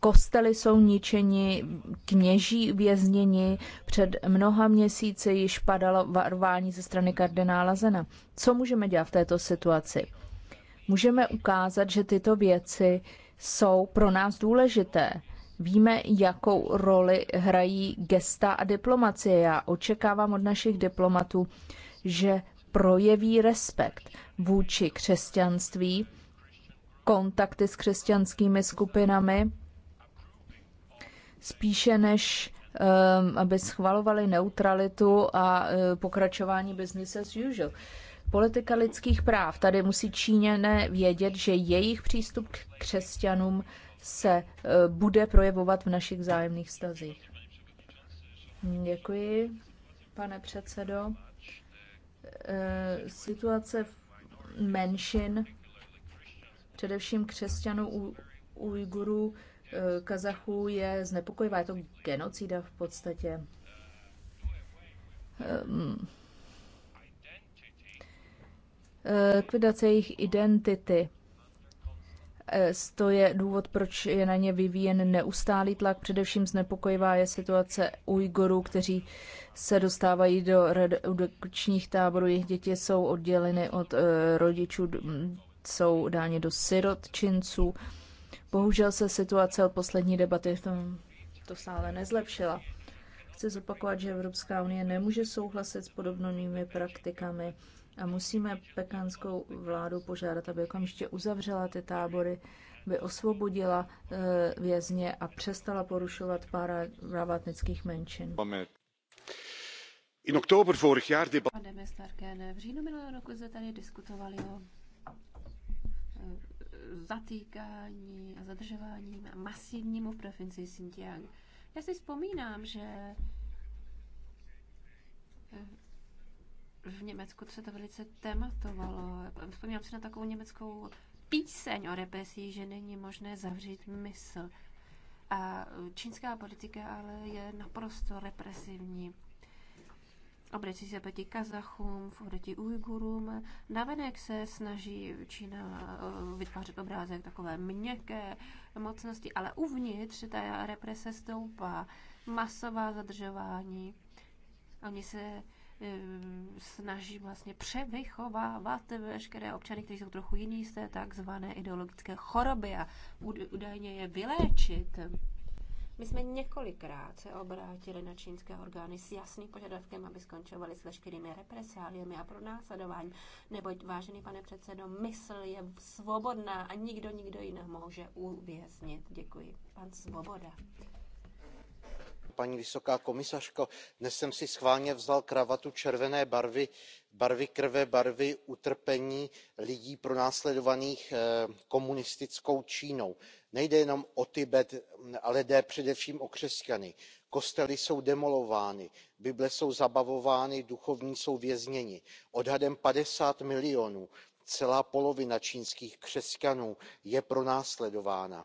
Kostely jsou ničeni, kněží vězněni. Před mnoha měsíci již padalo varování ze strany kardinála Zena. Co můžeme dělat v této situaci? Můžeme ukázat, že tyto věci jsou pro nás důležité Víme, jakou roli hrají gesta a diplomacie. Já očekávám od našich diplomatů, že projeví respekt vůči křesťanství, kontakty s křesťanskými skupinami, spíše než um, aby schvalovali neutralitu a uh, pokračování business as usual. Politika lidských práv. Tady musí Číňané vědět, že jejich přístup k křesťanům se eh, bude projevovat v našich vzájemných vztazích. Děkuji, pane předsedo. Eh, situace menšin, především křesťanů, Ujgurů, eh, Kazachů je znepokojivá. Je to genocida v podstatě. Likvidace ehm. jejich identity to je důvod, proč je na ně vyvíjen neustálý tlak. Především znepokojivá je situace Ujgorů, kteří se dostávají do redukčních táborů. Jejich děti jsou odděleny od eh, rodičů, jsou dáni do sirotčinců. Bohužel se situace od poslední debaty v tom to stále nezlepšila. Chci zopakovat, že Evropská unie nemůže souhlasit s podobnými praktikami a musíme pekánskou vládu požádat, aby okamžitě uzavřela ty tábory, by osvobodila eh, vězně a přestala porušovat práva etnických menšin. In oktober vorig jaar Pane v říjnu minulého roku jsme tady diskutovali o eh, zatýkání a zadržování masivnímu v provincii Xinjiang. Já si vzpomínám, že eh, v Německu se to velice tematovalo. Vzpomínám si na takovou německou píseň o represí, že není možné zavřít mysl. A čínská politika ale je naprosto represivní. Obrací se proti Kazachům, proti Ujgurům. Navenek se snaží Čína eh, vytvářet obrázek takové měkké mocnosti, ale uvnitř ta represe stoupá. Masová zadržování. Oni se E, snaží vlastně převychovávat veškeré občany, kteří jsou trochu jiní z té takzvané ideologické choroby a údajně je vyléčit. My jsme několikrát se obrátili na čínské orgány s jasným požadavkem, aby skončovali s veškerými represáliemi a pronásledováním. Neboť, vážený pane předsedo, mysl je svobodná a nikdo nikdo ji nemůže uvěznit. Děkuji. Pan Svoboda paní vysoká představitelko dnes jsem si schválně vzal kravatu červené barvy barvy krve barvy utrpení lidí pronásledovaných eh, komunistickou čínou. nejde jenom o tibet ale jde především o křesťany. kostely jsou demolovány bible jsou zabavovány duchovní jsou vězněni. odhadem padesát milionů celá polovina čínských křesťanů je pronásledována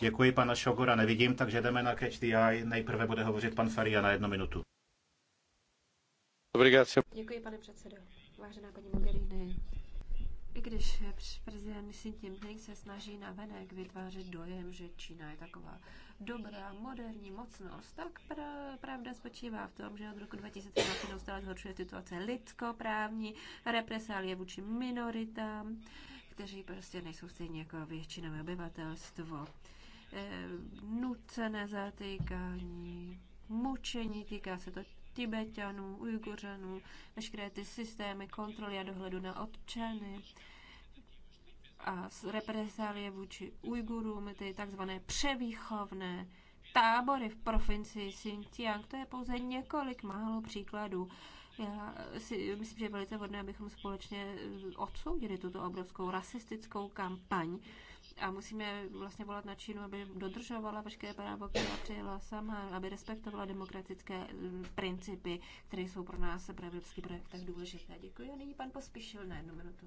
Děkuji, pana Šogora nevidím, takže jdeme na Catch the Eye. Nejprve bude hovořit pan Faria na jednu minutu. Děkuji, pane předsedo. Vážená paní Mogherini, i když prezident Xi Jinping se snaží navenek vytvářet dojem, že Čína je taková dobrá, moderní mocnost, tak pra, pravda spočívá v tom, že od roku 2013 neustále zhoršuje situace lidskoprávní, represálie vůči minoritám, kteří prostě nejsou stejně jako většinové obyvatelstvo. Eh, nucené zatýkání, mučení, týká se to Tibetanů, Ujguřanů, veškeré ty systémy kontroly a dohledu na občany a represálie vůči Ujgurům, ty takzvané převýchovné tábory v provincii Xinjiang. To je pouze několik málo příkladů. Já si myslím, že je velice vhodné, abychom společně eh, odsoudili tuto obrovskou rasistickou kampaň a musíme vlastně volat na Čínu, aby dodržovala veškeré právo, která přijela sama, aby respektovala demokratické eh, principy, které jsou pro nás pro evropský projekt tak důležité. Děkuji a nyní pan Pospíšil na jednu minutu.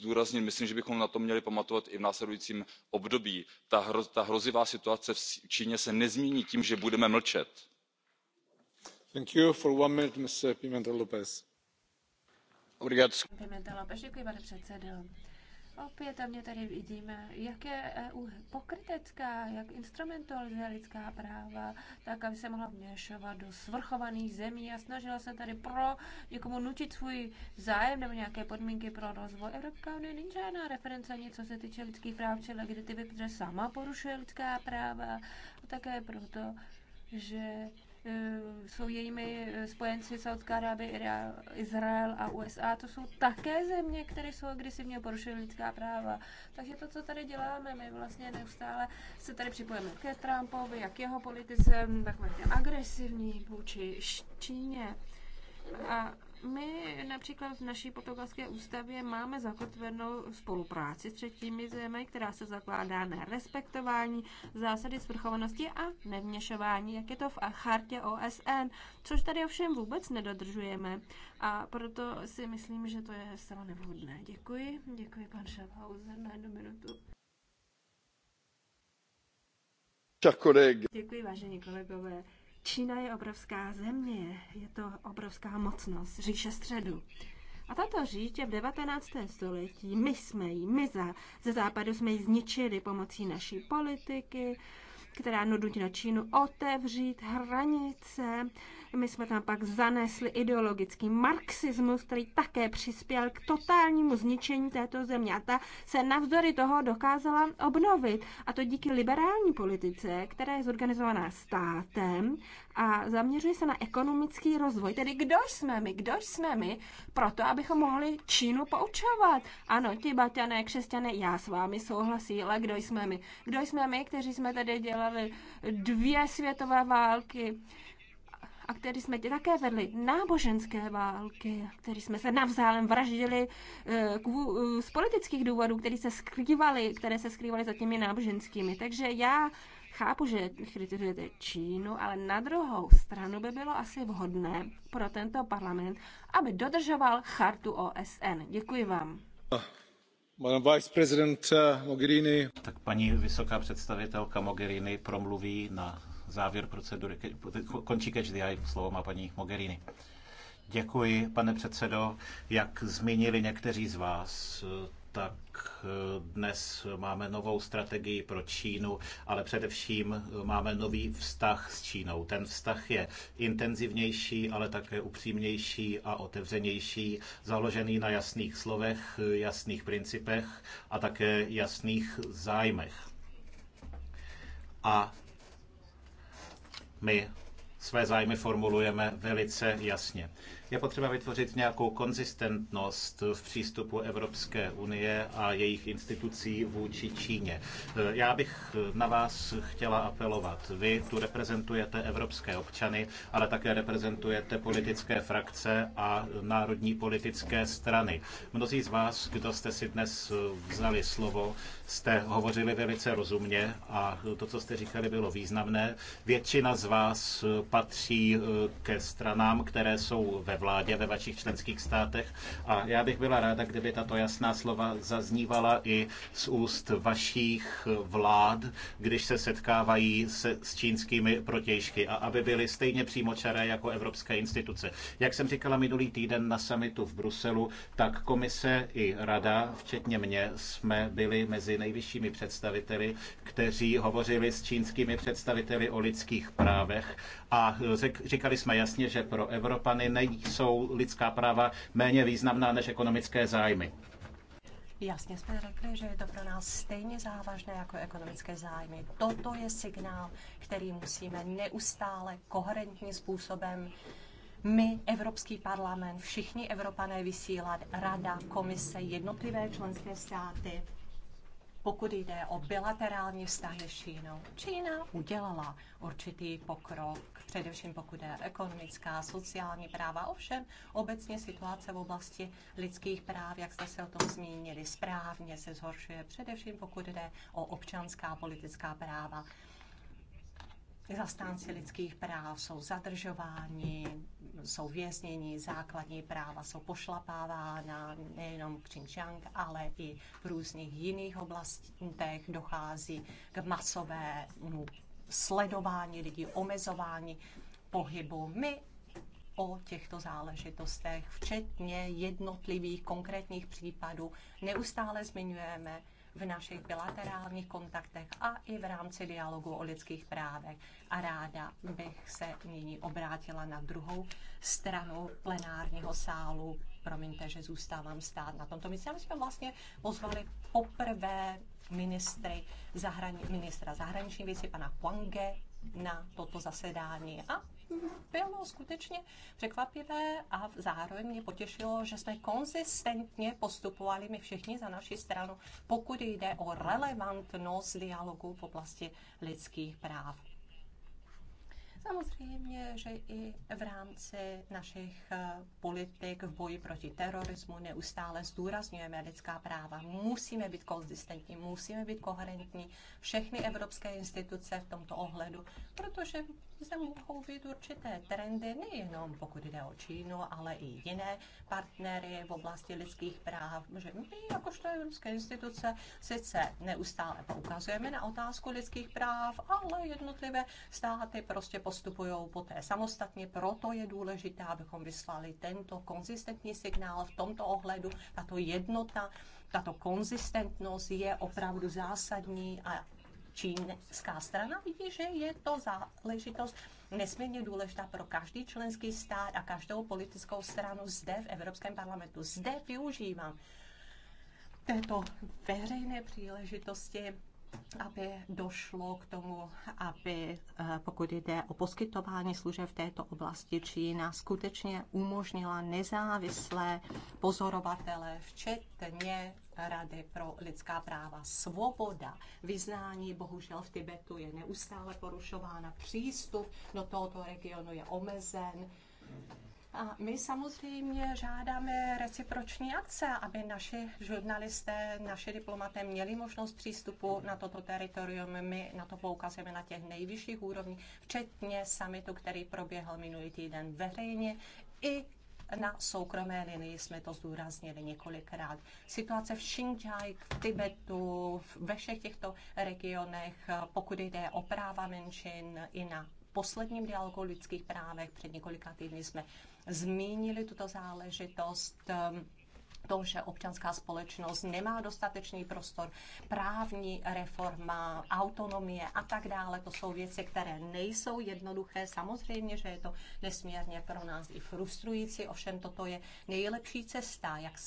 zdůraznit myslím že bychom na to měli pamatovat i v následujícím období ta hrozivá situace v číně se nezmění tím že budeme mlčet. pane předsedající opět a mě tady vidíme, jak je EU pokrytecká, jak instrumentalizuje lidská práva, tak, aby se mohla vměšovat do svrchovaných zemí a snažila se tady pro někomu nutit svůj zájem nebo nějaké podmínky pro rozvoj. Evropská unie není žádná reference ani co se týče lidských práv či legitimity, protože sama porušuje lidská práva a také proto, že Eh, jsou jejími eh, spojenci Saudská Arábie, Izrael a USA. To jsou také země, které jsou agresivně porušují lidská práva. Takže to, co tady děláme, my vlastně neustále se tady připojeme ke Trumpovi, jak jeho politice, mm, tak vlastně agresivní vůči Číně. A my například v naší portugalské ústavě máme zakotvenou spolupráci s třetími zemi, která se zakládá na respektování zásady svrchovanosti a nevněšování, jak je to v chartě OSN, což tady ovšem vůbec nedodržujeme. A proto si myslím, že to je zcela nevhodné. Děkuji. Děkuji, pan Schaffhauser, na jednu minutu. Děkuji, vážení kolegové. Čína je obrovská země, je to obrovská mocnost, říše středu. A tato říče v 19. století, my jsme ji, my za, ze západu jsme ji zničili pomocí naší politiky, která nudí na Čínu otevřít hranice, my jsme tam pak zanesli ideologický marxismus, který také přispěl k totálnímu zničení této země. A ta se navzdory toho dokázala obnovit. A to díky liberální politice, která je zorganizovaná státem a zaměřuje se na ekonomický rozvoj. Tedy kdo jsme my? Kdo jsme my? Proto, abychom mohli Čínu poučovat. Ano, ti baťané, křesťané, já s vámi souhlasím, ale kdo jsme my? Kdo jsme my, kteří jsme tady dělali dvě světové války? a který jsme také vedli náboženské války, který jsme se navzájem vraždili eh, eh, z politických důvodů, které se skrývaly, které se skrývaly za těmi náboženskými. Takže já chápu, že kritizujete Čínu, ale na druhou stranu by bylo asi vhodné pro tento parlament, aby dodržoval chartu OSN. Děkuji vám. Ah, eh, tak paní vysoká představitelka Mogherini promluví na závěr procedury. Končí catch the eye, slovo má paní Mogherini. Děkuji, pane předsedo. Jak zmínili někteří z vás, tak eh, dnes máme novou strategii pro Čínu, ale především eh, máme nový vztah s Čínou. Ten vztah je intenzivnější, ale také upřímnější a otevřenější, založený na jasných slovech, jasných principech a také jasných zájmech. A my své zájmy formulujeme velice jasně. Je potřeba vytvořit nějakou konzistentnost v přístupu Evropské unie a jejich institucí vůči Číně. Já bych na vás chtěla apelovat. Vy tu reprezentujete evropské občany, ale také reprezentujete politické frakce a národní politické strany. Mnozí z vás, kdo jste si dnes vzali slovo, jste hovořili velice rozumně a to, co jste říkali, bylo významné. Většina z vás patří ke stranám, které jsou ve vládě ve vašich členských státech. A já bych byla ráda, kdyby tato jasná slova zaznívala i z úst vašich vlád, když se setkávají se, s čínskými protějšky a aby byly stejně přímočaré jako evropské instituce. Jak jsem říkala minulý týden na summitu v Bruselu, tak komise i rada, včetně mě, jsme byli mezi nejvyššími představiteli, kteří hovořili s čínskými představiteli o lidských právech a říkali jsme jasně, že pro Evropany nejí jsou lidská práva méně významná než ekonomické zájmy. Jasně jsme řekli, že je to pro nás stejně závažné jako ekonomické zájmy. Toto je signál, který musíme neustále koherentním způsobem my, Evropský parlament, všichni Evropané vysílat, Rada, Komise, jednotlivé členské státy, pokud jde o bilaterální vztahy s Čínou. Čína udělala určitý pokrok, především pokud jde ekonomická, sociální práva, ovšem obecně situace v oblasti lidských práv, jak jste se o tom zmínili, správně se zhoršuje, především pokud jde o občanská politická práva zastánci lidských práv jsou zadržováni, jsou vězněni, základní práva jsou pošlapávána nejenom v Xinjiang, ale i v různých jiných oblastech dochází k masovému sledování lidí, omezování pohybu. My o těchto záležitostech, včetně jednotlivých konkrétních případů, neustále zmiňujeme v našich bilaterálních kontaktech a i v rámci dialogu o lidských právech. A ráda bych se nyní obrátila na druhou stranu plenárního sálu. Promiňte, že zůstávám stát na tomto místě. My jsme vlastně pozvali poprvé ministry, zahrani, ministra zahraničních věcí, pana Huange, na toto zasedání a bylo skutečně překvapivé a zároveň mě potěšilo, že jsme konzistentně postupovali my všichni za naši stranu, pokud jde o relevantnost dialogu v oblasti lidských práv. Samozřejmě, že i v rámci našich eh, politik v boji proti terorismu neustále zdůrazňujeme lidská práva. Musíme být konzistentní, musíme být koherentní, všechny evropské instituce v tomto ohledu, protože se mohou být určité trendy, nejenom pokud jde o Čínu, ale i jiné partnery v oblasti lidských práv. Že my, jakožto Evropské instituce, sice neustále poukazujeme na otázku lidských práv, ale jednotlivé státy prostě postupují poté samostatně. Proto je důležité, abychom vyslali tento konzistentní signál v tomto ohledu, tato jednota, tato konzistentnost je opravdu zásadní a čínská strana vidí, že je to záležitost nesmírně důležitá pro každý členský stát a každou politickou stranu zde v Evropském parlamentu. Zde využívám této veřejné příležitosti aby došlo k tomu, aby eh, pokud jde o poskytování služeb v této oblasti, Čína skutečně umožnila nezávislé pozorovatele, včetně Rady pro lidská práva. Svoboda vyznání bohužel v Tibetu je neustále porušována, přístup do tohoto regionu je omezen a my samozřejmě žádáme reciproční akce, aby naši žurnalisté, naši diplomaté měli možnost přístupu na toto teritorium. My na to poukazujeme na těch nejvyšších úrovních, včetně samitu, který proběhl minulý týden veřejně i na soukromé linii jsme to zdůraznili několikrát. Situace v Xinjiang, v Tibetu, ve všech těchto regionech, pokud jde o práva menšin i na posledním dialogu o lidských právech před několika týdny jsme zmínili tuto záležitost um, to, že občanská společnost nemá dostatečný prostor, právní reforma, autonomie a tak dále. To jsou věci, které nejsou jednoduché. Samozřejmě, že je to nesmírně pro nás i frustrující, ovšem toto je nejlepší cesta, jak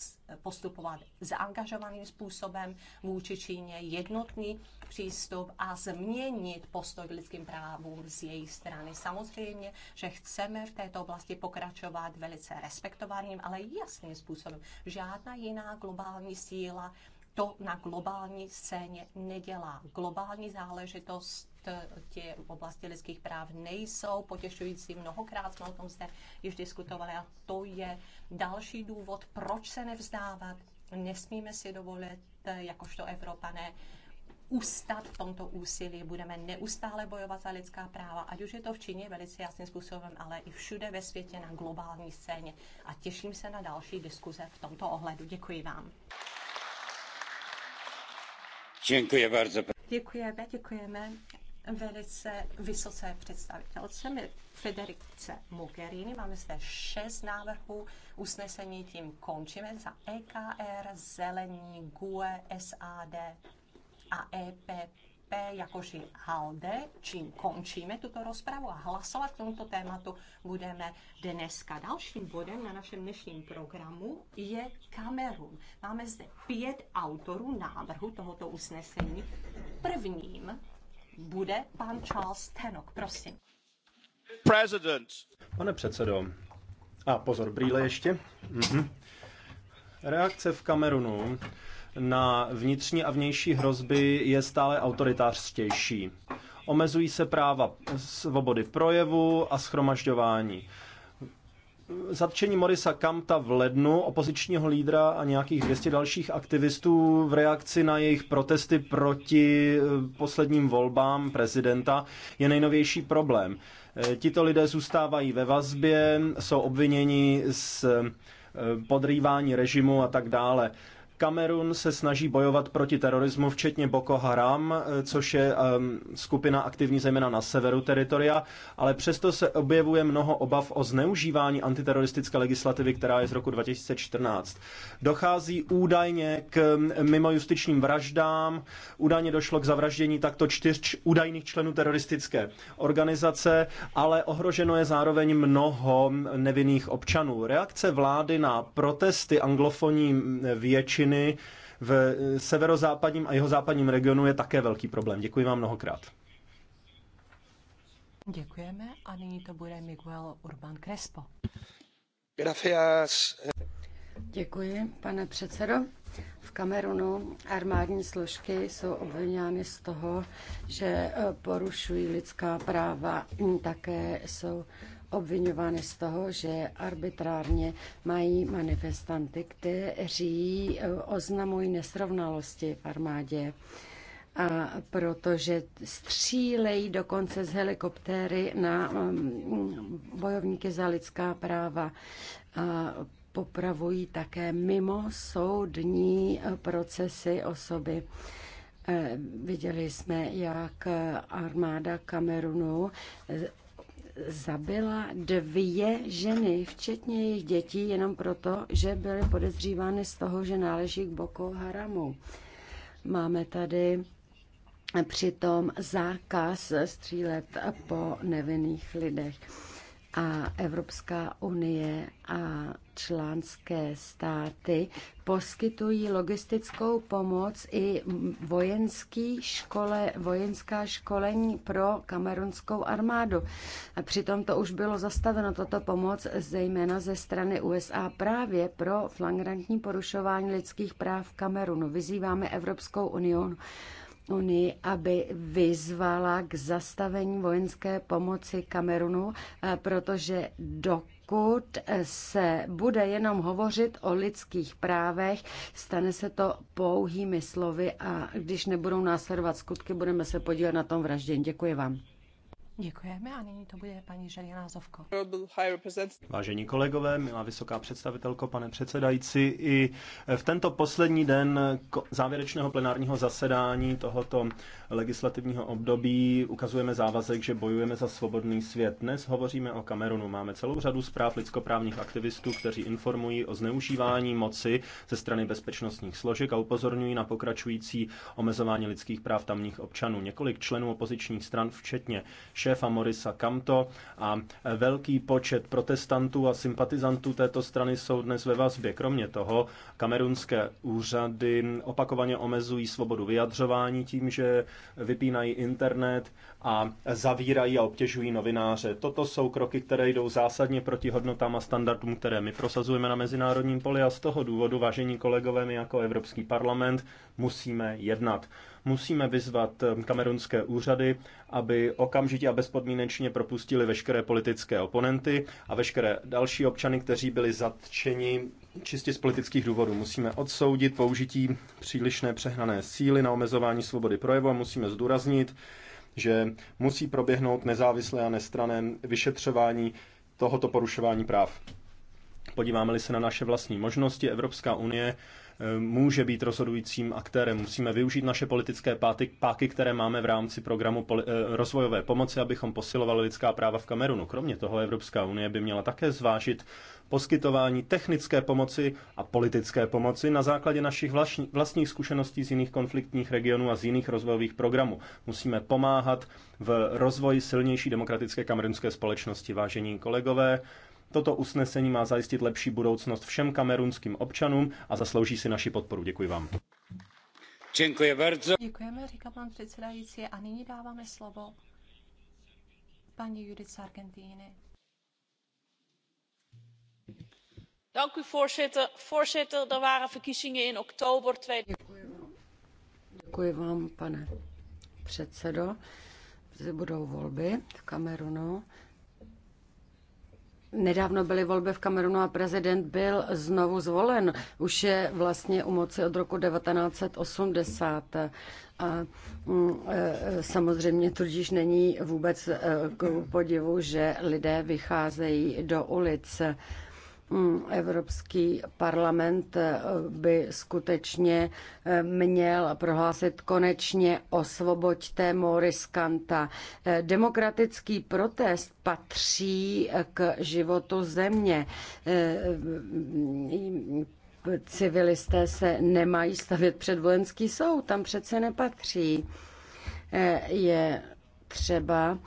postupovat zaangažovaným způsobem vůči Číně, jednotný přístup a změnit postoj k lidským právům z její strany. Samozřejmě, že chceme v této oblasti pokračovat velice respektovaným, ale jasným způsobem. Žádná jiná globální síla to na globální scéně nedělá. Globální záležitost eh, ti oblasti lidských práv nejsou potěšující. Mnohokrát jsme o tom zde již diskutovali a to je další důvod, proč se nevzdávat. Nesmíme si dovolit, eh, jakožto Evropané, ustat v tomto úsilí. Budeme neustále bojovat za lidská práva, ať už je to v Číně velice jasným způsobem, ale i všude ve světě na globální scéně. A těším se na další diskuze v tomto ohledu. Děkuji vám. Děkuji bardzo. Děkujeme, děkujeme velice vysoce představitelce Federice Mogherini. Máme zde šest návrhů usnesení, tím končíme za EKR, Zelení, GUE, SAD a EPP. EPP, halde i čím končíme tuto rozpravu a hlasovat k tomuto tématu budeme dneska. Dalším bodem na našem dnešním programu je Kamerun. Máme zde pět autorů návrhu tohoto usnesení. Prvním bude pan Charles Tenok, prosím. President. Pane předsedo, a pozor, brýle ještě. Mhm. Reakce v Kamerunu na vnitřní a vnější hrozby je stále autoritářstější. Omezují se práva svobody projevu a schromažďování. Zatčení Morisa Kamta v lednu, opozičního lídra a nějakých 200 dalších aktivistů v reakci na jejich protesty proti eh, posledním volbám prezidenta je nejnovější problém. Eh, tito lidé zůstávají ve vazbě, jsou obviněni z eh, podrývání režimu a tak dále. Kamerun se snaží bojovat proti terorismu, včetně Boko Haram, eh, což je um, skupina aktivní zejména na severu teritoria, ale přesto se objevuje mnoho obav o zneužívání antiteroristické legislativy, která je z roku 2014. Dochází údajně k ehm, mimojustičním vraždám, údajně došlo k zavraždění takto čtyř údajných členů teroristické organizace, ale ohroženo je zároveň mnoho ehm, nevinných občanů. Reakce vlády na protesty anglofonní většiny Číny v eh, severozápadním a jeho západním regionu je také velký problém. Děkuji vám mnohokrát. Děkujeme a nyní to bude Miguel Urban Crespo. Gracias. Děkuji, pane předsedo. V Kamerunu armádní složky jsou obviněny z toho, že eh, porušují lidská práva, také jsou obvinovány z toho, že arbitrárně mají manifestanty, kteří eh, oznamují nesrovnalosti v armádě. A protože střílejí dokonce z helikoptéry na mm, bojovníky za lidská práva. A popravují také mimo soudní eh, procesy osoby. Eh, viděli jsme, jak armáda Kamerunu zabila dvě ženy, včetně jejich dětí, jenom proto, že byly podezřívány z toho, že náleží k Boko Haramu. Máme tady přitom zákaz střílet po nevinných lidech. A Evropská unie a členské státy poskytují logistickou pomoc i vojenský škole, vojenská školení pro kamerunskou armádu. A přitom to už bylo zastaveno, toto pomoc, zejména ze strany USA právě pro flagrantní porušování lidských práv v Kamerunu. Vyzýváme Evropskou unii, Unii, aby vyzvala k zastavení vojenské pomoci Kamerunu, eh, protože do pokud se bude jenom hovořit o lidských právech, stane se to pouhými slovy a když nebudou následovat skutky, budeme se podívat na tom vraždění. Děkuji vám. Děkujeme a nyní to bude paní Želina Zovko. Vážení kolegové, milá vysoká představitelko, pane předsedající, i v tento poslední den závěrečného plenárního zasedání tohoto legislativního období ukazujeme závazek, že bojujeme za svobodný svět. Dnes hovoříme o Kamerunu. Máme celou řadu zpráv lidskoprávních aktivistů, kteří informují o zneužívání moci ze strany bezpečnostních složek a upozorňují na pokračující omezování lidských práv tamních občanů. Několik členů opozičních stran, včetně šéfa Morisa Kamto a velký počet protestantů a sympatizantů této strany jsou dnes ve vazbě. Kromě toho kamerunské úřady opakovaně omezují svobodu vyjadřování tím, že vypínají internet a zavírají a obtěžují novináře. Toto jsou kroky, které jdou zásadně proti hodnotám a standardům, které my prosazujeme na mezinárodním poli a z toho důvodu, vážení kolegové, my jako Evropský parlament musíme jednat. Musíme vyzvat eh, kamerunské úřady, aby okamžitě a bezpodmínečně propustili veškeré politické oponenty a veškeré další občany, kteří byli zatčeni čistě z politických důvodů. Musíme odsoudit použití přílišné přehnané síly na omezování svobody projevu a musíme zdůraznit, že musí proběhnout nezávislé a nestrané vyšetřování tohoto porušování práv. Podíváme-li se na naše vlastní možnosti, Evropská unie může být rozhodujícím aktérem. Musíme využít naše politické páty, páky, které máme v rámci programu eh, rozvojové pomoci, abychom posilovali lidská práva v Kamerunu. Kromě toho Evropská unie by měla také zvážit poskytování technické pomoci a politické pomoci na základě našich vlastních zkušeností z jiných konfliktních regionů a z jiných rozvojových programů. Musíme pomáhat v rozvoji silnější demokratické kamerunské společnosti. Vážení kolegové, Toto usnesení má zajistit lepší budoucnost všem kamerunským občanům a zaslouží si naši podporu. Děkuji vám. Děkuji bardzo. Děkujeme, říká pan předsedající. A nyní dáváme slovo paní Judice Argentíny. Dank u voorzitter. Voorzitter, er waren verkiezingen in oktober Děkuji vám, pane předsedo. Budou volby v Kamerunu Nedávno byly volby v Kamerunu a prezident byl znovu zvolen. Už je vlastně u moci od roku 1980. A mm, e, samozřejmě tudíž není vůbec k podivu, že lidé vycházejí do ulic. Mm, Evropský parlament eh, by skutečně eh, měl prohlásit konečně osvoboďte Moriskanta. Eh, demokratický protest patří k životu země mm, civilisté se nemají stavět před vojenský soud, tam přece nepatří. Je třeba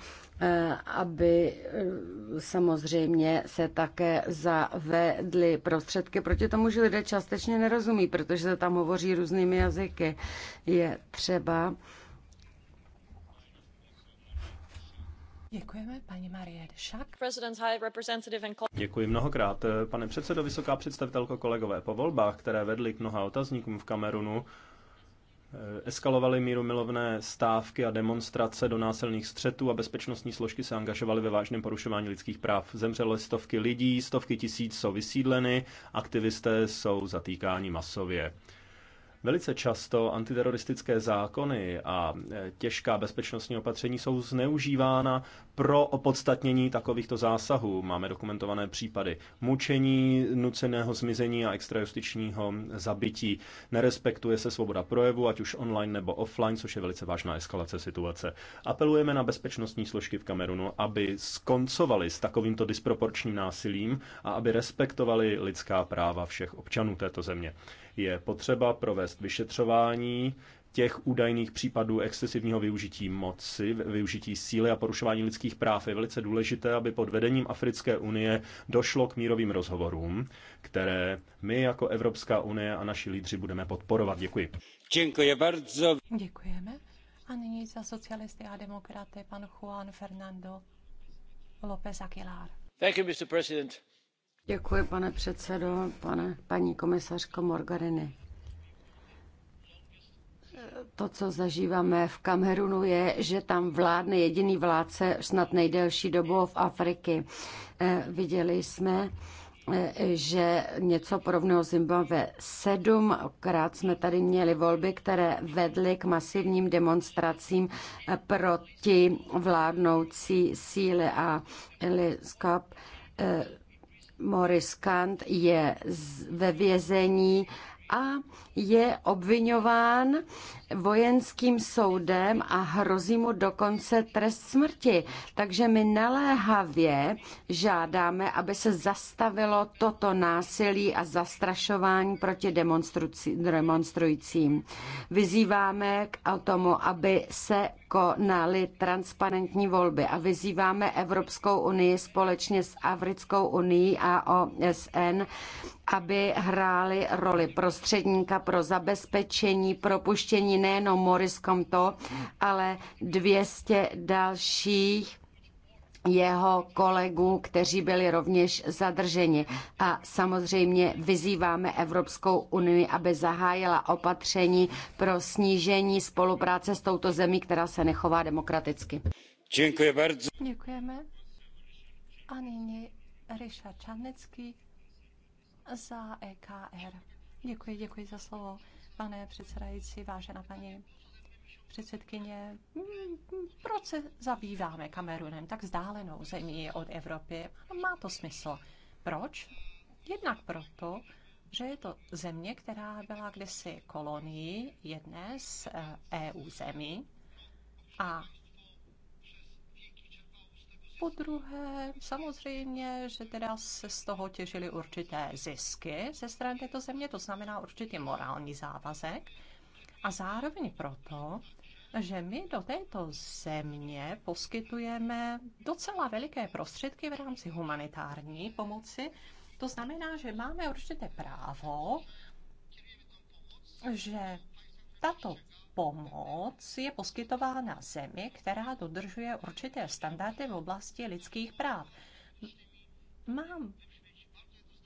Eh, aby eh, samozřejmě se také zavedly prostředky proti tomu, že lidé částečně nerozumí, protože se tam hovoří různými jazyky. Je třeba. Děkujeme, paní Marie Šak. Děkuji mnohokrát. Eh, pane předsedo, vysoká představitelko, kolegové, po volbách, které vedly k mnoha otazníkům v Kamerunu, eskalovaly mírumilovné stávky a demonstrace do násilných střetů a bezpečnostní složky se angažovaly ve vážném porušování lidských práv. Zemřely stovky lidí, stovky tisíc jsou vysídleny, aktivisté jsou zatýkáni masově. Velice často antiteroristické zákony a e, těžká bezpečnostní opatření jsou zneužívána pro opodstatnění takovýchto zásahů. Máme dokumentované případy mučení, nuceného zmizení a extrajustičního zabití. Nerespektuje se svoboda projevu, ať už online nebo offline, což je velice vážná eskalace situace. Apelujeme na bezpečnostní složky v Kamerunu, aby skoncovali s takovýmto disproporčním násilím a aby respektovali lidská práva všech občanů této země je potřeba provést vyšetřování těch údajných případů excesivního využití moci, využití síly a porušování lidských práv. Je velice důležité, aby pod vedením Africké unie došlo k mírovým rozhovorům, které my jako Evropská unie a naši lídři budeme podporovat. Děkuji. Děkuji bardzo. Děkujeme. A nyní za socialisty a demokraty pan Juan Fernando López Aguilar. Thank you, Mr. President. Děkuji, pane předsedo, pane, paní komisařko Morgarini. To, co zažíváme v Kamerunu, je, že tam vládne jediný vládce snad nejdelší dobu v Afriky. Eh, viděli jsme, eh, že něco podobného Zimbabwe. Sedmkrát jsme tady měli volby, které vedly k masivním demonstracím eh, proti vládnoucí síly a Eliskop Morris Kant je ve vězení a je obvinován vojenským soudem a hrozí mu dokonce trest smrti. Takže my naléhavě žádáme, aby se zastavilo toto násilí a zastrašování proti demonstrujícím. Vyzýváme k tomu, aby se konaly transparentní volby a vyzýváme Evropskou unii společně s Africkou unii a OSN, aby hráli roli prostředníka pro zabezpečení propuštění nejenom Morris Comto, ale 200 dalších jeho kolegů, kteří byli rovněž zadrženi. A samozřejmě vyzýváme Evropskou unii, aby zahájila opatření pro snížení spolupráce s touto zemí, která se nechová demokraticky. Děkuji bardzo. Děkujeme. A nyní Richard Čanecký, za EKR. Děkuji, děkuji za slovo, pane předsedající, vážená paní předsedkyně. Hmm, proč se zabýváme Kamerunem, tak vzdálenou zemí od Evropy? Má to smysl. Proč? Jednak proto, že je to země, která byla kdysi kolonií jedné z EU eh, e zemí a po druhé, samozřejmě, že teda se z toho těžily určité zisky ze strany této země, to znamená určitě morální závazek. A zároveň proto, že my do této země poskytujeme docela veliké prostředky v rámci humanitární pomoci. To znamená, že máme určité právo, že tato pomoc je poskytována zemi, která dodržuje určité standardy v oblasti lidských práv. Mám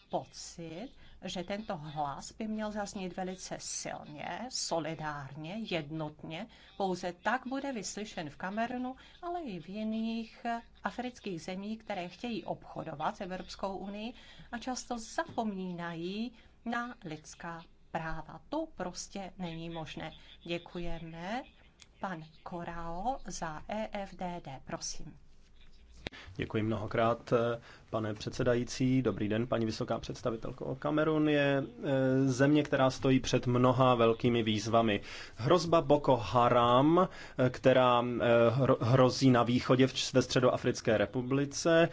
pocit, že tento hlas by měl zaznít velice silně, solidárně, jednotně. Pouze tak bude vyslyšen v Kamerunu, ale i v jiných afrických zemích, které chtějí obchodovat s Evropskou unii a často zapomínají na lidská práva. To prostě není možné. Děkujeme. Pan Korao za EFDD, prosím. Děkuji mnohokrát pane předsedající. Dobrý den, paní vysoká představitelko. Kamerun je e, země, která stojí před mnoha velkými výzvami. Hrozba Boko Haram, e, která e, hrozí na východě ve Středoafrické republice,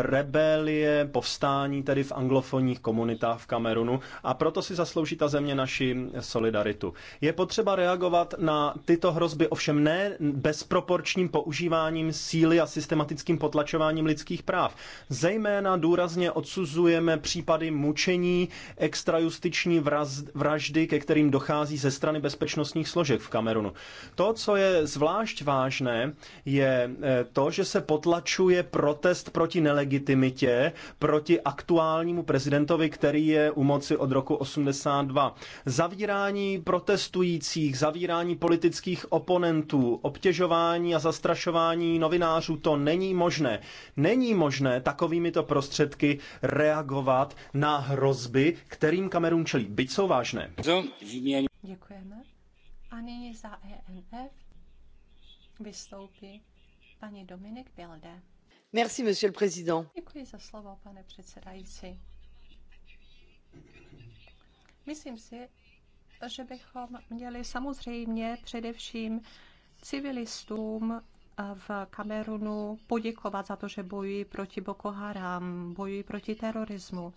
rebelie, povstání tedy v anglofonních komunitách v Kamerunu a proto si zaslouží ta země naši solidaritu. Je potřeba reagovat na tyto hrozby, ovšem ne bezproporčním používáním síly a systematickým potlačováním lidských práv. Zej Zejména důrazně odsuzujeme případy mučení, extrajustiční vraždy, ke kterým dochází ze strany bezpečnostních složek v Kamerunu. To, co je zvlášť vážné, je eh, to, že se potlačuje protest proti nelegitimitě, proti aktuálnímu prezidentovi, který je u moci od roku 82. Zavírání protestujících, zavírání politických oponentů, obtěžování a zastrašování novinářů, to není možné. Není možné takovými těmito prostředky reagovat na hrozby, kterým Kamerun čelí, byť jsou vážné. Děkujeme. A nyní za ENF vystoupí paní Dominik Bilde. Merci, monsieur le président. Děkuji za slovo, pane předsedající. Myslím si, že bychom měli samozřejmě především civilistům v Kamerunu poděkovat za to, že bojují proti Boko Haram, bojují proti terorismu.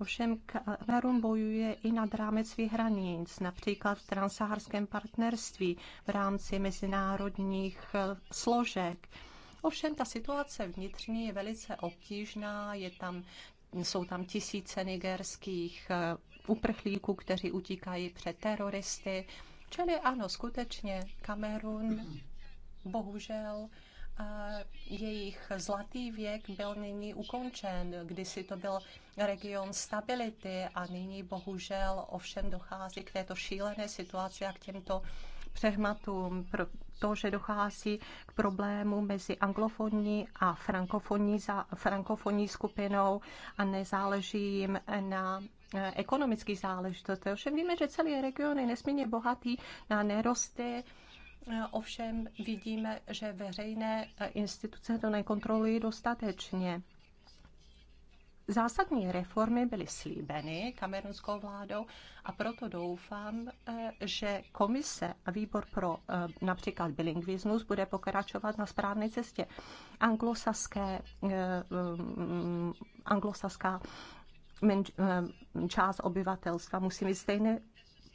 Ovšem Kamerun bojuje i nad rámec svých hranic, například v transsaharském partnerství v rámci mezinárodních eh, složek. Ovšem ta situace vnitřní je velice obtížná, je tam, jsou tam tisíce nigerských eh, uprchlíků, kteří utíkají před teroristy. Čili ano, skutečně Kamerun Bohužel jejich zlatý věk byl nyní ukončen. Kdysi to byl region stability a nyní bohužel ovšem dochází k této šílené situaci a k těmto přehmatům, protože dochází k problému mezi anglofonní a frankofonní, za, frankofonní skupinou a nezáleží jim na eh, ekonomických záležitostech. Ovšem víme, že celý region je nesmírně bohatý na nerosty, Ovšem vidíme, že veřejné instituce to nekontrolují dostatečně. Zásadní reformy byly slíbeny kamerunskou vládou a proto doufám, eh, že komise a výbor pro eh, například bilingvismus bude pokračovat na správné cestě. Anglosaské, eh, mm, mm, anglosaská část obyvatelstva musí mít stejné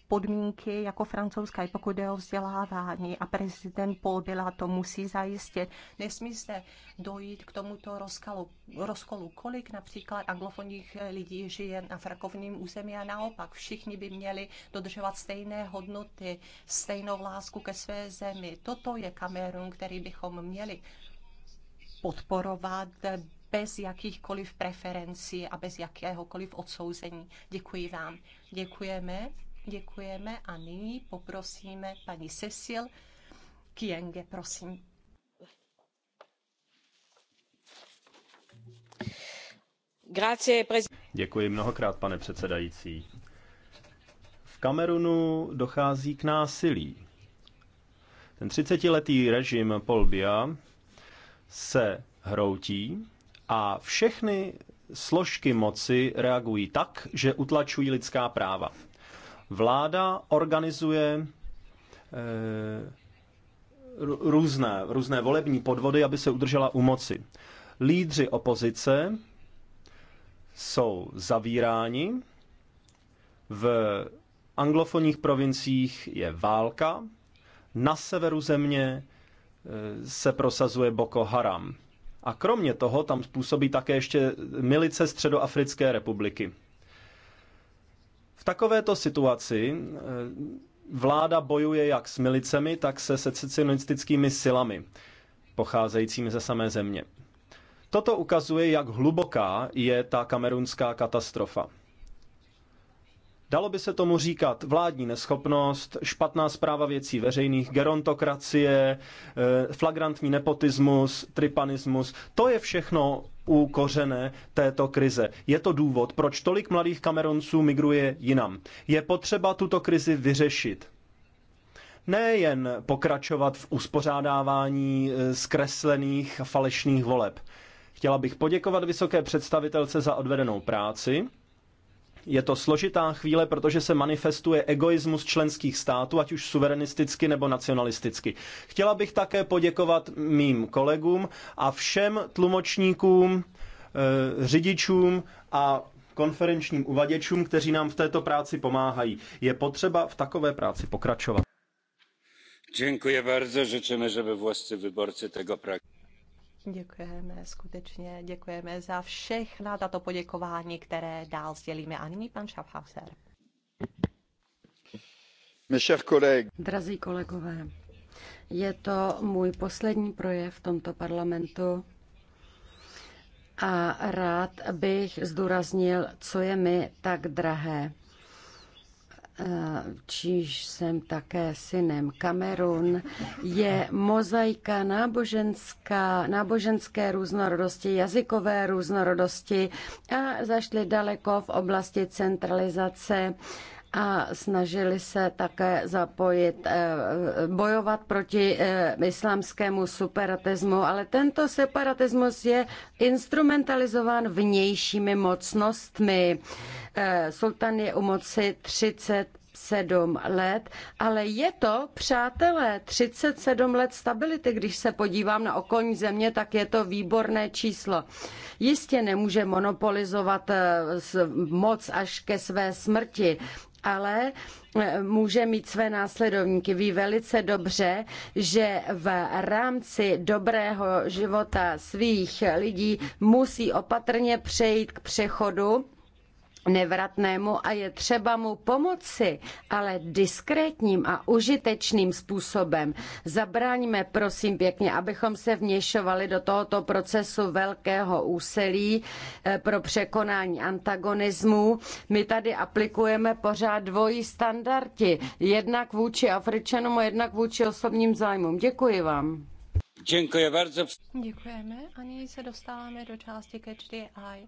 podmínky jako francouzská, i pokud je o vzdělávání a prezident Paul Bila to musí zajistit. Nesmí se dojít k tomuto rozkalu, rozkolu, kolik například anglofonních lidí žije na frakovním území a naopak všichni by měli dodržovat stejné hodnoty, stejnou lásku ke své zemi. Toto je Kamerun, který bychom měli podporovat bez jakýchkoliv preferencí a bez jakéhokoliv odsouzení. Děkuji vám. Děkujeme. Děkujeme a nyní poprosíme paní Cecil Kienge, prosím. Děkuji mnohokrát, pane předsedající. V Kamerunu dochází k násilí. Ten 30-letý režim Polbia se hroutí a všechny složky moci reagují tak, že utlačují lidská práva. Vláda organizuje eh, různé, různé volební podvody, aby se udržela u moci. Lídři opozice jsou zavíráni, v anglofonních provinciích je válka, na severu země eh, se prosazuje Boko Haram. A kromě toho tam způsobí také ještě milice Středoafrické republiky. V takovéto situaci eh, vláda bojuje jak s milicemi, tak se secesionistickými silami, pocházejícími ze samé země. Toto ukazuje, jak hluboká je ta kamerunská katastrofa. Dalo by se tomu říkat vládní neschopnost, špatná zpráva věcí veřejných, gerontokracie, eh, flagrantní nepotismus, tripanismus. To je všechno u kořene této krize. Je to důvod, proč tolik mladých Kameronců migruje jinam. Je potřeba tuto krizi vyřešit nejen pokračovat v uspořádávání eh, zkreslených falešných voleb. Chtěla bych poděkovat vysoké představitelce za odvedenou práci je to složitá chvíle, protože se manifestuje egoismus členských států, ať už suverenisticky nebo nacionalisticky. Chtěla bych také poděkovat mým kolegům a všem tlumočníkům, eh, řidičům a konferenčním uvaděčům, kteří nám v této práci pomáhají. Je potřeba v takové práci pokračovat. Děkuji bardzo. Życzymy, żeby włoscy wyborcy tego pragnęli. Děkujeme skutečně, děkujeme za všechna tato poděkování, které dál sdělíme. A nyní pan Schaffhauser. Drazí kolegové, je to můj poslední projev v tomto parlamentu a rád bych zdůraznil, co je mi tak drahé čiž jsem také synem Kamerun, je mozaika náboženská, náboženské různorodosti, jazykové různorodosti a zašli daleko v oblasti centralizace a snažili se také zapojit, eh, bojovat proti eh, islámskému separatismu, ale tento separatismus je instrumentalizován vnějšími mocnostmi Eh, sultan je u moci 30 37 let, ale je to, přátelé, 37 let stability. Když se podívám na okolní země, tak je to výborné číslo. Jistě nemůže monopolizovat eh, moc až ke své smrti, ale eh, může mít své následovníky. Ví velice dobře, že v rámci dobrého života svých lidí musí opatrně přejít k přechodu nevratnému a je třeba mu pomoci, ale diskrétním a užitečným způsobem. Zabraňme, prosím pěkně, abychom se vněšovali do tohoto procesu velkého úsilí eh, pro překonání antagonismů. My tady aplikujeme pořád dvojí standardy, jednak vůči Afričanům a jednak vůči osobním zájmům. Děkuji vám. Děkuji bardzo. Děkujeme a nyní se dostáváme do části Catch the Eye.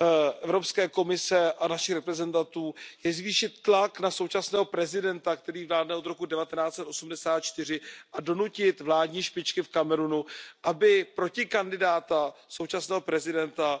Eh, evropské komise a našich reprezentantů je zvýšit tlak na současného prezidenta který vládne od roku one thousand nine hundred and eighty four a donutit vládní špičky v kamerunu aby protikandidáta současného prezidenta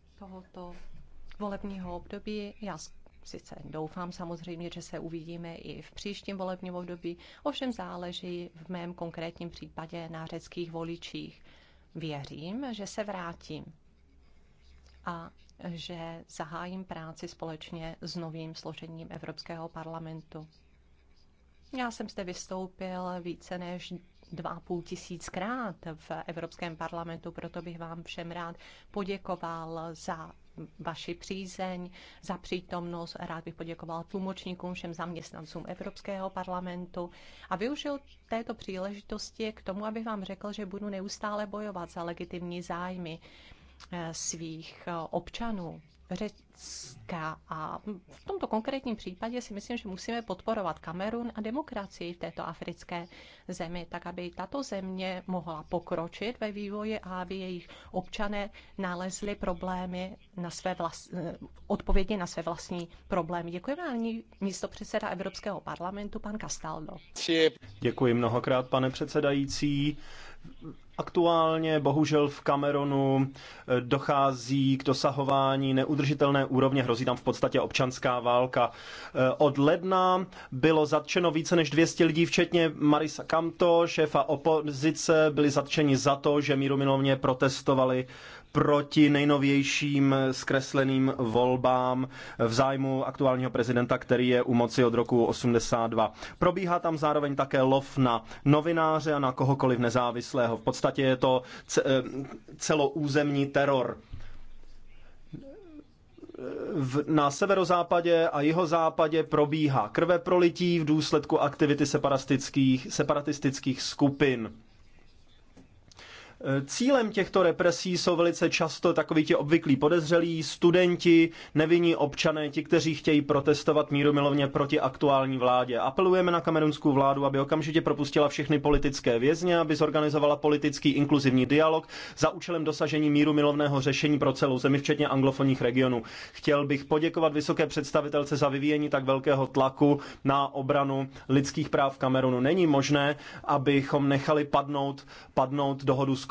tohoto volebního období. Já sice doufám samozřejmě, že se uvidíme i v příštím volebním období, ovšem záleží v mém konkrétním případě na řeckých voličích. Věřím, že se vrátím a že zahájím práci společně s novým složením Evropského parlamentu. Já jsem zde vystoupil více než 2,5 tisíckrát v Evropském parlamentu, proto bych vám všem rád poděkoval za vaši přízeň, za přítomnost. Rád bych poděkoval tlumočníkům, všem zaměstnancům Evropského parlamentu a využil této příležitosti k tomu, abych vám řekl, že budu neustále bojovat za legitimní zájmy eh, svých eh, občanů. Řecka. A v tomto konkrétním případě si myslím, že musíme podporovat Kamerun a demokracii v této africké zemi, tak aby tato země mohla pokročit ve vývoji a aby jejich občané nalezli problémy na své vlast... odpovědi na své vlastní problémy. Děkuji vám, místo předseda Evropského parlamentu, pan Castaldo. Děkuji mnohokrát, pane předsedající. Aktuálně bohužel v Kamerunu eh, dochází k dosahování neudržitelné úrovně, hrozí tam v podstatě občanská válka. Eh, od ledna bylo zatčeno více než 200 lidí, včetně Marisa Kamto, šéfa opozice, byli zatčeni za to, že míru protestovali proti nejnovějším zkresleným volbám v zájmu aktuálního prezidenta, který je u moci od roku 82. Probíhá tam zároveň také lov na novináře a na kohokoliv nezávislého. V podstatě je to eh, celoúzemní teror v, na severozápadě a jihozápadě probíhá krveprolití v důsledku aktivity separatistických, separatistických skupin. Cílem těchto represí jsou velice často takoví ti obvyklí podezřelí, studenti, nevinní občané, ti, kteří chtějí protestovat mírumilovně proti aktuální vládě. Apelujeme na kamerunskou vládu, aby okamžitě propustila všechny politické vězně, aby zorganizovala politický inkluzivní dialog za účelem dosažení mírumilovného řešení pro celou zemi, včetně anglofonních regionů. Chtěl bych poděkovat vysoké představitelce za vyvíjení tak velkého tlaku na obranu lidských práv Kamerunu. Není možné, abychom nechali padnout, padnout dohodu s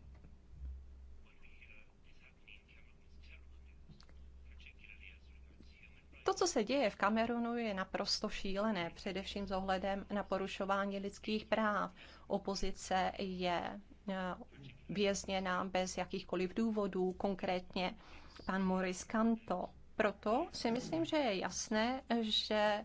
To, co se děje v Kamerunu, je naprosto šílené, především s ohledem na porušování lidských práv. Opozice je eh, vězněná bez jakýchkoliv důvodů, konkrétně pan Maurice Kanto. Proto si myslím, že je jasné, že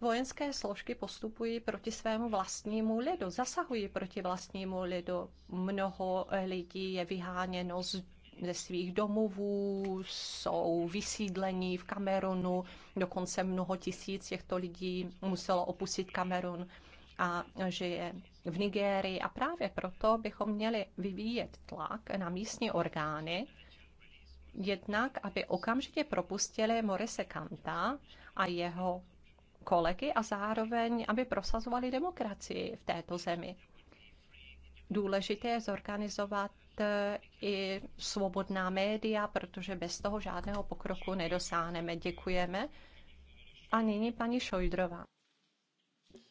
vojenské složky postupují proti svému vlastnímu lidu, zasahují proti vlastnímu lidu. Mnoho lidí je vyháněno z ze svých domovů, jsou vysídlení v Kamerunu, dokonce mnoho tisíc těchto lidí muselo opustit Kamerun a žije v Nigérii. A právě proto bychom měli vyvíjet tlak na místní orgány, jednak, aby okamžitě propustili Morise Kanta a jeho kolegy a zároveň, aby prosazovali demokracii v této zemi. Důležité je zorganizovat Eh, i svobodná média, protože bez toho žádného pokroku nedosáhneme. Děkujeme. A nyní paní Šojdrová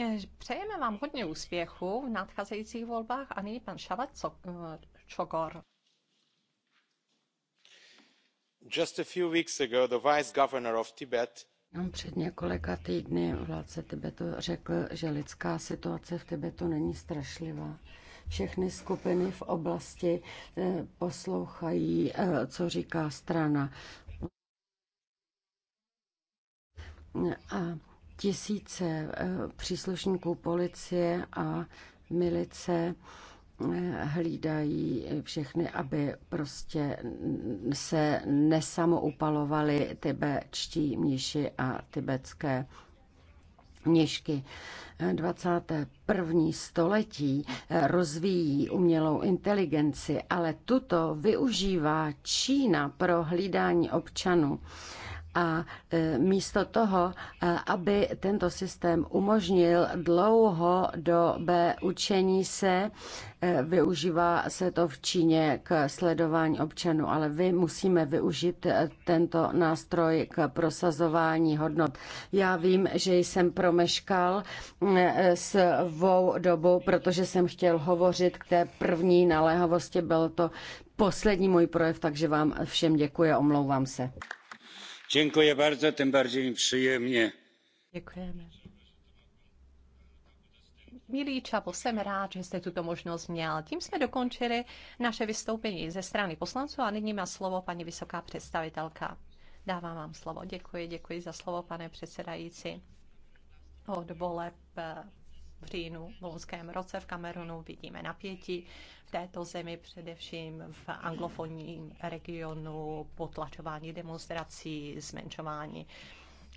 Eh, přejeme vám hodně úspěchu v nadcházejících volbách a nyní pan Šavat eh, Čogor. Just a few weeks ago, the vice governor of Tibet před několika týdny vládce Tibetu řekl, že lidská situace v Tibetu není strašlivá. Všechny skupiny v oblasti eh, poslouchají, co říká strana. A tisíce eh, příslušníků policie a milice eh, hlídají všechny, aby prostě se nesamoupalovali tibetští mniši a tibetské mnišky. 21. Eh, století rozvíjí umělou inteligenci, ale tuto využívá Čína pro hlídání občanů. A e, místo toho, e, aby tento systém umožnil B učení se, e, využívá se to v Číně k sledování občanů, ale vy musíme využít tento nástroj k prosazování hodnot. Já vím, že jsem promeškal svou dobu, protože jsem chtěl hovořit k té první naléhavosti. Byl to poslední můj projev, takže vám všem děkuji a omlouvám se. Děkuji bardzo, tím bardziej jim příjemně. Děkujeme. Milý Čavo, jsem rád, že jste tuto možnost měl. Tím jsme dokončili naše vystoupení ze strany poslanců a nyní má slovo paní vysoká představitelka. Dávám vám slovo. Děkuji, děkuji za slovo, pane předsedající. Od voleb eh, v říjnu v loňském roce v Kamerunu. Vidíme napětí v této zemi, především v anglofonním regionu, potlačování demonstrací, zmenšování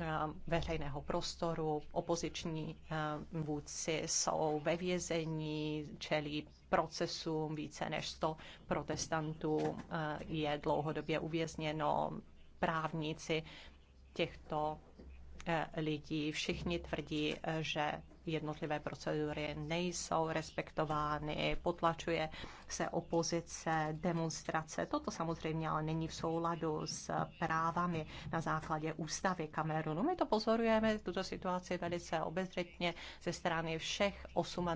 eh, veřejného prostoru. Opoziční eh, vůdci jsou ve vězení, čelí procesům. Více než 100 protestantů eh, je dlouhodobě uvězněno. Právníci těchto lidí všichni tvrdí, že jednotlivé procedury nejsou respektovány, potlačuje se opozice, demonstrace. Toto samozřejmě ale není v souladu s právami na základě ústavy Kamerunu. My to pozorujeme, tuto situaci velice obezřetně ze strany všech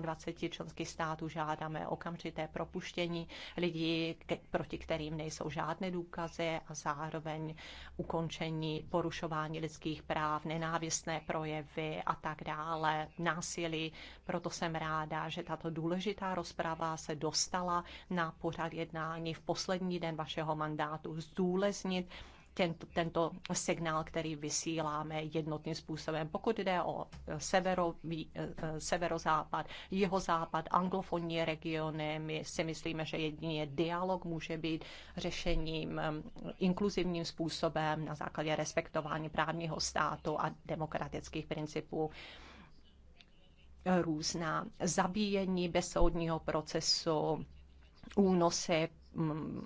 28 členských států žádáme okamžité propuštění lidí, proti kterým nejsou žádné důkazy a zároveň ukončení porušování lidských práv, nenávistné projevy a tak dále, násilí. Proto jsem ráda, že tato důležitá rozprava se dostala na pořad jednání v poslední den vašeho mandátu zdůleznit tento, tento signál, který vysíláme jednotným způsobem. Pokud jde o eh, severo, eh, eh, severozápad, jihozápad, anglofonní regiony, my si myslíme, že jedině dialog může být řešením inkluzivním způsobem na základě respektování právního státu a demokratických principů různá zabíjení bezsoudního procesu, únosy, mm,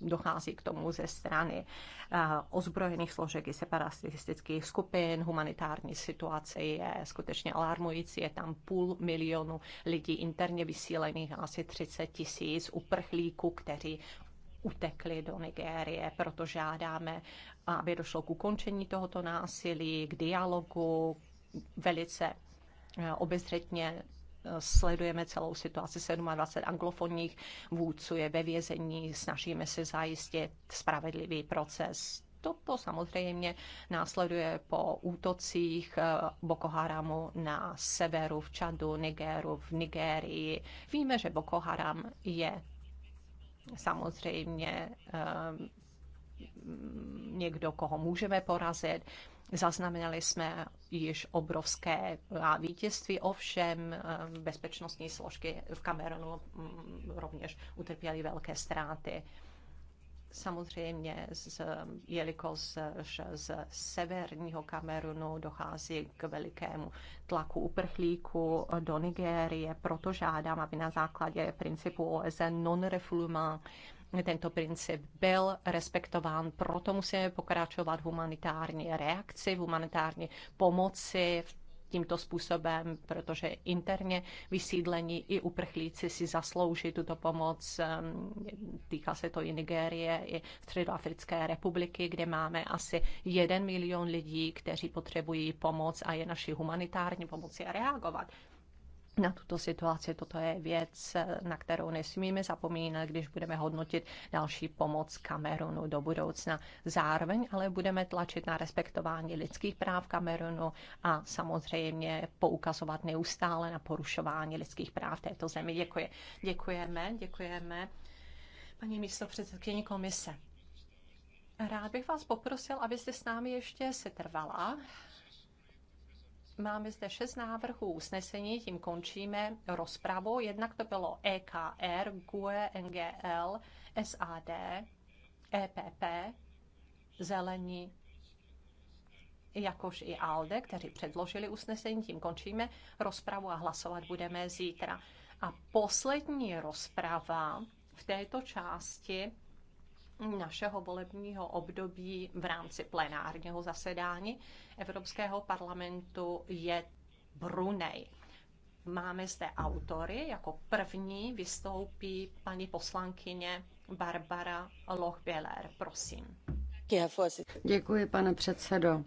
dochází k tomu ze strany eh, ozbrojených složek i separatistických skupin. Humanitární situace je skutečně alarmující. Je tam půl milionu lidí interně vysílených a asi 30 tisíc uprchlíků, kteří utekli do Nigérie. Proto žádáme, aby došlo k ukončení tohoto násilí, k dialogu, velice eh, obezřetně sledujeme celou situaci 27 anglofonních vůdců je ve vězení, snažíme se zajistit spravedlivý proces. Toto samozřejmě následuje po útocích eh, Boko Haramu na severu v Čadu, Nigeru, v Nigérii. Víme, že Boko Haram je samozřejmě eh, někdo, koho můžeme porazit. Zaznamenali jsme již obrovské vítězství, ovšem eh, bezpečnostní složky v Kamerunu mm, rovněž utrpěly velké ztráty. Samozřejmě, z, jelikož z, z severního Kamerunu dochází k velikému tlaku uprchlíků do Nigérie, proto žádám, aby na základě principu OSN non-refoulement tento princip byl respektován, proto musíme pokračovat v humanitární reakci, v humanitární pomoci, v tímto způsobem, protože interně vysídlení i uprchlíci si zaslouží tuto pomoc. Týká se to i Nigérie, i Středoafrické republiky, kde máme asi jeden milion lidí, kteří potřebují pomoc a je naší humanitární pomoci reagovat na tuto situaci. Toto je věc, na kterou nesmíme zapomínat, když budeme hodnotit další pomoc Kamerunu do budoucna. Zároveň ale budeme tlačit na respektování lidských práv Kamerunu a samozřejmě poukazovat neustále na porušování lidských práv této zemi. Děkuji. Děkujeme, děkujeme. Paní místo předsedkyni komise. Rád bych vás poprosil, abyste s námi ještě setrvala. Máme zde šest návrhů usnesení, tím končíme rozpravu. Jednak to bylo EKR, GUE, NGL, SAD, EPP, Zelení, jakož i ALDE, kteří předložili usnesení, tím končíme rozpravu a hlasovat budeme zítra. A poslední rozprava v této části našeho volebního období v rámci plenárního zasedání Evropského parlamentu je Brunej. Máme zde autory. Jako první vystoupí paní poslankyně Barbara Lochbieler. Prosím. Děkuji, pane předsedo.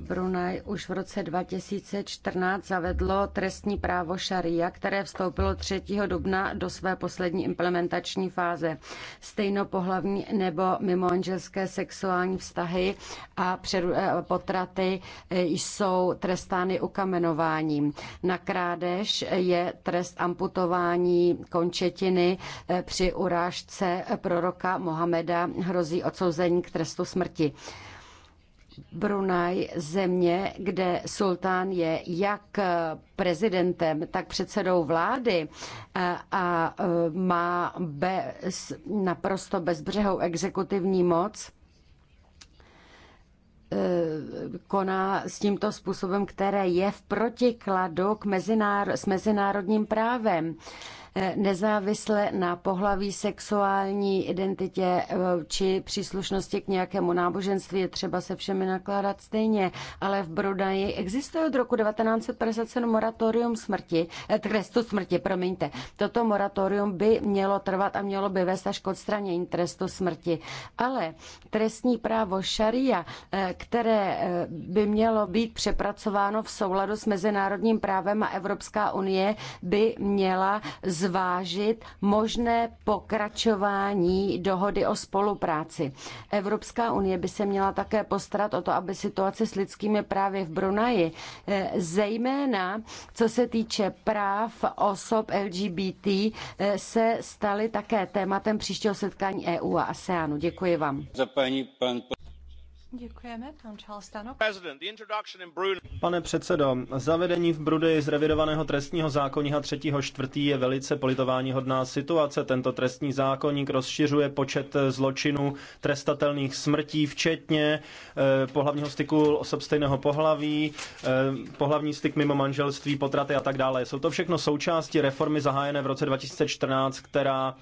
Brunei už v roce 2014 zavedlo trestní právo šaria, které vstoupilo 3. dubna do své poslední implementační fáze. Stejno pohlavní nebo mimoanželské sexuální vztahy a eh, potraty eh, jsou trestány ukamenováním. Na krádež je trest amputování končetiny eh, při urážce proroka Mohameda hrozí odsouzení k trestu smrti. Brunaj země, kde sultán je jak prezidentem, tak předsedou vlády a má bez, naprosto bezbřehou exekutivní moc, e, koná s tímto způsobem, které je v protikladu k mezinár- s mezinárodním právem. Eh, nezávisle na pohlaví, sexuální identitě eh, či příslušnosti k nějakému náboženství je třeba se všemi nakládat stejně, ale v Brodaji existuje od roku 1957 moratorium smrti, eh, trestu smrti, promiňte. Toto moratorium by mělo trvat a mělo by vést až k odstranění trestu smrti. Ale trestní právo šaria, které by mělo být přepracováno v souladu s mezinárodním právem a Evropská unie by měla z zvážit možné pokračování dohody o spolupráci. Evropská unie by se měla také postarat o to, aby situace s lidskými právy v Brunaji, eh, zejména co se týče práv osob LGBT, eh, se staly také tématem příštího setkání EU a ASEANu. Děkuji vám. Za paní, pan... Pane předsedo, zavedení v Brudy zrevidovaného trestního zákonníka třetího čtvrtý je velice politováníhodná situace. Tento trestní zákonník rozšiřuje počet zločinů trestatelných smrtí, včetně eh, pohlavního styku osob stejného pohlaví, eh, pohlavní styk mimo manželství, potraty a tak dále. Jsou to všechno součásti reformy zahájené v roce 2014, která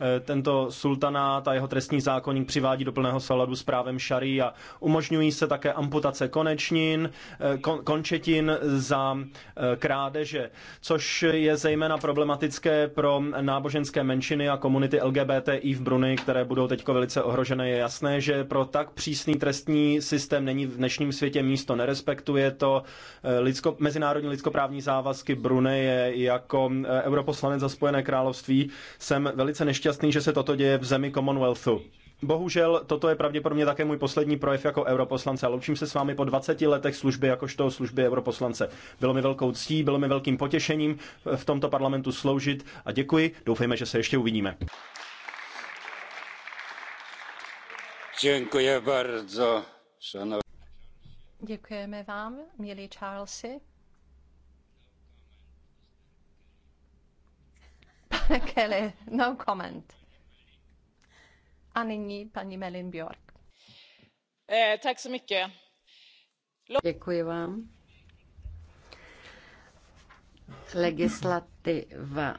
Eh, tento sultanát a jeho trestní zákonník přivádí do plného souladu s právem šarí a umožňují se také amputace konečnin, eh, kon, končetin za eh, krádeže, což je zejména problematické pro náboženské menšiny a komunity LGBTI v Bruny, které budou teď velice ohrožené. Je jasné, že pro tak přísný trestní systém není v dnešním světě místo, nerespektuje to lidsko, mezinárodní lidskoprávní závazky Brunei je jako europoslanec za Spojené království. Jsem velice neštěstný šťastný, že se toto děje v zemi Commonwealthu. Bohužel, toto je pravděpodobně také můj poslední projev jako europoslance a loučím se s vámi po 20 letech služby jakožto služby europoslance. Bylo mi velkou ctí, bylo mi velkým potěšením v tomto parlamentu sloužit a děkuji. Doufejme, že se ještě uvidíme. Děkuji bardzo. Děkujeme vám, milí Charlesi. Kelly, no comment. A nyní paní Melin Björk. Eh, tak så mycket. Děkuji vám. Legislativa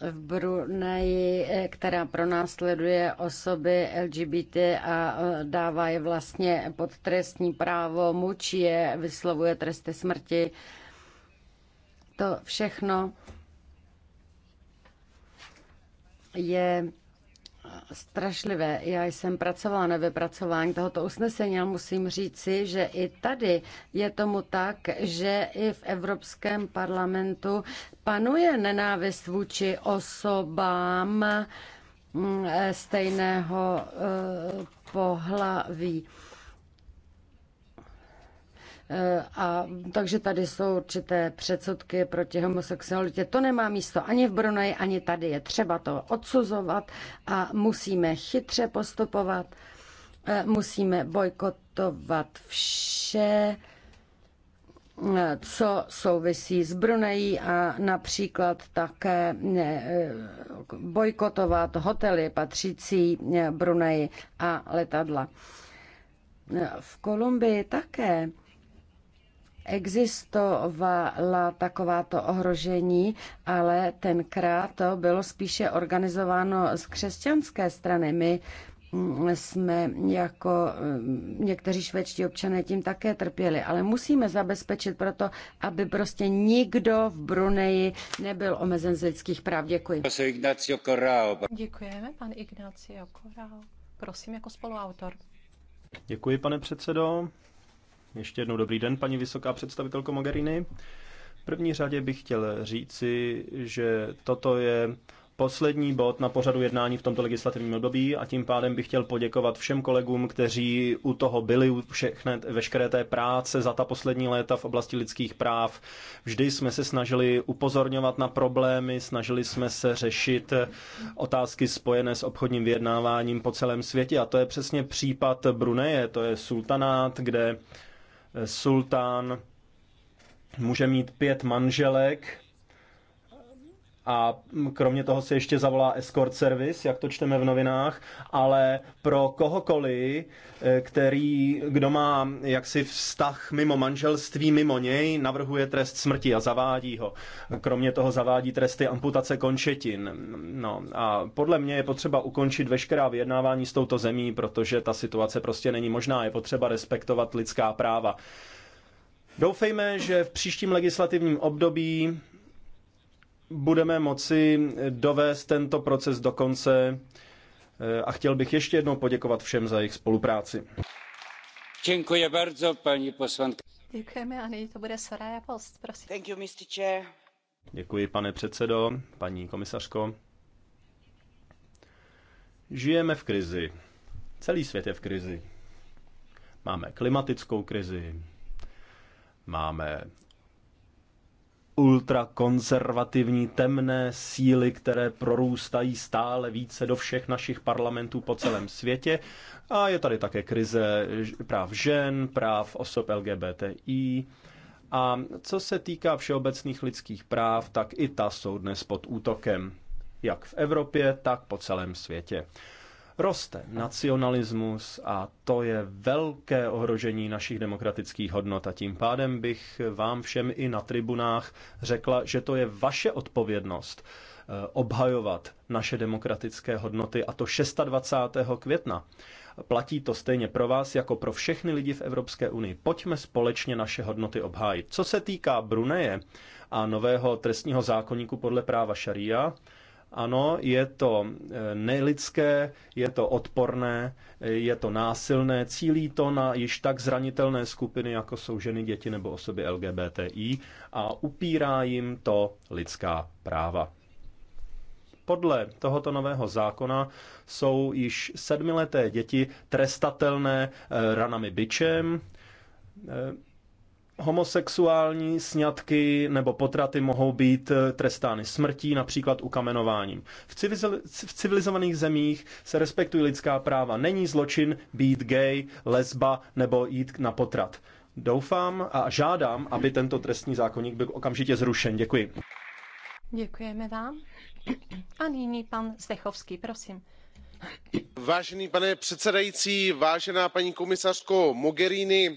v Bruneji, eh, která pronásleduje osoby LGBT a eh, dává je vlastně pod trestní právo, mučí je, vyslovuje tresty smrti. To všechno je eh, strašlivé. Já jsem pracovala na vypracování tohoto usnesení a musím říci, že i tady je tomu tak, že i v Evropském parlamentu panuje nenávist vůči osobám mm, eh, stejného eh, pohlaví. A, takže tady jsou určité předsudky proti homosexualitě. To nemá místo ani v Bruneji, ani tady. Je třeba to odsuzovat a musíme chytře postupovat. E, musíme bojkotovat vše, e, co souvisí s Brunejí a například také e, bojkotovat hotely patřící Brunei a letadla. V Kolumbii také existovala takováto ohrožení, ale tenkrát to bylo spíše organizováno z křesťanské strany. My mm, jsme jako mm, někteří švédští občané tím také trpěli, ale musíme zabezpečit proto, aby prostě nikdo v Bruneji nebyl omezen z lidských práv. Děkuji. Děkujeme, pan Ignacio Corral. Prosím, jako spoluautor. Děkuji, pane předsedo. Ještě jednou dobrý den, paní vysoká představitelko Mogherini. V první řadě bych chtěl říci, že toto je poslední bod na pořadu jednání v tomto legislativním období a tím pádem bych chtěl poděkovat všem kolegům, kteří u toho byli, u všechny, veškeré té práce za ta poslední léta v oblasti lidských práv. Vždy jsme se snažili upozorňovat na problémy, snažili jsme se řešit otázky spojené s obchodním vyjednáváním po celém světě a to je přesně případ Bruneje, to je sultanát, kde sultán může mít pět manželek a kromě toho se ještě zavolá escort service, jak to čteme v novinách, ale pro kohokoliv, eh, který, kdo má jaksi vztah mimo manželství, mimo něj, navrhuje trest smrti a zavádí ho. Kromě toho zavádí tresty amputace končetin. No a podle mě je potřeba ukončit veškerá vyjednávání s touto zemí, protože ta situace prostě není možná. Je potřeba respektovat lidská práva. Doufejme, že v příštím legislativním období budeme moci dovést tento proces do konce eh, a chtěl bych ještě jednou poděkovat všem za jejich spolupráci. Děkuji bardzo, paní poslanka. Děkujeme a nyní to bude Soraya Post, prosím. Thank you, Mr. Chair. Děkuji, pane předsedo, paní komisařko. Žijeme v krizi. Celý svět je v krizi. Máme klimatickou krizi, máme ultrakonzervativní temné síly, které prorůstají stále více do všech našich parlamentů po celém světě. A je tady také krize práv žen, práv osob LGBTI. A co se týká všeobecných lidských práv, tak i ta jsou dnes pod útokem, jak v Evropě, tak po celém světě roste nacionalismus a to je velké ohrožení našich demokratických hodnot a tím pádem bych vám všem i na tribunách řekla, že to je vaše odpovědnost eh, obhajovat naše demokratické hodnoty a to 26. května. Platí to stejně pro vás jako pro všechny lidi v Evropské unii. Pojďme společně naše hodnoty obhájit. Co se týká Bruneje a nového trestního zákonníku podle práva šaria, ano, je to eh, nelidské, je to odporné, eh, je to násilné, cílí to na již tak zranitelné skupiny, jako jsou ženy, děti nebo osoby LGBTI a upírá jim to lidská práva. Podle tohoto nového zákona jsou již sedmileté děti trestatelné eh, ranami byčem, homosexuální sňatky nebo potraty mohou být eh, trestány smrtí, například ukamenováním. V, civiliz- v civilizovaných zemích se respektují lidská práva. Není zločin být gay, lesba nebo jít na potrat. Doufám a žádám, aby tento trestní zákonník byl okamžitě zrušen. Děkuji. Děkujeme vám. A nyní pan Zdechovský, prosím vážený pane předsedající vážená paní komisařko mogheriniová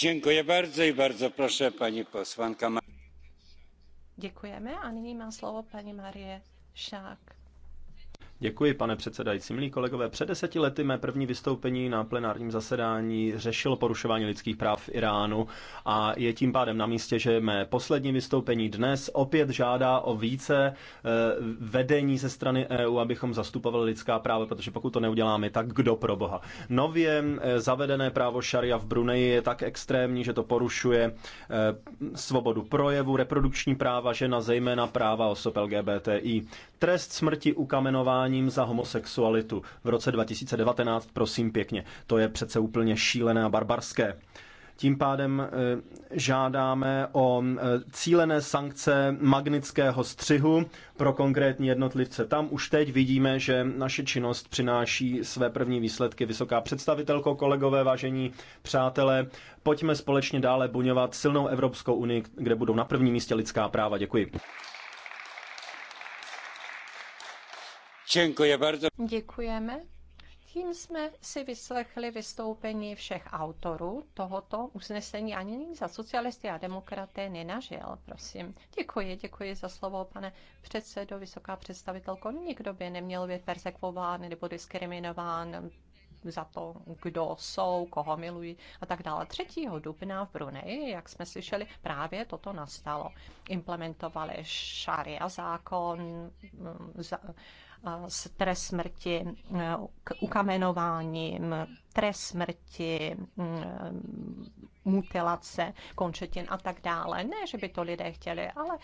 Děkuji bardzo i bardzo proszę paní poslanka. Děkujeme a nyní má slovo paní Marie Šák. Děkuji, pane předsedající. Milí kolegové, před deseti lety mé první vystoupení na plenárním zasedání řešilo porušování lidských práv v Iránu a je tím pádem na místě, že mé poslední vystoupení dnes opět žádá o více eh, vedení ze strany EU, abychom zastupovali lidská práva, protože pokud to neuděláme, tak kdo pro boha. Nově eh, zavedené právo šaria v Bruneji je tak extrémní, že to porušuje eh, svobodu projevu, reprodukční práva žena, zejména práva osob LGBTI trest smrti ukamenováním za homosexualitu v roce 2019, prosím pěkně. To je přece úplně šílené a barbarské. Tím pádem eh, žádáme o eh, cílené sankce magnického střihu pro konkrétní jednotlivce. Tam už teď vidíme, že naše činnost přináší své první výsledky. Vysoká představitelko, kolegové, vážení přátelé, pojďme společně dále buňovat silnou Evropskou unii, kde budou na prvním místě lidská práva. Děkuji. Děkujeme. Tím jsme si vyslechli vystoupení všech autorů tohoto usnesení. Ani za socialisty a demokraté nenažil, prosím. Děkuji, děkuji za slovo, pane předsedo, vysoká představitelko. Nikdo by neměl být persekvován nebo diskriminován za to, kdo jsou, koho milují a tak dále. 3. dubna v Brunei, jak jsme slyšeli, právě toto nastalo. Implementovali šaria zákon, za, trest smrti k ukamenováním, trest smrti, mutilace končetin a tak dále. Ne, že by to lidé chtěli, ale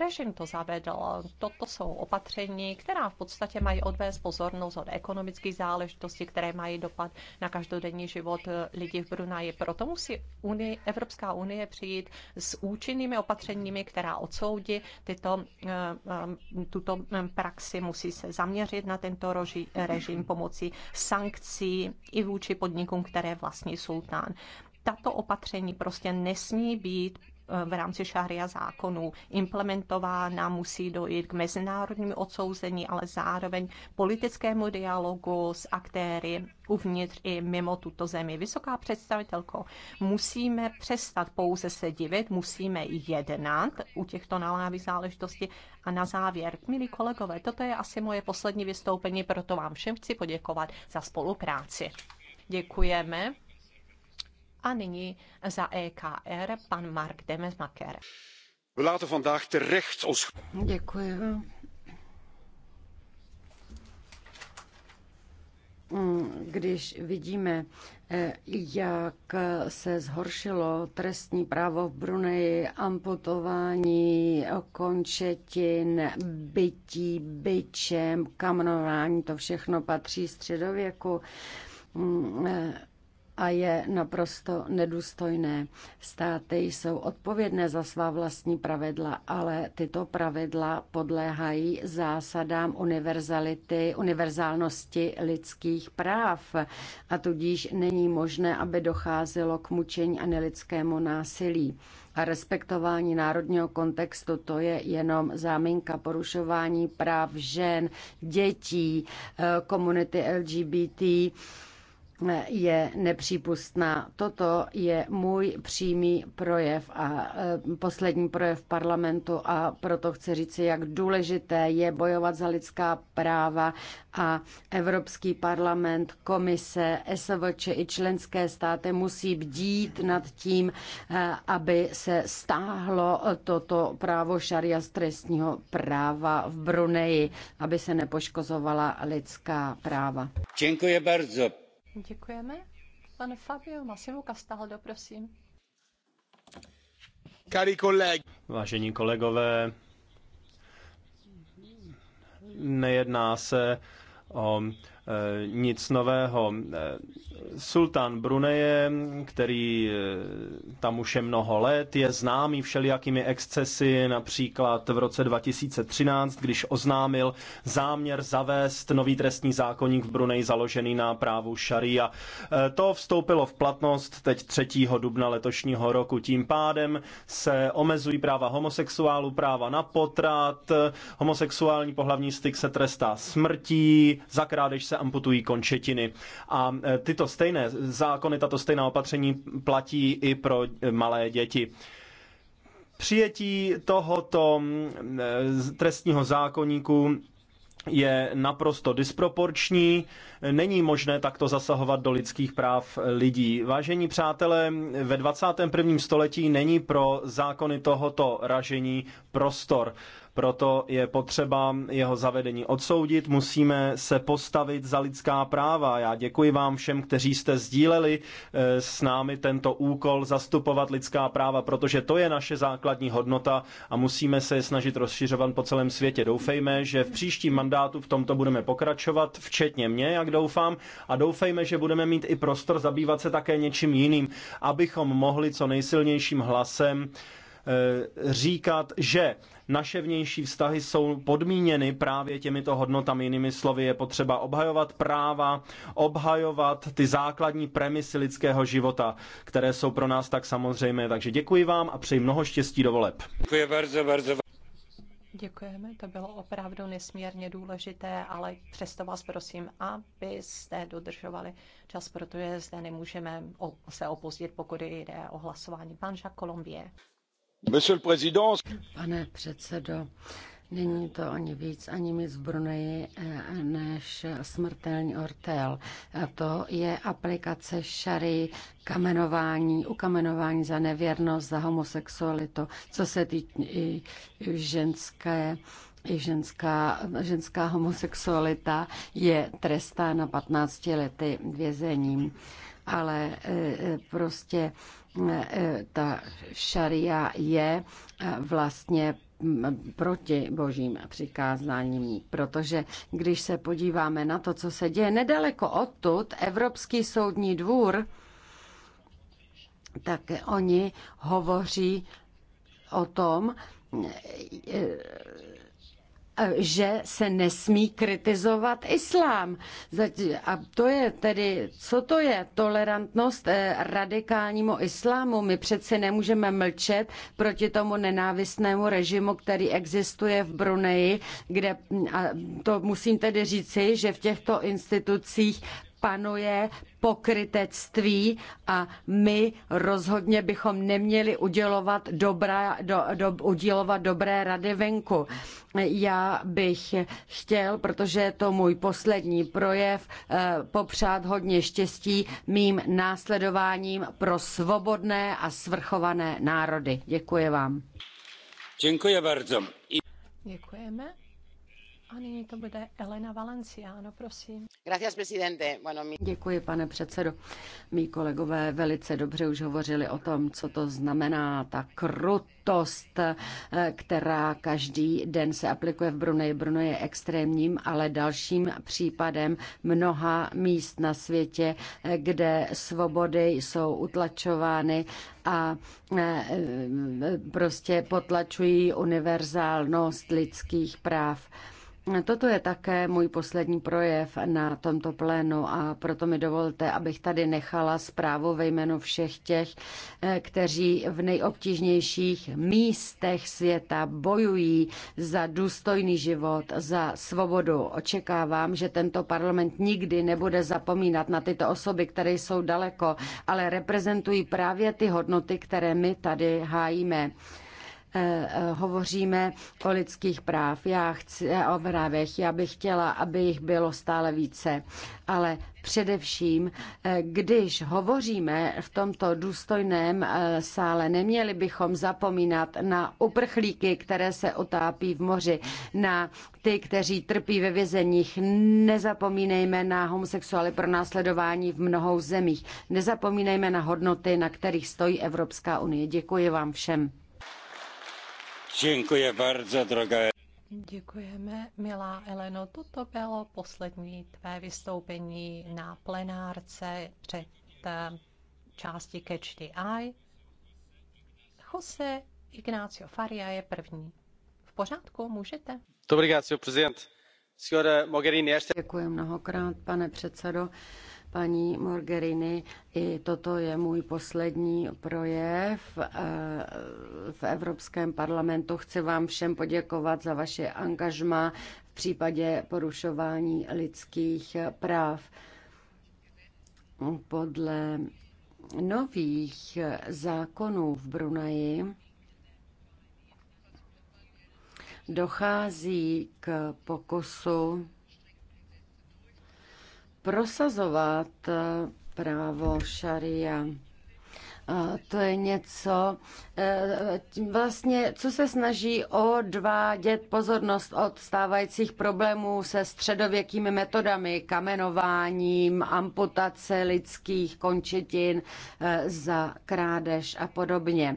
režim to zavedl. Toto jsou opatření, která v podstatě mají odvést pozornost od ekonomických záležitostí, které mají dopad na každodenní život lidí v Brunaji. Proto musí Unii, Evropská unie přijít s účinnými opatřeními, která odsoudí tyto, eh, tuto praxi, musí se zaměřit na tento režim pomocí sankcí i vůči podnikům, které vlastní sultán tato opatření prostě nesmí být e, v rámci šaria zákonů implementována, musí dojít k mezinárodnímu odsouzení, ale zároveň politickému dialogu s aktéry uvnitř i mimo tuto zemi. Vysoká představitelko, musíme přestat pouze se divit, musíme jednat u těchto naléhavých záležitostí. A na závěr, milí kolegové, toto je asi moje poslední vystoupení, proto vám všem chci poděkovat za spolupráci. Děkujeme a nyní za EKR pan Mark Demesmaker. We laten vandaag terecht ons... Děkuji. Když vidíme, jak se zhoršilo trestní právo v Bruneji, amputování končetin, bytí, byčem, kamrování, to všechno patří středověku a je naprosto nedůstojné. Státy jsou odpovědné za svá vlastní pravidla, ale tyto pravidla podléhají zásadám univerzality, univerzálnosti lidských práv a tudíž není možné, aby docházelo k mučení a nelidskému násilí. A respektování národního kontextu to je jenom záminka porušování práv žen, dětí, eh, komunity LGBT je nepřípustná. Toto je můj přímý projev a e, poslední projev parlamentu a proto chci říci, jak důležité je bojovat za lidská práva a Evropský parlament, komise, SVČ i členské státy musí bdít nad tím, e, aby se stáhlo toto právo šaria z trestního práva v Bruneji, aby se nepoškozovala lidská práva. Děkuji bardzo. Děkujeme. Pan Fabio Massimo Castaldo, prosím. Cari colleghi. Vážení kolegové, nejedná se o Eh, nic nového. Eh, Sultán Bruneje, který eh, tam už je mnoho let, je známý všelijakými excesy, například v roce 2013, když oznámil záměr zavést nový trestní zákonník v Bruneji založený na právu šaria. To vstoupilo v platnost teď 3. dubna letošního roku. Tím pádem se omezují práva homosexuálů, práva na potrat, homosexuální pohlavní styk se trestá smrtí, za krádež se amputují končetiny. A e, tyto stejné zákony, tato stejná opatření platí i pro e, malé děti. Přijetí tohoto e, trestního zákoníku je naprosto disproporční. Není možné takto zasahovat do lidských práv lidí. Vážení přátelé, ve 21. století není pro zákony tohoto ražení prostor. Proto je potřeba jeho zavedení odsoudit, musíme se postavit za lidská práva. Já děkuji vám všem, kteří jste sdíleli eh, s námi tento úkol zastupovat lidská práva, protože to je naše základní hodnota a musíme se je snažit rozšiřovat po celém světě. Doufejme, že v příštím mandátu v tomto budeme pokračovat, včetně mě, jak doufám, a doufejme, že budeme mít i prostor zabývat se také něčím jiným, abychom mohli co nejsilnějším hlasem Eh, říkat, že naše vnější vztahy jsou podmíněny právě těmito hodnotami. Jinými slovy, je potřeba obhajovat práva, obhajovat ty základní premisy lidského života, které jsou pro nás tak samozřejmé. Takže děkuji vám a přeji mnoho štěstí do voleb. Děkuji bardzo, bardzo. Děkujeme, to bylo opravdu nesmírně důležité, ale přesto vás prosím, abyste dodržovali čas, protože zde nemůžeme se opozdit, pokud jde o hlasování. Pan Žak Kolumbie. Pane předsedající Není to ani víc, ani nic v Bruneji, eh, než smrtelný ortel. To je aplikace šary, kamenování, ukamenování za nevěrnost, za homosexualitu, co se týče i ženské i ženská, ženská homosexualita je trestána 15 lety vězením ale eh, eh, prostě ta šaria je eh, vlastně mm, proti božím přikázáním, protože když se podíváme na to, co se děje nedaleko odtud, Evropský soudní dvůr, tak oni hovoří o tom, eh, že se nesmí kritizovat islám. A to je tedy, co to je tolerantnost eh, radikálnímu islámu? My přece nemůžeme mlčet proti tomu nenávistnému režimu, který existuje v Bruneji, kde, a to musím tedy říci, že v těchto institucích panuje pokrytectví a my rozhodně bychom neměli udělovat, dobrá, do, do, udělovat dobré rady venku. Já bych chtěl, protože je to můj poslední projev, eh, popřát hodně štěstí mým následováním pro svobodné a svrchované národy. Děkuji vám. Děkuji bardzo. Děkujeme. Děkuji, pane předsedo. Mí kolegové velice dobře už hovořili o tom, co to znamená ta krutost, eh, která každý den se aplikuje v Brunei. Brunei je extrémním, ale dalším případem mnoha míst na světě, eh, kde svobody jsou utlačovány a eh, prostě potlačují univerzálnost lidských práv Toto je také můj poslední projev na tomto plénu a proto mi dovolte, abych tady nechala zprávu ve jménu všech těch, eh, kteří v nejobtížnějších místech světa bojují za důstojný život, za svobodu. Očekávám, že tento parlament nikdy nebude zapomínat na tyto osoby, které jsou daleko, ale reprezentují právě ty hodnoty, které my tady hájíme. Eh, eh, hovoříme o lidských práv, já chci, eh, o právech, já bych chtěla, aby jich bylo stále více, ale především, když hovoříme v tomto důstojném sále, neměli bychom zapomínat na uprchlíky, které se otápí v moři, na ty, kteří trpí ve vězeních. Nezapomínejme na homosexuály pro následování v mnohou zemích. Nezapomínejme na hodnoty, na kterých stojí Evropská unie. Děkuji vám všem. Děkuji Děkujeme, milá Eleno. Toto bylo poslední tvé vystoupení na plenárce před eh, části Catch the Eye. Jose Ignacio Faria je první. V pořádku, můžete. Dobrý den, prezident. Děkuji mnohokrát, pane předsedo paní Morgerini. I toto je můj poslední projev eh, v Evropském parlamentu. Chci vám všem poděkovat za vaše angažma v případě porušování lidských práv. Podle nových zákonů v Brunaji dochází k pokusu prosazovat eh, právo šaria. A to je něco, eh, vlastně, co se snaží odvádět pozornost od stávajících problémů se středověkými metodami, kamenováním, amputace lidských končetin eh, za krádež a podobně.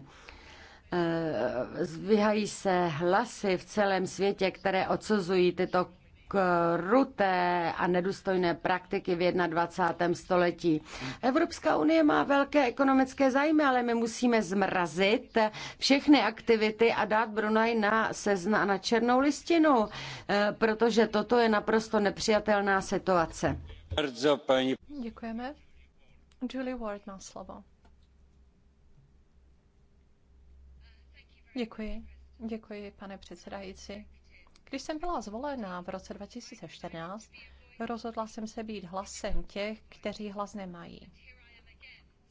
Zvíhají se hlasy v celém světě, které odsuzují tyto kruté a nedůstojné praktiky v 21. století. Evropská unie má velké ekonomické zájmy, ale my musíme zmrazit všechny aktivity a dát Brunaj na sezna na černou listinu, eh, protože toto je naprosto nepřijatelná situace. Děkujeme. Julie Ward má slovo. Děkuji. Děkuji, pane předsedající. Když jsem byla zvolená v roce 2014, rozhodla jsem se být hlasem těch, kteří hlas nemají.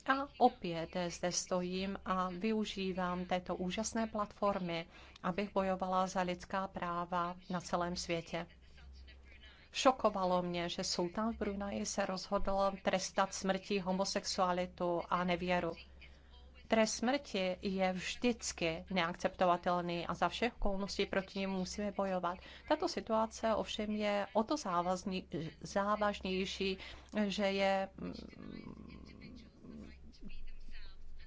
A opět zde stojím a využívám této úžasné platformy, abych bojovala za lidská práva na celém světě. Šokovalo mě, že sultán v Brunaji se rozhodl trestat smrtí homosexualitu a nevěru. Trest smrti je vždycky neakceptovatelný a za všech okolností proti němu musíme bojovat. Tato situace ovšem je o to závazný, závažnější, že je mm,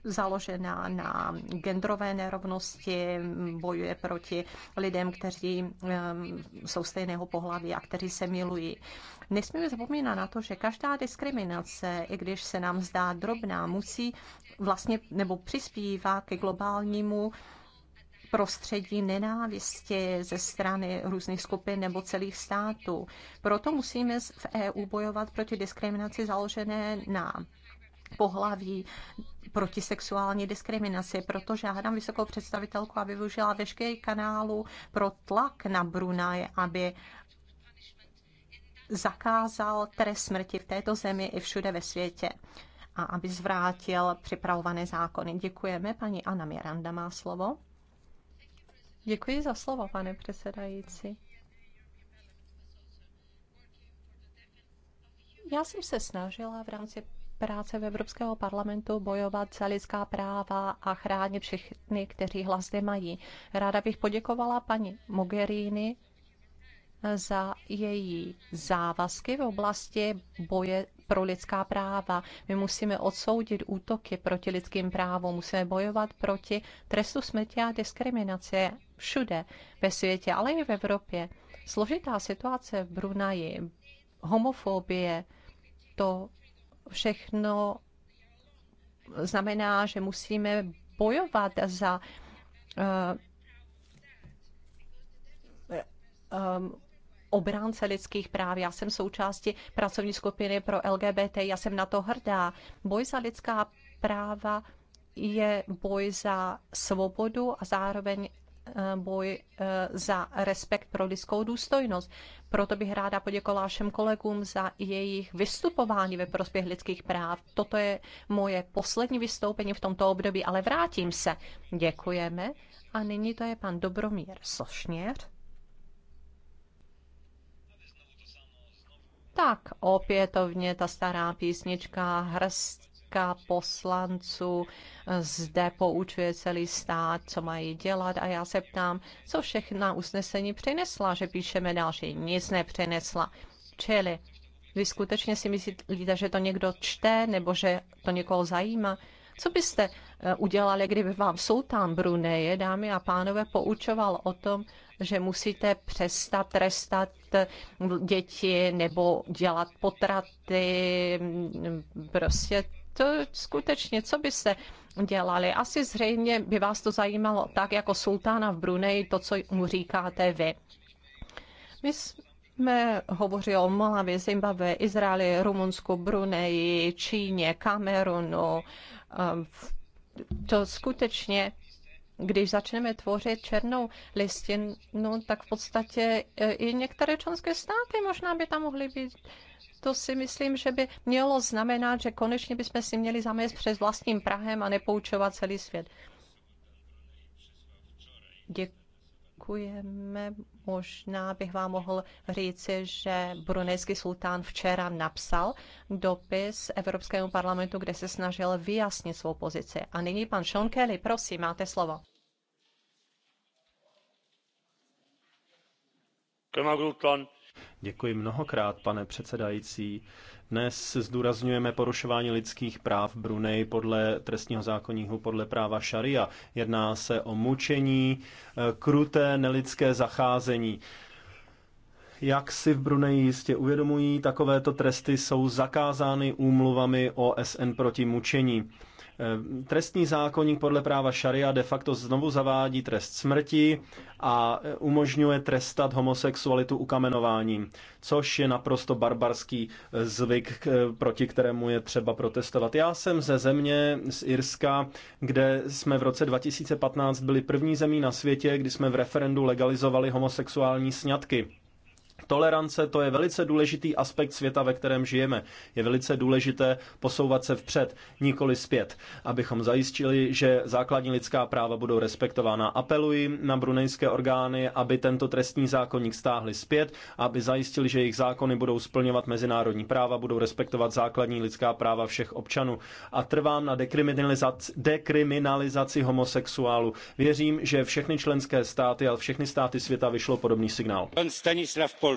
založená na genderové nerovnosti, bojuje proti lidem, kteří um, jsou stejného pohlaví a kteří se milují. Nesmíme zapomínat na to, že každá diskriminace, i když se nám zdá drobná, musí vlastně nebo přispívá ke globálnímu prostředí nenávisti ze strany různých skupin nebo celých států. Proto musíme v EU bojovat proti diskriminaci založené na pohlaví, proti sexuální diskriminaci. Proto žádám vysokou představitelku, aby využila veškerý kanálu pro tlak na Brunaje, aby zakázal trest smrti v této zemi i všude ve světě a aby zvrátil připravované zákony. Děkujeme. Paní Anna Miranda má slovo. Děkuji za slovo, pane předsedající. Já jsem se snažila v rámci práce v Evropského parlamentu bojovat za lidská práva a chránit všechny, kteří hlas mají. Ráda bych poděkovala paní Mogherini za její závazky v oblasti boje pro lidská práva. My musíme odsoudit útoky proti lidským právům, musíme bojovat proti trestu smrti a diskriminace všude ve světě, ale i v Evropě. Složitá situace v Brunaji, homofobie, to všechno znamená, že musíme bojovat za uh, um, obránce lidských práv. Já jsem součástí pracovní skupiny pro LGBT, já jsem na to hrdá. Boj za lidská práva je boj za svobodu a zároveň eh, boj eh, za respekt pro lidskou důstojnost. Proto bych ráda poděkovala všem kolegům za jejich vystupování ve prospěch lidských práv. Toto je moje poslední vystoupení v tomto období, ale vrátím se. Děkujeme. A nyní to je pan Dobromír Sošněř. tak opětovně ta stará písnička hrstka poslanců eh, zde poučuje celý stát, co mají dělat a já se ptám, co všechna usnesení přinesla, že píšeme další. Nic nepřinesla. Čili vy skutečně si myslíte, že to někdo čte nebo že to někoho zajímá? Co byste eh, udělali, kdyby vám sultán Bruneje, dámy a pánové, poučoval o tom, že musíte přestat trestat děti nebo dělat potraty. Prostě to skutečně, co byste dělali? Asi zřejmě by vás to zajímalo, tak jako sultána v Brunei, to, co mu říkáte vy. My jsme hovořili o Malavě, Zimbabwe, Izraeli, Rumunsku, Bruneji, Číně, Kamerunu. To skutečně když začneme tvořit černou listinu, tak v podstatě eh, i některé členské státy možná by tam mohly být. To si myslím, že by mělo znamenat, že konečně bychom si měli zamést přes vlastním Prahem a nepoučovat celý svět. Děkuji Děkujeme. Možná bych vám mohl říci, že brunejský sultán včera napsal dopis Evropskému parlamentu, kde se snažil vyjasnit svou pozici. A nyní pan Sean Kelly, prosím, máte slovo. Köszönöm, Děkuji mnohokrát, pane předsedající. Dnes zdůrazňujeme porušování lidských práv Brunei podle trestního zákonníku, podle práva šaria. Jedná se o mučení, eh, kruté nelidské zacházení. Jak si v Bruneji jistě uvědomují, takovéto tresty jsou zakázány úmluvami OSN proti mučení. Ehm, trestní zákonník podle práva šaria de facto znovu zavádí trest smrti a e, umožňuje trestat homosexualitu ukamenováním, což je naprosto barbarský e, zvyk, e, proti kterému je třeba protestovat. Já jsem ze země, z Irska, kde jsme v roce 2015 byli první zemí na světě, kdy jsme v referendu legalizovali homosexuální sňatky. Tolerance to je velice důležitý aspekt světa, ve kterém žijeme. Je velice důležité posouvat se vpřed, nikoli zpět, abychom zajistili, že základní lidská práva budou respektována. Apeluji na brunejské orgány, aby tento trestní zákonník stáhli zpět, aby zajistili, že jejich zákony budou splňovat mezinárodní práva, budou respektovat základní lidská práva všech občanů. A trvám na dekriminalizaci, dekriminalizaci homosexuálu. Věřím, že všechny členské státy a všechny státy světa vyšlo podobný signál. Pan Stanislav Pol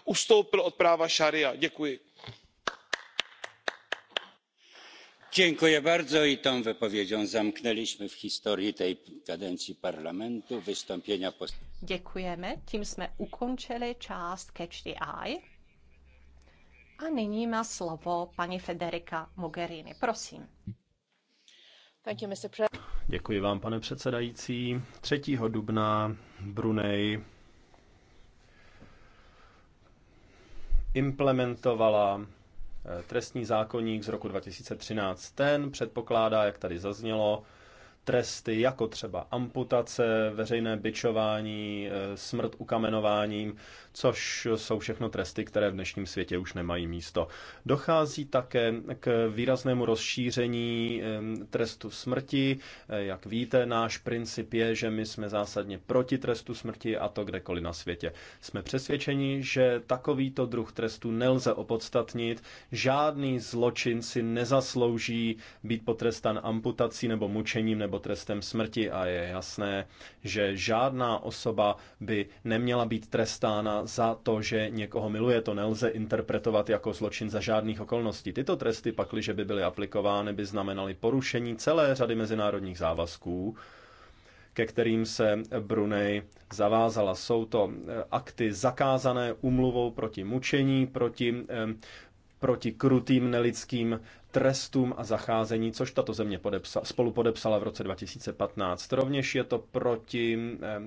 ustoupil od práva šaría. děkuji. dziękuję bardzo i tą wypowiedzią zamknęliśmy w historii tej kadencji parlamentu wystąpienia Děkujeme, tím jsme ukončili část Catch the Eye. A nyní má slovo paní Federica Mogherini. Prosím. Děkuji vám, pane předsedající. 3. dubna Brunei implementovala eh, trestní zákonník z roku 2013. Ten předpokládá, jak tady zaznělo, tresty jako třeba amputace, veřejné byčování, eh, smrt ukamenováním, což jsou všechno tresty, které v dnešním světě už nemají místo. Dochází také k výraznému rozšíření trestu smrti. Jak víte, náš princip je, že my jsme zásadně proti trestu smrti a to kdekoliv na světě. Jsme přesvědčeni, že takovýto druh trestu nelze opodstatnit. Žádný zločin si nezaslouží být potrestan amputací nebo mučením nebo trestem smrti a je jasné, že žádná osoba by neměla být trestána za to, že někoho miluje. To nelze interpretovat jako zločin za žádných okolností. Tyto tresty, pakliže by byly aplikovány, by znamenaly porušení celé řady mezinárodních závazků, ke kterým se Brunei zavázala. Jsou to eh, akty zakázané umluvou proti mučení, proti eh, proti krutým nelidským trestům a zacházení, což tato země podepsa, spolu podepsala v roce 2015. Rovněž je to proti eh,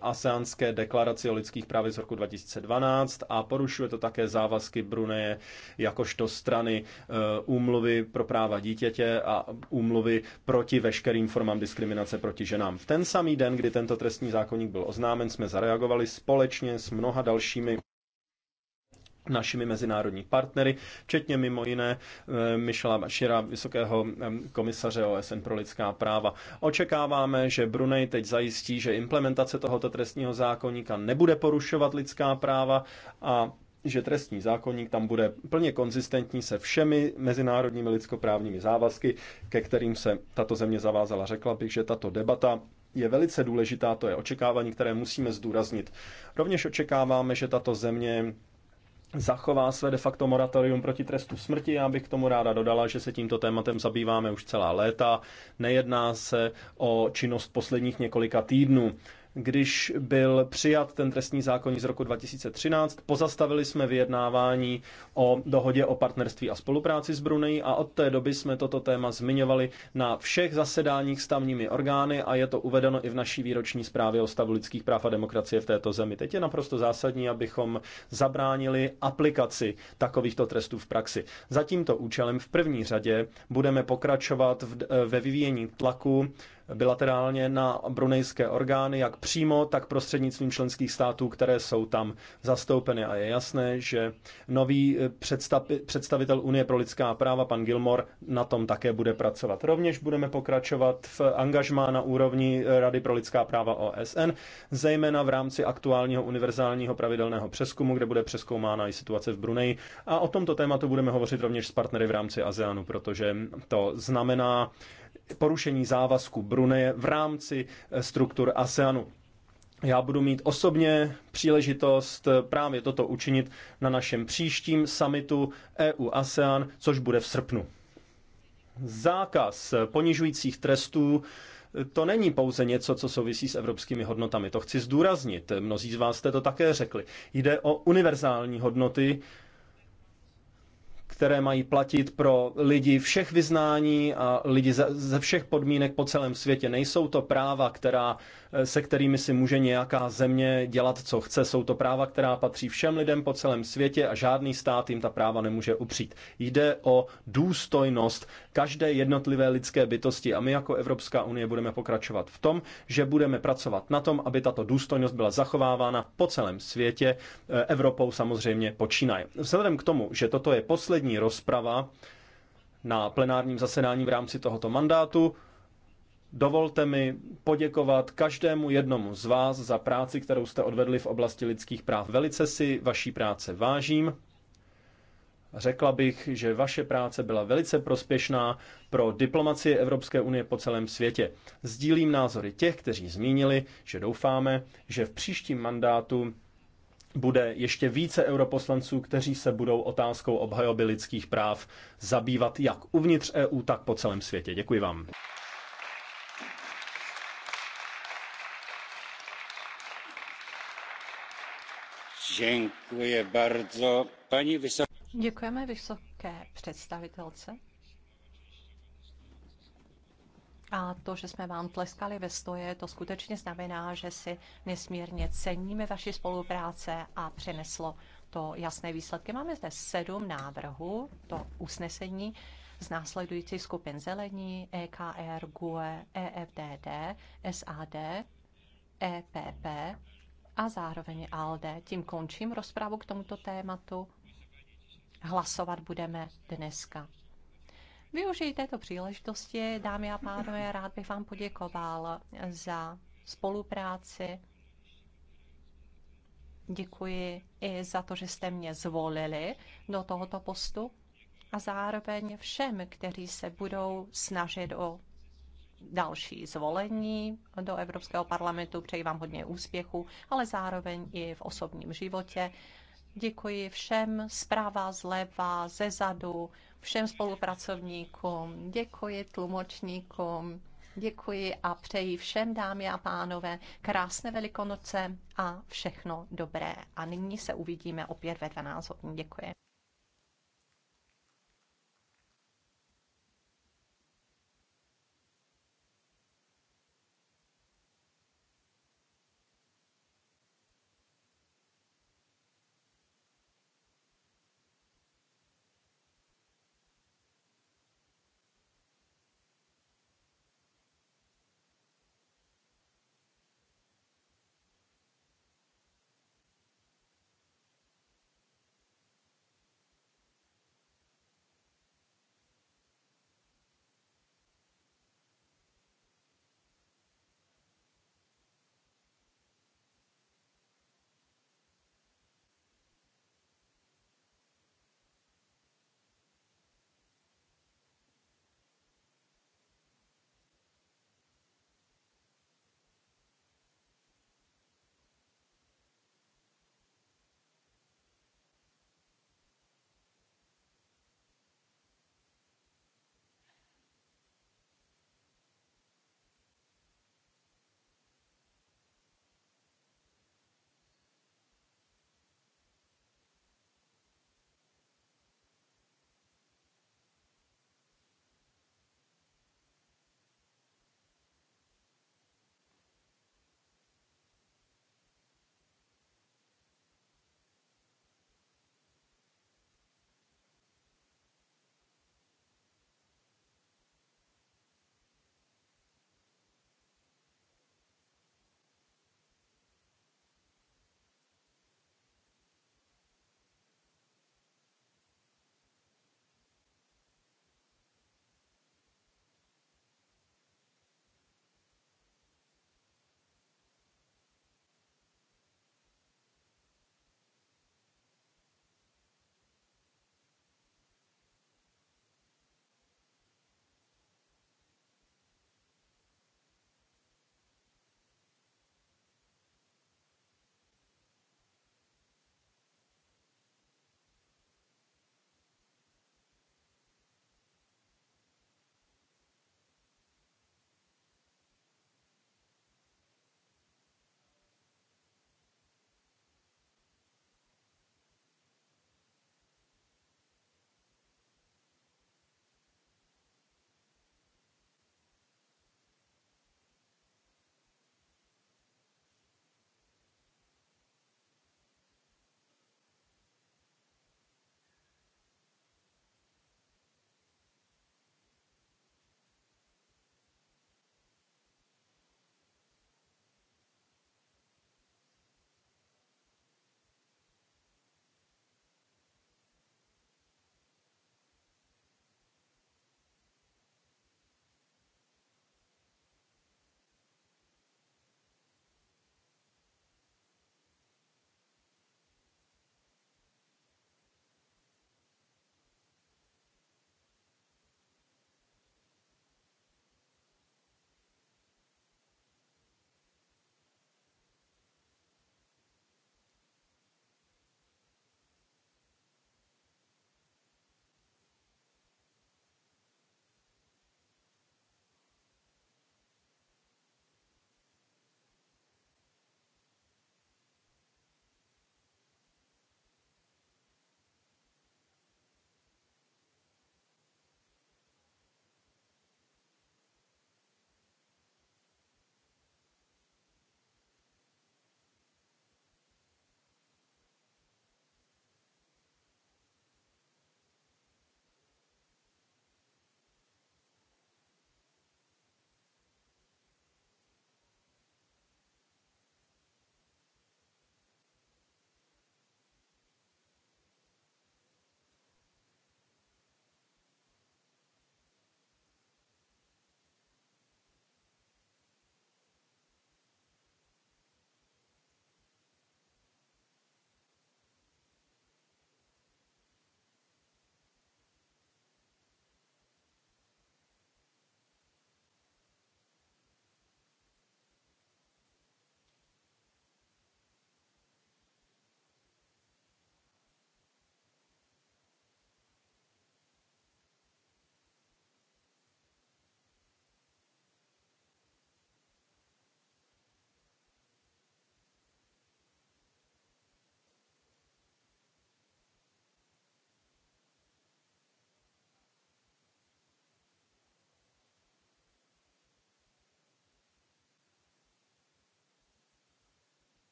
aseánské deklaraci o lidských právech z roku 2012 a porušuje to také závazky Bruneje jakožto strany eh, úmluvy pro práva dítěte a úmluvy proti veškerým formám diskriminace proti ženám. V ten samý den, kdy tento trestní zákonník byl oznámen, jsme zareagovali společně s mnoha dalšími našimi mezinárodní partnery, včetně mimo jiné eh, Michela Bašira, vysokého komisaře OSN pro lidská práva. Očekáváme, že Brunei teď zajistí, že implementace tohoto trestního zákonníka nebude porušovat lidská práva a že trestní zákonník tam bude plně konzistentní se všemi mezinárodními lidskoprávními závazky, ke kterým se tato země zavázala. Řekla bych, že tato debata je velice důležitá, to je očekávání, které musíme zdůraznit. Rovněž očekáváme, že tato země zachová své de facto moratorium proti trestu smrti. Já bych k tomu ráda dodala, že se tímto tématem zabýváme už celá léta. Nejedná se o činnost posledních několika týdnů když byl přijat ten trestní zákon z roku 2013. Pozastavili jsme vyjednávání o dohodě o partnerství a spolupráci s Brunei a od té doby jsme toto téma zmiňovali na všech zasedáních s tamními orgány a je to uvedeno i v naší výroční zprávě o stavu lidských práv a demokracie v této zemi. Teď je naprosto zásadní, abychom zabránili aplikaci takovýchto trestů v praxi. Za tímto účelem v první řadě budeme pokračovat ve vyvíjení tlaku bilaterálně na brunejské orgány, jak přímo, tak prostřednictvím členských států, které jsou tam zastoupeny. A je jasné, že nový eh, představitel Unie pro lidská práva, pan Gilmore, na tom také bude pracovat. Rovněž budeme pokračovat v angažmá na úrovni eh, Rady pro lidská práva OSN, zejména v rámci aktuálního univerzálního pravidelného přeskumu, kde bude přeskoumána i situace v Bruneji. A o tomto tématu budeme hovořit rovněž s partnery v rámci ASEANu, protože to znamená porušení závazku Bruneje v rámci eh, struktur ASEANu. Já budu mít osobně příležitost eh, právě toto učinit na našem příštím summitu EU-ASEAN, což bude v srpnu. Zákaz eh, ponižujících trestů to není pouze něco, co souvisí s evropskými hodnotami. To chci zdůraznit. Mnozí z vás jste to také řekli. Jde o univerzální hodnoty, které mají platit pro lidi všech vyznání a lidi ze všech podmínek po celém světě. Nejsou to práva, která, eh, se kterými si může nějaká země dělat, co chce. Jsou to práva, která patří všem lidem po celém světě a žádný stát jim ta práva nemůže upřít. Jde o důstojnost každé jednotlivé lidské bytosti. A my jako Evropská unie budeme pokračovat v tom, že budeme pracovat na tom, aby tato důstojnost byla zachovávána po celém světě, eh, Evropou samozřejmě počínaje. Vzhledem k tomu, že toto je poslední rozprava na plenárním zasedání v rámci tohoto mandátu, Dovolte mi poděkovat každému jednomu z vás za práci, kterou jste odvedli v oblasti lidských práv. Velice si vaší práce vážím Řekla bych, že vaše práce byla velice prospěšná pro diplomacii Evropské unie po celém světě. Sdílím názory těch, kteří zmínili, že doufáme, že v příštím mandátu bude ještě více europoslanců, kteří se budou otázkou obhajoby lidských práv zabývat jak uvnitř EU, tak po celém světě. Děkuji vám. Děkuji bardzo. Pani vysoká Děkujeme vysoké představitelce. A to, že jsme vám tleskali ve stoje, to skutečně znamená, že si nesmírně ceníme vaši spolupráce a přineslo to jasné výsledky. Máme zde sedm návrhů, to usnesení z následující skupin zelení, EKR, GUE, EFDD, SAD, EPP a zároveň ALDE. Tím končím rozpravu k tomuto tématu hlasovat budeme dneska. Využij této příležitosti, dámy a pánové, rád bych vám poděkoval za spolupráci. Děkuji i za to, že jste mě zvolili do tohoto postu a zároveň všem, kteří se budou snažit o další zvolení do Evropského parlamentu. Přeji vám hodně úspěchu, ale zároveň i v osobním životě. Děkuji všem zprava, zleva, ze zadu, všem spolupracovníkům, děkuji tlumočníkům, děkuji a přeji všem dámy a pánové krásné velikonoce a všechno dobré. A nyní se uvidíme opět ve 12 hodin. Děkuji.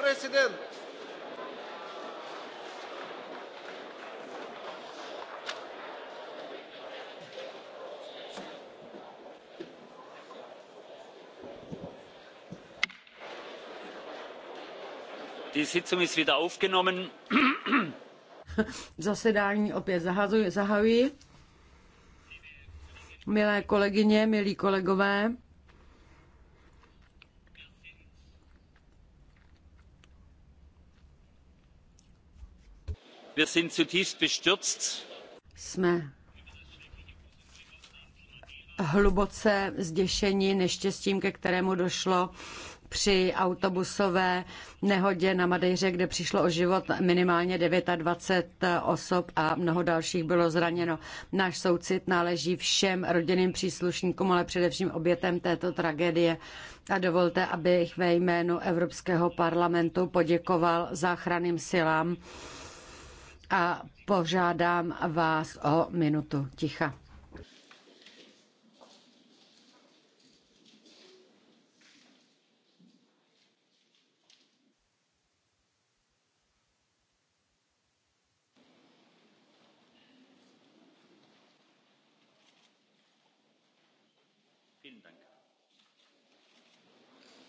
president. Zasedání opět zahazuji, zahajuji. Milé kolegyně, milí kolegové, sind zutiefst bestürzt. Jsme hluboce zděšeni neštěstím, ke kterému došlo při autobusové nehodě na Madejře, kde přišlo o život minimálně 29 osob a mnoho dalších bylo zraněno. Náš soucit náleží všem rodinným příslušníkům, ale především obětem této tragédie. A dovolte, abych ve jménu Evropského parlamentu poděkoval záchranným silám a požádám vás o minutu ticha.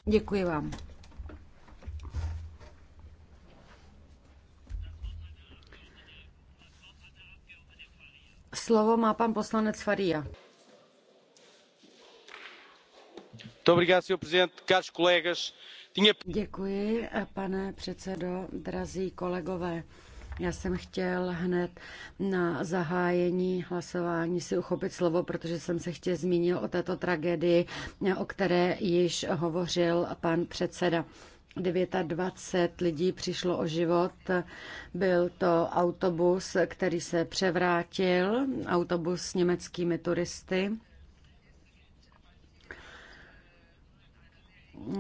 Děkuji vám. Slovo má pan poslanec Faria. Děkuji, pane předsedo, drazí kolegové. Já jsem chtěl hned na zahájení hlasování si uchopit slovo, protože jsem se chtěl zmínil o této tragédii, o které již hovořil pan předseda. 29 lidí přišlo o život. Byl to autobus, který se převrátil, autobus s německými turisty.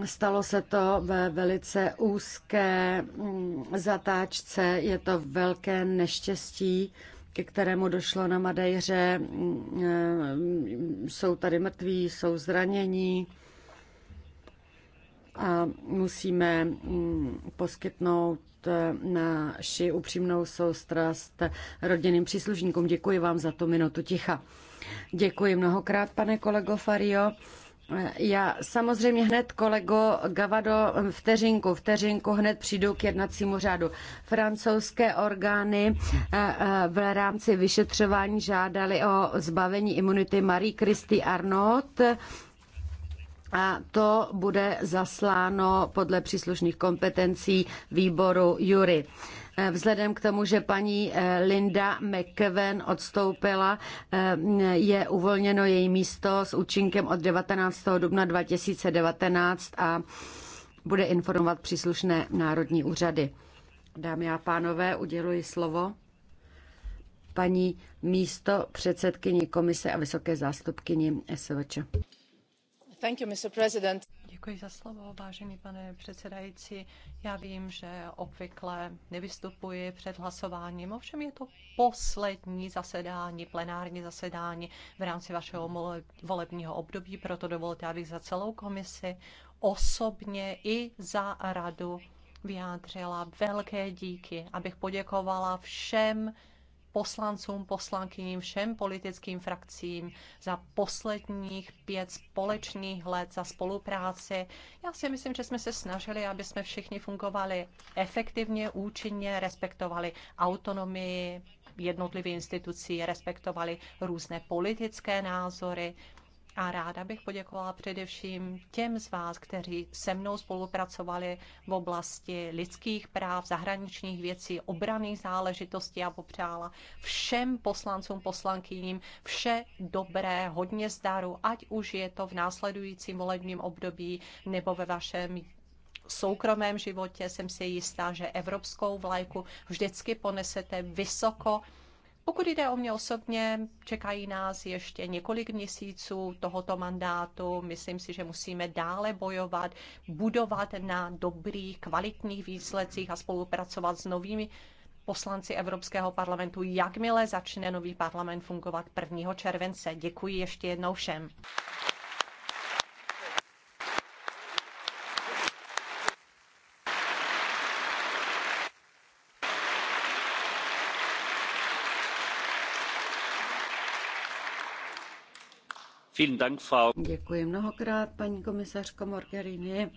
Stalo se to ve velice úzké mm, zatáčce, je to velké neštěstí, ke kterému došlo na Madejře. Mm, mm, jsou tady mrtví, jsou zranění a musíme mm, poskytnout e, naši upřímnou soustrast rodinným příslušníkům. Děkuji vám za tu minutu ticha. Děkuji mnohokrát, pane kolego Fario. Já samozřejmě hned, kolego Gavado, vteřinku, vteřinku, hned přijdu k jednacímu řádu. Francouzské orgány e, e, v rámci vyšetřování žádali o zbavení imunity Marie Christy Arnaud a to bude zasláno podle příslušných kompetencí výboru Jury. Eh, vzhledem k tomu, že paní eh, Linda McKeven odstoupila, eh, je uvolněno její místo s účinkem od 19. dubna 2019 a bude informovat příslušné národní úřady. Dámy a pánové, uděluji slovo paní místo předsedkyni komise a vysoké zástupkyni SVČ. Děkuji za slovo, vážený pane předsedající. Já vím, že obvykle nevystupuji před hlasováním, ovšem je to poslední zasedání, plenární zasedání v rámci vašeho volebního období, proto dovolte, abych za celou komisi osobně i za radu vyjádřila velké díky, abych poděkovala všem poslancům, poslankyním, všem politickým frakcím za posledních pět společných let za spolupráci. Já si myslím, že jsme se snažili, aby jsme všichni fungovali efektivně, účinně, respektovali autonomii jednotlivých institucí, respektovali různé politické názory, a ráda bych poděkovala především těm z vás, kteří se mnou spolupracovali v oblasti lidských práv, zahraničních věcí, obraných záležitostí a popřála všem poslancům, poslankyním vše dobré, hodně zdaru, ať už je to v následujícím volebním období nebo ve vašem soukromém životě. Jsem si jistá, že evropskou vlajku vždycky ponesete vysoko pokud jde o mě osobně, čekají nás ještě několik měsíců tohoto mandátu. Myslím si, že musíme dále bojovat, budovat na dobrých, kvalitních výsledcích a spolupracovat s novými poslanci Evropského parlamentu, jakmile začne nový parlament fungovat 1. července. Děkuji ještě jednou všem. Děkuji mnohokrát, paní komisařko Morgerini.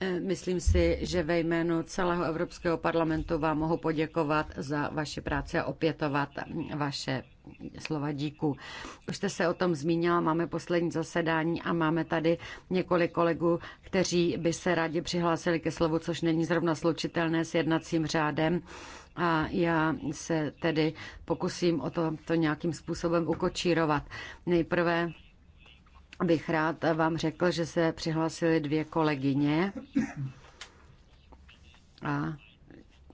Eh, myslím si, že ve jménu celého Evropského parlamentu vám mohu poděkovat za vaši práci a opětovat vaše slova díku. Už jste se o tom zmínila, máme poslední zasedání a máme tady několik kolegů, kteří by se rádi přihlásili ke slovu, což není zrovna slučitelné s jednacím řádem. A já se tedy pokusím o to, to nějakým způsobem ukočírovat. Nejprve bych rád vám řekl, že se přihlásily dvě kolegyně a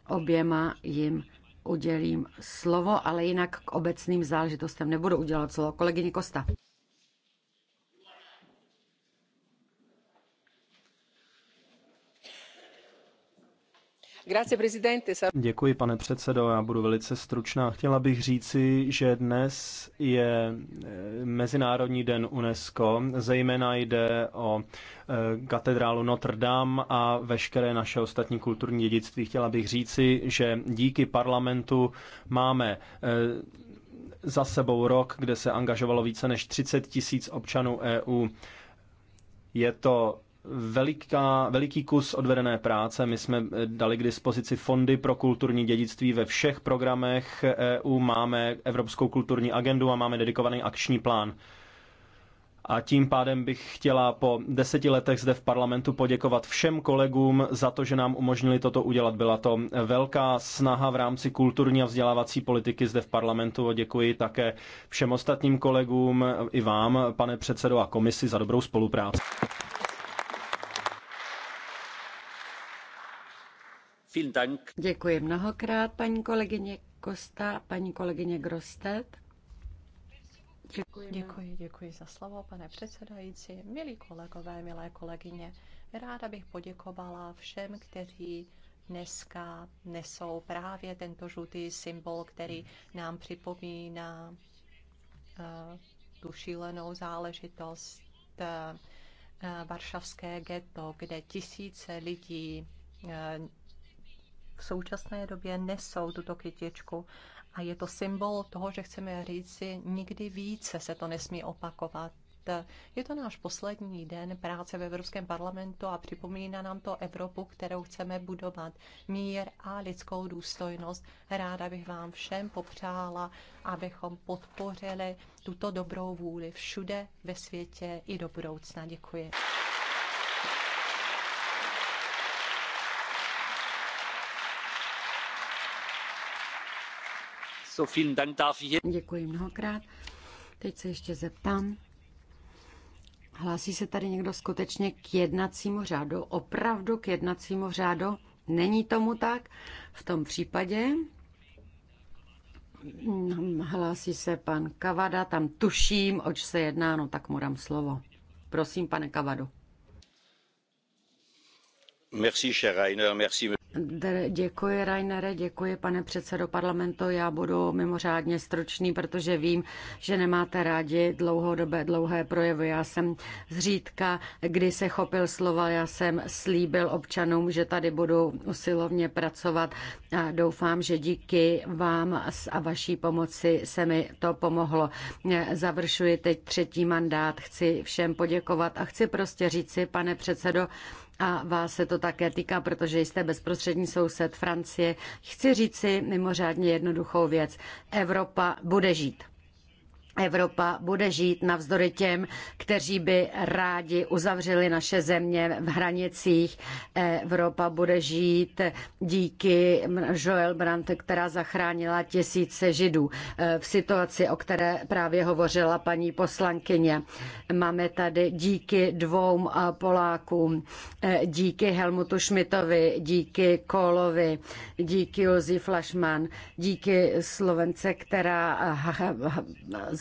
oběma jim udělím slovo, ale jinak k obecným záležitostem nebudu udělat slovo. Kolegyně Kosta. Děkuji, pane předsedo, já budu velice stručná. Chtěla bych říci, že dnes je eh, Mezinárodní den UNESCO, zejména jde o eh, katedrálu Notre Dame a veškeré naše ostatní kulturní dědictví. Chtěla bych říci, že díky parlamentu máme eh, za sebou rok, kde se angažovalo více než 30 tisíc občanů EU. Je to veliká, veliký kus odvedené práce. My jsme eh, dali k dispozici fondy pro kulturní dědictví ve všech programech EU, máme Evropskou kulturní agendu a máme dedikovaný akční plán. A tím pádem bych chtěla po deseti letech zde v parlamentu poděkovat všem kolegům za to, že nám umožnili toto udělat. Byla to velká snaha v rámci kulturní a vzdělávací politiky zde v parlamentu. Děkuji také všem ostatním kolegům i vám, pane předsedo a komisi, za dobrou spolupráci. Děkuji mnohokrát, paní kolegyně Kosta, paní kolegyně Grostet. Děkuji, děkuji, děkuji za slovo, pane předsedající. Milí kolegové, milé kolegyně, ráda bych poděkovala všem, kteří dneska nesou právě tento žlutý symbol, který nám připomíná uh, tu šílenou záležitost uh, varšavské ghetto, kde tisíce lidí současné době nesou tuto kytičku. A je to symbol toho, že chceme říci, nikdy více se to nesmí opakovat. Je to náš poslední den práce v Evropském parlamentu a připomíná nám to Evropu, kterou chceme budovat. Mír a lidskou důstojnost. Ráda bych vám všem popřála, abychom podpořili tuto dobrou vůli všude ve světě i do budoucna. Děkuji. Děkuji mnohokrát. Teď se ještě zeptám. Hlásí se tady někdo skutečně k jednacímu řádu? Opravdu k jednacímu řádu? Není tomu tak? V tom případě hlásí se pan Kavada, tam tuším, oč se jedná, no tak mu dám slovo. Prosím, pane Kavadu. Merci, cher Rainer, merci. Děkuji, Rainere, děkuji, pane předsedo parlamentu. Já budu mimořádně stručný, protože vím, že nemáte rádi dlouhodobé, dlouhé projevy. Já jsem zřídka, kdy se chopil slova, já jsem slíbil občanům, že tady budu usilovně pracovat a doufám, že díky vám a vaší pomoci se mi to pomohlo. Završuji teď třetí mandát, chci všem poděkovat a chci prostě říci, pane předsedo, a vás se to také týká, protože jste bezprostřední soused Francie. Chci říci mimořádně jednoduchou věc. Evropa bude žít. Evropa bude žít navzdory těm, kteří by rádi uzavřeli naše země v hranicích. Evropa bude žít díky Joel Brandt, která zachránila tisíce židů eh, v situaci, o které právě hovořila paní poslankyně. Máme tady díky dvou eh, Polákům, eh, díky Helmutu Schmidtovi, díky Kolovi, díky Jozi Flashman, díky Slovence, která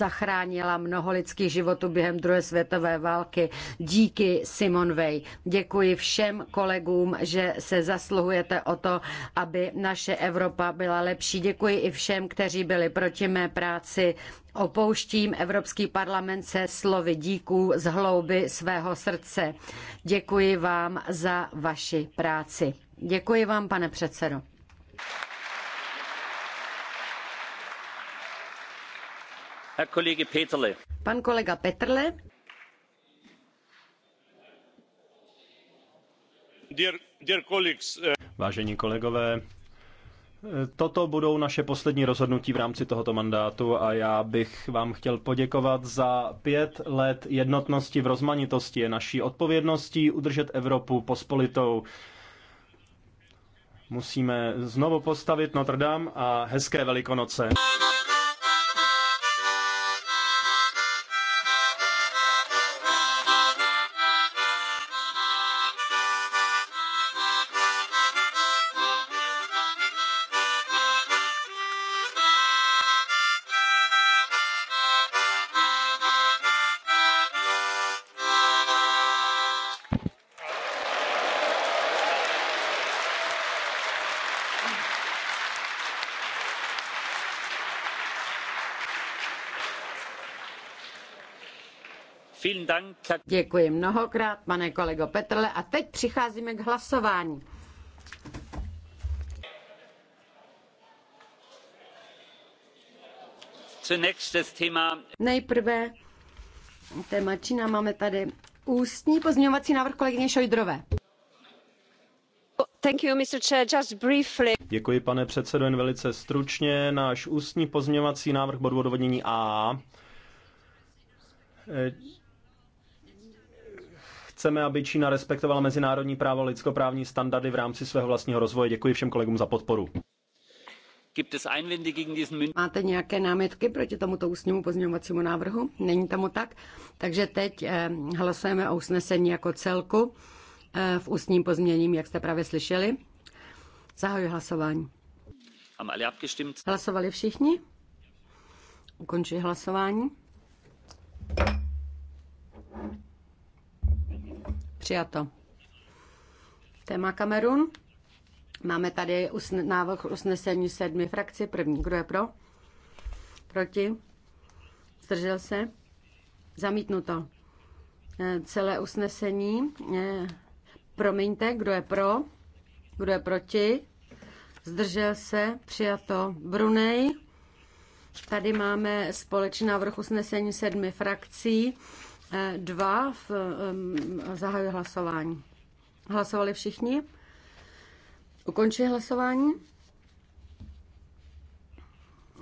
zachránila mnoho lidských životů během druhé světové války. Díky Simon Weil. Děkuji všem kolegům, že se zasluhujete o to, aby naše Evropa byla lepší. Děkuji i všem, kteří byli proti mé práci. Opouštím Evropský parlament se slovy díků z hlouby svého srdce. Děkuji vám za vaši práci. Děkuji vám, pane předsedo. Pan kolega Petrle. Eh, Vážení kolegové, eh, Toto budou naše poslední rozhodnutí v rámci tohoto mandátu a já bych vám chtěl poděkovat za pět let jednotnosti v rozmanitosti. Je naší odpovědností udržet Evropu pospolitou. Musíme znovu postavit Notre Dame a hezké Velikonoce. Děkuji mnohokrát, pane kolego Petrle. A teď přicházíme k hlasování. Nejprve téma Čína máme tady ústní pozměňovací návrh kolegyně Šojdrové. You, Děkuji, pane předsedo, jen velice stručně. Náš ústní pozměňovací návrh bodu odvodnění A Chceme, aby Čína respektovala mezinárodní právo a lidskoprávní standardy v rámci svého vlastního rozvoje. Děkuji všem kolegům za podporu. Máte nějaké námitky proti tomuto ústnímu pozměňovacímu návrhu? Není tomu tak? Takže teď eh, hlasujeme o usnesení jako celku eh, v ústním pozměním, jak jste právě slyšeli. Zahajuji hlasování. Hlasovali všichni? Ukončuji hlasování. Přijato. Téma Kamerun. Máme tady usne, návrh usnesení sedmi frakci. První, kdo je pro? Proti? Zdržel se? Zamítnuto. Eh, celé usnesení. Eh, promiňte, kdo je pro? Kdo je proti? Zdržel se? Přijato. Brunej. Tady máme společný návrh usnesení sedmi frakcí. E dva v, zahajuje hlasování. Hlasovali všichni? Ukončuji hlasování.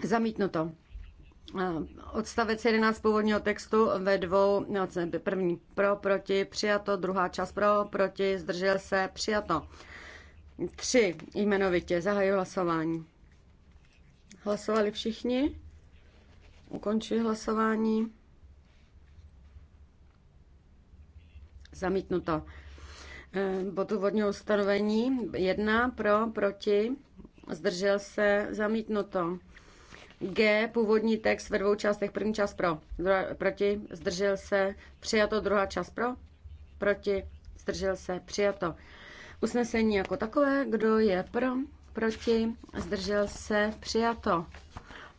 Zamítnuto. E, odstavec 11 původního textu ve dvou, no, první pro, proti, přijato, druhá část pro, proti, zdržel se, přijato. Tři jmenovitě, zahajuji hlasování. Hlasovali všichni? Ukončuji hlasování. Zamítnuto. E, bod úvodního ustanovení 1 pro, proti, zdržel se, zamítnuto. G, původní text ve dvou částech, první část pro, druhá, proti, zdržel se, přijato, druhá část pro, proti, zdržel se, přijato. Usnesení jako takové, kdo je pro, proti, zdržel se, přijato.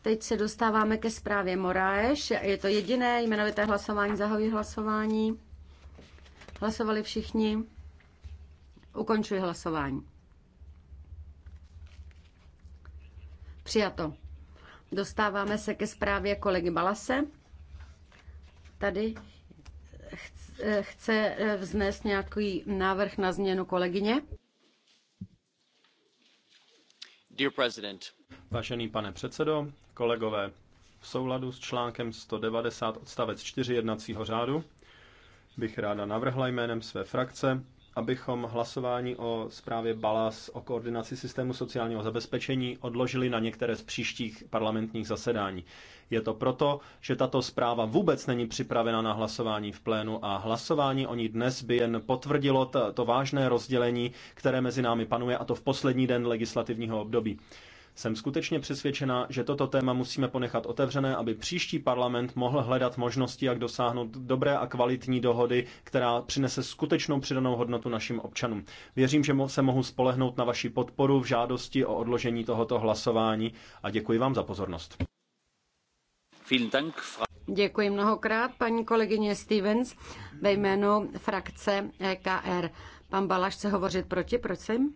Teď se dostáváme ke zprávě Moraeš. Je to jediné jmenovité hlasování, zahojí hlasování. Hlasovali všichni? Ukončuji hlasování. Přijato. Dostáváme se ke zprávě kolegy Balase. Tady chce eh, vznést nějaký návrh na změnu kolegyně. Dear President. Vážený pane předsedo, kolegové, v souladu s článkem 190 odstavec 4 jednacího řádu bych ráda navrhla jménem své frakce, abychom hlasování o zprávě BALAS o koordinaci systému sociálního zabezpečení odložili na některé z příštích parlamentních zasedání. Je to proto, že tato zpráva vůbec není připravena na hlasování v plénu a hlasování o ní dnes by jen potvrdilo to, to vážné rozdělení, které mezi námi panuje, a to v poslední den legislativního období. Jsem skutečně přesvědčena, že toto téma musíme ponechat otevřené, aby příští parlament mohl hledat možnosti, jak dosáhnout dobré a kvalitní dohody, která přinese skutečnou přidanou hodnotu našim občanům. Věřím, že se mohu spolehnout na vaši podporu v žádosti o odložení tohoto hlasování a děkuji vám za pozornost. Děkuji mnohokrát, paní kolegyně Stevens, ve jménu frakce EKR. Pan Balaš chce hovořit proti, prosím.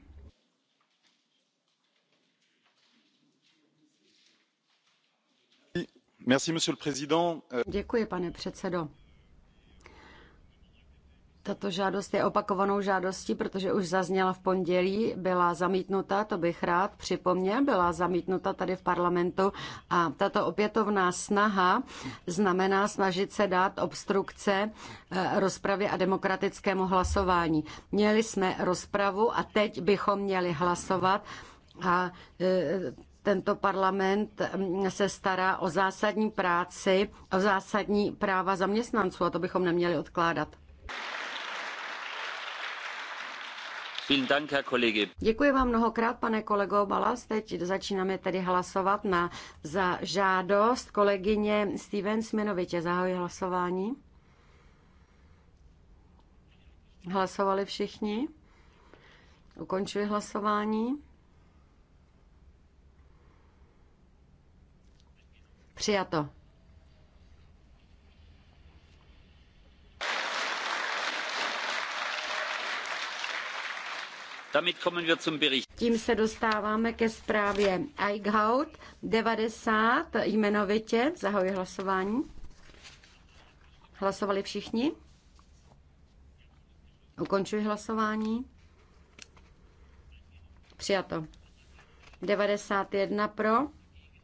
Euh, pane předsedající Tato žádost je opakovanou žádostí, protože už zazněla v pondělí, byla zamítnuta, to bych rád připomněl, byla zamítnuta tady v parlamentu a tato opětovná snaha znamená snažit se dát obstrukce eh, rozpravě a demokratickému hlasování. Měli jsme rozpravu a teď bychom měli hlasovat a eh, tento parlament mm, se stará o zásadní práci, o zásadní práva zaměstnanců a to bychom neměli odkládat. Děkuji vám mnohokrát, pane kolego Balas. Teď začínáme tedy hlasovat na, za žádost kolegyně Steven Sminovitě. Zahajuji hlasování. Hlasovali všichni? Ukončuji hlasování. Přijato. Tím se dostáváme ke zprávě Eichhout 90 jmenovitě. Zahoji hlasování. Hlasovali všichni? Ukončuji hlasování. Přijato. 91 pro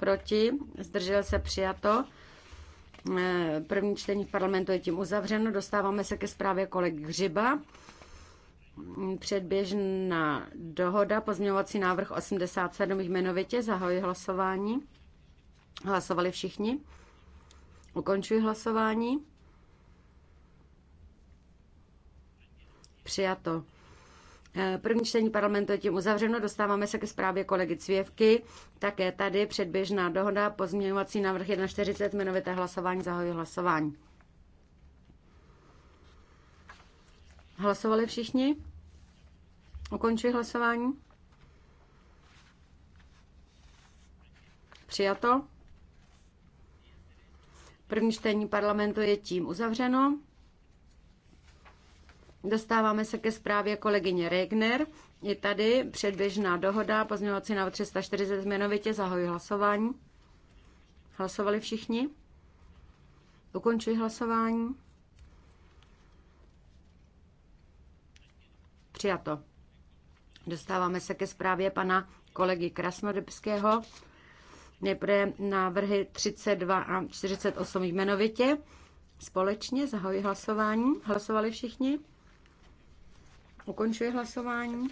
proti, zdržel se přijato. Eh, První čtení v parlamentu je tím uzavřeno. Dostáváme se ke zprávě kolek Hřiba. Předběžná dohoda, pozměňovací návrh 87 jmenovitě, zahoji hlasování. Hlasovali všichni. Ukončuji hlasování. Přijato. Eh, první čtení parlamentu je tím uzavřeno, dostáváme se ke zprávě kolegy Cvěvky. Také tady předběžná dohoda, pozměňovací návrh 1.40, jmenovité hlasování, zahoju hlasování. Hlasovali všichni? Ukončuji hlasování. Přijato. První čtení parlamentu je tím uzavřeno. Dostáváme se ke zprávě kolegyně Regner. Je tady předběžná dohoda, pozměňovací návrh 340 změnovitě, zahoji hlasování. Hlasovali všichni? Ukončuji hlasování. Přijato. Dostáváme se ke zprávě pana kolegy Krasnodebského. Nejprve návrhy 32 a 48 jmenovitě. Společně zahoji hlasování. Hlasovali všichni? Ukončuji hlasování.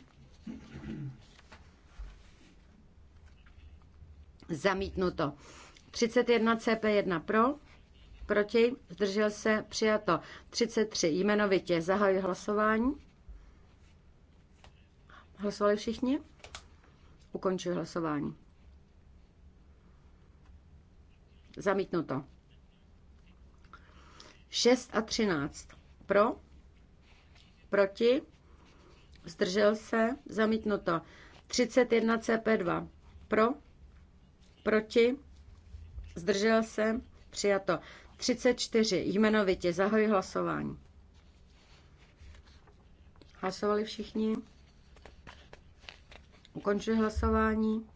Zamítnuto. 31 CP1 pro, proti, zdržel se, přijato. 33 jmenovitě, zahajuji hlasování. Hlasovali všichni? Ukončuji hlasování. Zamítnuto. 6 a 13 pro, proti, zdržel se, zamítnuto. 31 CP2 pro, proti, zdržel se, přijato. 34 jmenovitě, zahoj hlasování. Hlasovali všichni? Ukončuji hlasování.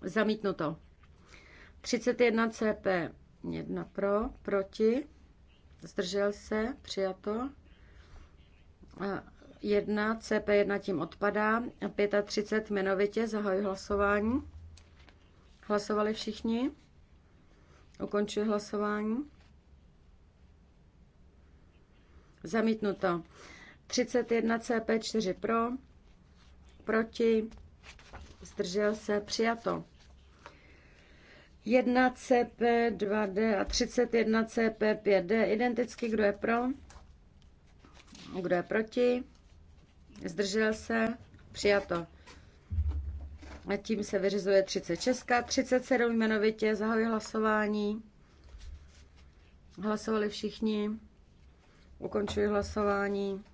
Zamítnuto. 31 CP, 1 pro, proti, zdržel se, přijato. 1, CP1 tím odpadá. 35 jmenovitě zahajuji hlasování. Hlasovali všichni. Ukončuji hlasování. Zamítnuto. 31 CP4 pro, proti, zdržel se, přijato. 1 CP2D a 31 CP5D. Identicky, kdo je pro? Kdo je proti? Zdržel se? Přijato. A tím se vyřizuje 36. 37 jmenovitě zahajuji hlasování. Hlasovali všichni. Ukončuji hlasování.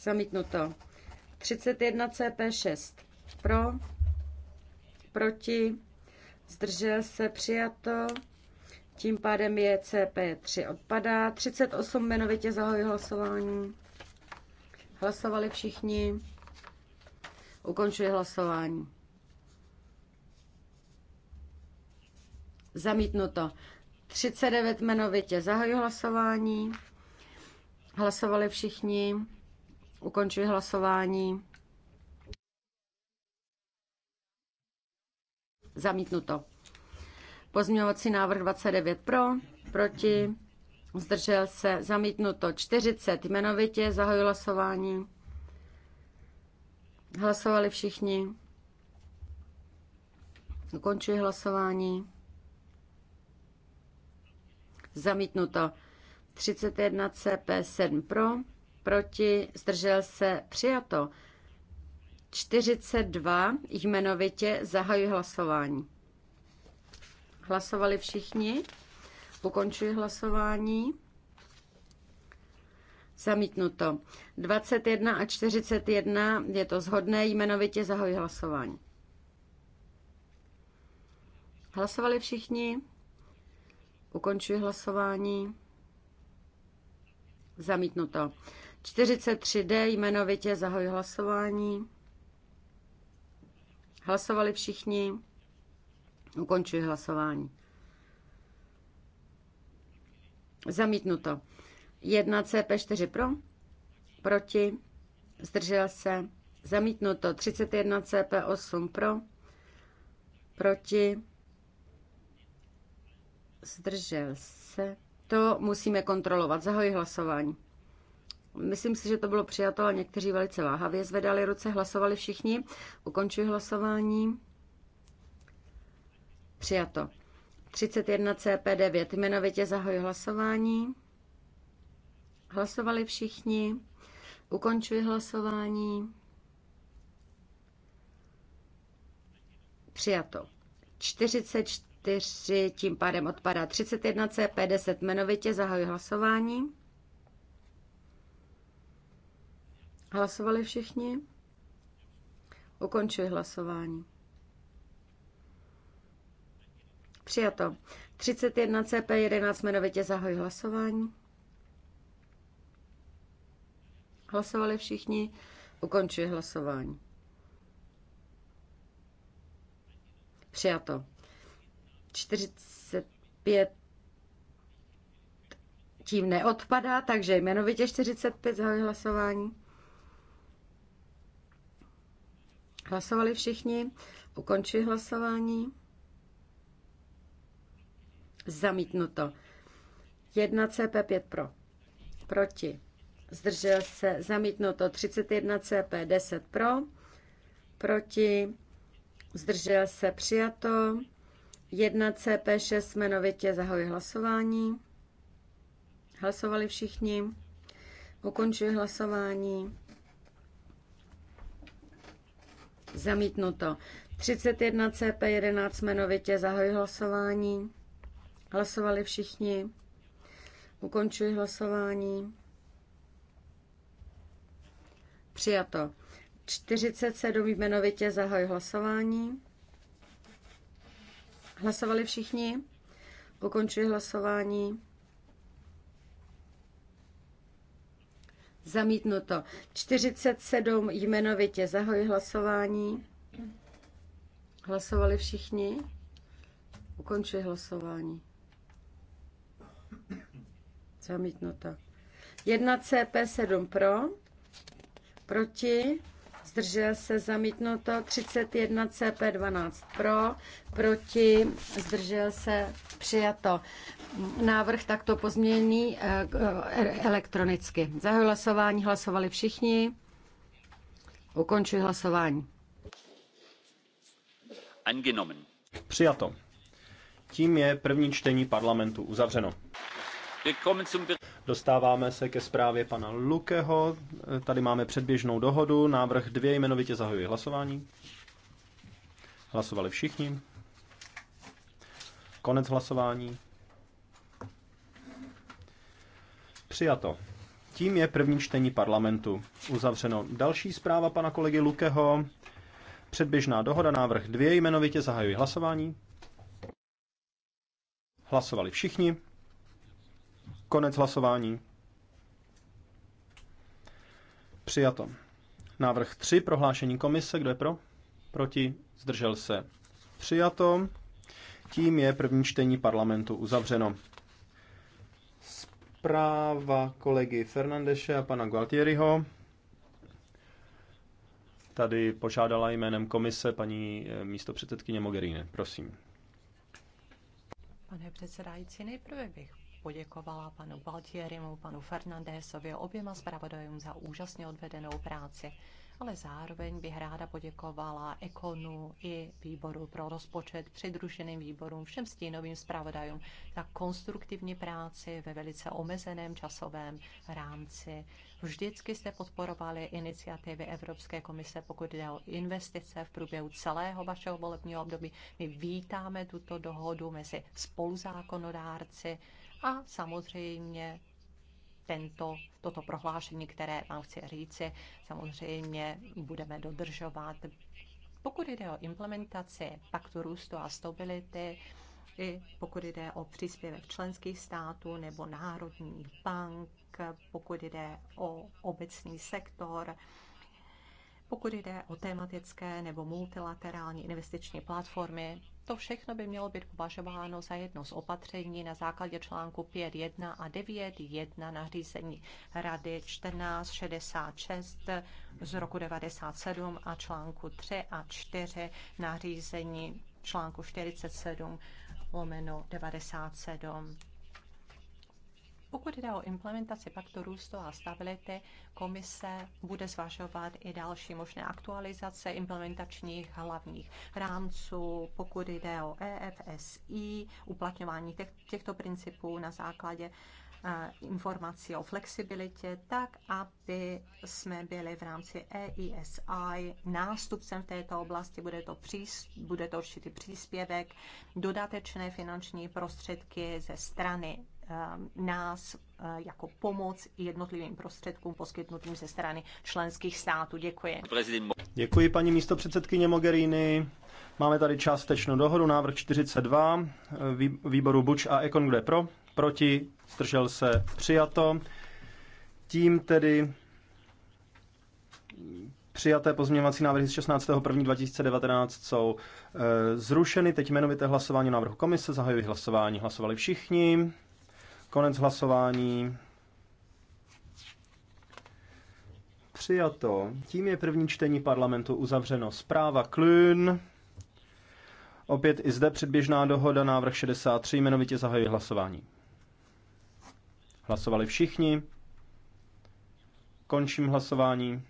Zamítnuto. 31 CP6. Pro. Proti. Zdržel se přijato. Tím pádem je CP3 odpadá. 38 jmenovitě zahojí hlasování. Hlasovali všichni. Ukončuji hlasování. Zamítnuto. 39 jmenovitě zahojí hlasování. Hlasovali všichni. Ukončuji hlasování. Zamítnuto. Pozměňovací návrh 29 pro, proti, zdržel se, zamítnuto 40 jmenovitě, zahajuji hlasování. Hlasovali všichni. Ukončuji hlasování. Zamítnuto 31 CP7 pro, proti, zdržel se, přijato. 42 jmenovitě zahajuji hlasování. Hlasovali všichni. Ukončuji hlasování. Zamítnuto. 21 a 41 je to zhodné, jmenovitě zahoji hlasování. Hlasovali všichni. Ukončuji hlasování. Zamítnuto. 43D jmenovitě zahoji hlasování. Hlasovali všichni. Ukončuji hlasování. Zamítnuto. 1 CP4 pro, proti, zdržel se, zamítnuto. 31 CP8 pro, proti, zdržel se. To musíme kontrolovat. Zahoji hlasování. Myslím si, že to bylo přijato, ale někteří velice váhavě zvedali ruce, hlasovali všichni. Ukončuji hlasování. Přijato. 31 CP9 jmenovitě zahoj hlasování. Hlasovali všichni. Ukončuji hlasování. Přijato. 44 tím pádem odpadá. 31 CP10 jmenovitě zahoj hlasování. Hlasovali všichni? Ukončuji hlasování. Přijato. 31 CP11 jmenovitě zahoj hlasování. Hlasovali všichni. Ukončuji hlasování. Přijato. 45 tím neodpadá, takže jmenovitě 45 zahoj hlasování. Hlasovali všichni. Ukončuji hlasování. Zamítnuto. 1 CP5 pro. Proti. Zdržel se. Zamítnuto. 31 CP10 pro. Proti. Zdržel se. Přijato. 1 CP6 jmenovitě zahajuje hlasování. Hlasovali všichni. Ukončuji hlasování. Zamítnuto. 31 CP11 jmenovitě zahoj hlasování. Hlasovali všichni. Ukončuji hlasování. Přijato. 47 jmenovitě zahoj hlasování. Hlasovali všichni? Ukončuji hlasování. Zamítnuto. 47 jmenovitě zahoj hlasování. Hlasovali všichni? Ukončuji hlasování. Zamítnuto. 1 CP7 pro, proti, zdržel se zamítnuto. 31 CP12 pro, proti, zdržel se přijato. Návrh takto pozměněný eh, eh, elektronicky. Zahajuji hlasování, hlasovali všichni. Ukončuji hlasování. Angenommen. Přijato. Tím je první čtení parlamentu uzavřeno. Dostáváme se ke zprávě pana Lukeho. Tady máme předběžnou dohodu. Návrh dvě jmenovitě zahajuje hlasování. Hlasovali všichni. Konec hlasování. Přijato. Tím je první čtení parlamentu uzavřeno. Další zpráva pana kolegy Lukeho. Předběžná dohoda, návrh dvě jmenovitě zahajují hlasování. Hlasovali všichni. Konec hlasování. Přijato. Návrh 3, prohlášení komise, kdo je pro? Proti, zdržel se. Přijato. Tím je první čtení parlamentu uzavřeno. Zpráva kolegy Fernandeše a pana Gualtieriho. Tady požádala jménem komise paní eh, místopředsedkyně Mogherini. Prosím. Pane předsedající, nejprve bych poděkovala panu Baltierimu, panu Fernandésovi, oběma zpravodajům za úžasně odvedenou práci, ale zároveň bych ráda poděkovala Ekonu i výboru pro rozpočet, přidruženým výborům, všem stínovým zpravodajům za konstruktivní práci ve velice omezeném časovém rámci. Vždycky jste podporovali iniciativy Evropské komise, pokud jde o investice v průběhu celého vašeho volebního období. My vítáme tuto dohodu mezi spoluzákonodárci, a samozřejmě tento, toto prohlášení, které vám chci říci, samozřejmě budeme dodržovat. Pokud jde o implementaci paktu růstu a stability, i pokud jde o příspěvek členských států nebo národních bank, pokud jde o obecný sektor, pokud jde o tematické nebo multilaterální investiční platformy, to všechno by mělo být považováno za jedno z opatření na základě článku 5.1 a 9.1 nařízení Rady 1466 z roku 97 a článku 3 a 4 nařízení článku 47 lomeno 97. Pokud jde o implementaci paktu růstu a stability, komise bude zvažovat i další možné aktualizace implementačních hlavních rámců, pokud jde o EFSI, uplatňování těchto principů na základě eh, informací o flexibilitě, tak aby jsme byli v rámci EISI nástupcem v této oblasti. Bude to, přís, bude to určitý příspěvek, dodatečné finanční prostředky ze strany Eh, nás eh, jako pomoc jednotlivým prostředkům poskytnutým ze strany členských států. Děkuji. Děkuji paní místo předsedkyně Mogherini. Máme tady částečnou dohodu, návrh 42, výboru Buč a Ekon, kde pro, proti, zdržel se, přijato. Tím tedy přijaté pozměňovací návrhy z 16.1.2019 jsou e, zrušeny. Teď jmenovité hlasování návrhu komise, zahajují hlasování. Hlasovali všichni. Konec hlasování. Přijato. Tím je první čtení parlamentu uzavřeno. Zpráva Klün. Opět i zde předběžná dohoda, návrh 63, jmenovitě zahajuji hlasování. Hlasovali všichni. Končím hlasování.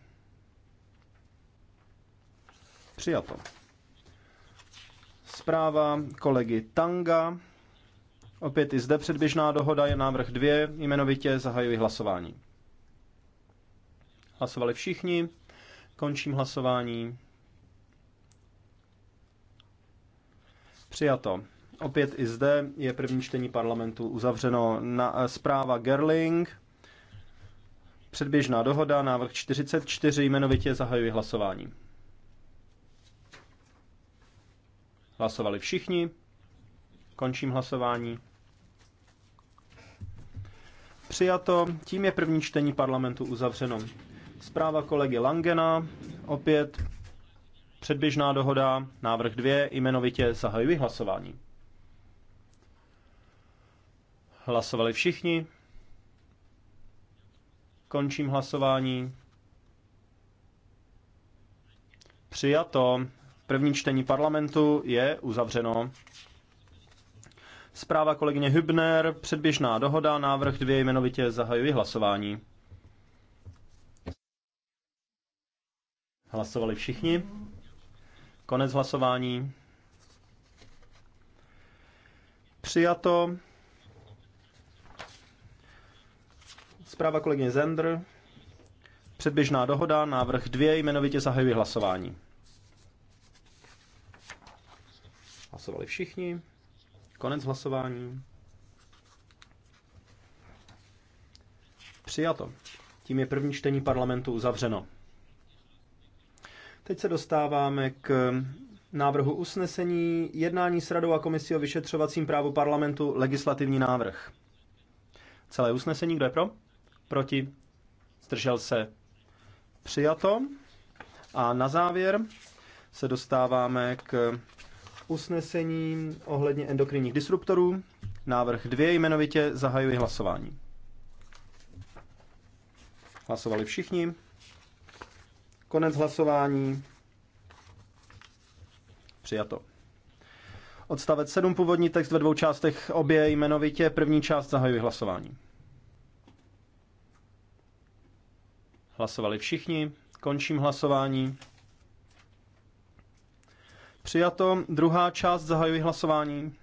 Přijato. Zpráva kolegy Tanga. Opět i zde předběžná dohoda je návrh 2, jmenovitě zahajuji hlasování. Hlasovali všichni, končím hlasování. Přijato. Opět i zde je první čtení parlamentu uzavřeno. Na, eh, zpráva Gerling, předběžná dohoda, návrh 44, jmenovitě zahajuji hlasování. Hlasovali všichni. Končím hlasování. Přijato, tím je první čtení parlamentu uzavřeno. Zpráva kolegy Langena, opět předběžná dohoda, návrh dvě, jmenovitě zahajuji hlasování. Hlasovali všichni. Končím hlasování. Přijato. První čtení parlamentu je uzavřeno. Zpráva kolegyně Hübner, předběžná dohoda, návrh dvě jmenovitě zahajuji hlasování. Hlasovali všichni. Konec hlasování. Přijato. Zpráva kolegyně Zender. Předběžná dohoda, návrh dvě jmenovitě zahajuji hlasování. Hlasovali všichni. Konec hlasování. Přijato. Tím je první čtení parlamentu uzavřeno. Teď se dostáváme k návrhu usnesení jednání s Radou a komisí o vyšetřovacím právu parlamentu legislativní návrh. Celé usnesení, kdo je pro? Proti? Zdržel se? Přijato. A na závěr se dostáváme k usnesení ohledně endokrinních disruptorů. Návrh 2 jmenovitě zahajuji hlasování. Hlasovali všichni. Konec hlasování. Přijato. Odstavec 7, původní text ve dvou částech, obě jmenovitě. První část zahajuji hlasování. Hlasovali všichni. Končím hlasování. Přijato. Druhá část. Zahajuji hlasování.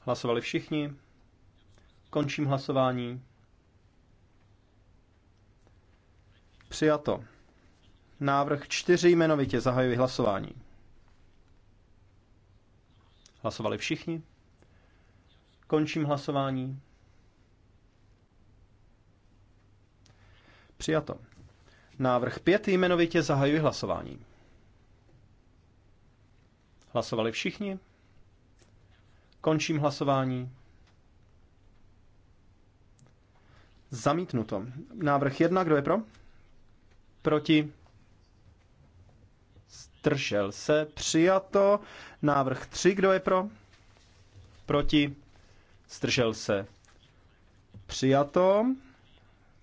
Hlasovali všichni. Končím hlasování. Přijato. Návrh čtyři jmenovitě zahajuji hlasování. Hlasovali všichni. Končím hlasování. Přijato. Návrh 5 jmenovitě zahajuji hlasování. Hlasovali všichni? Končím hlasování. Zamítnuto. Návrh 1, kdo je pro? Proti? Zdržel se. Přijato. Návrh 3, kdo je pro? Proti? Zdržel se. Přijato.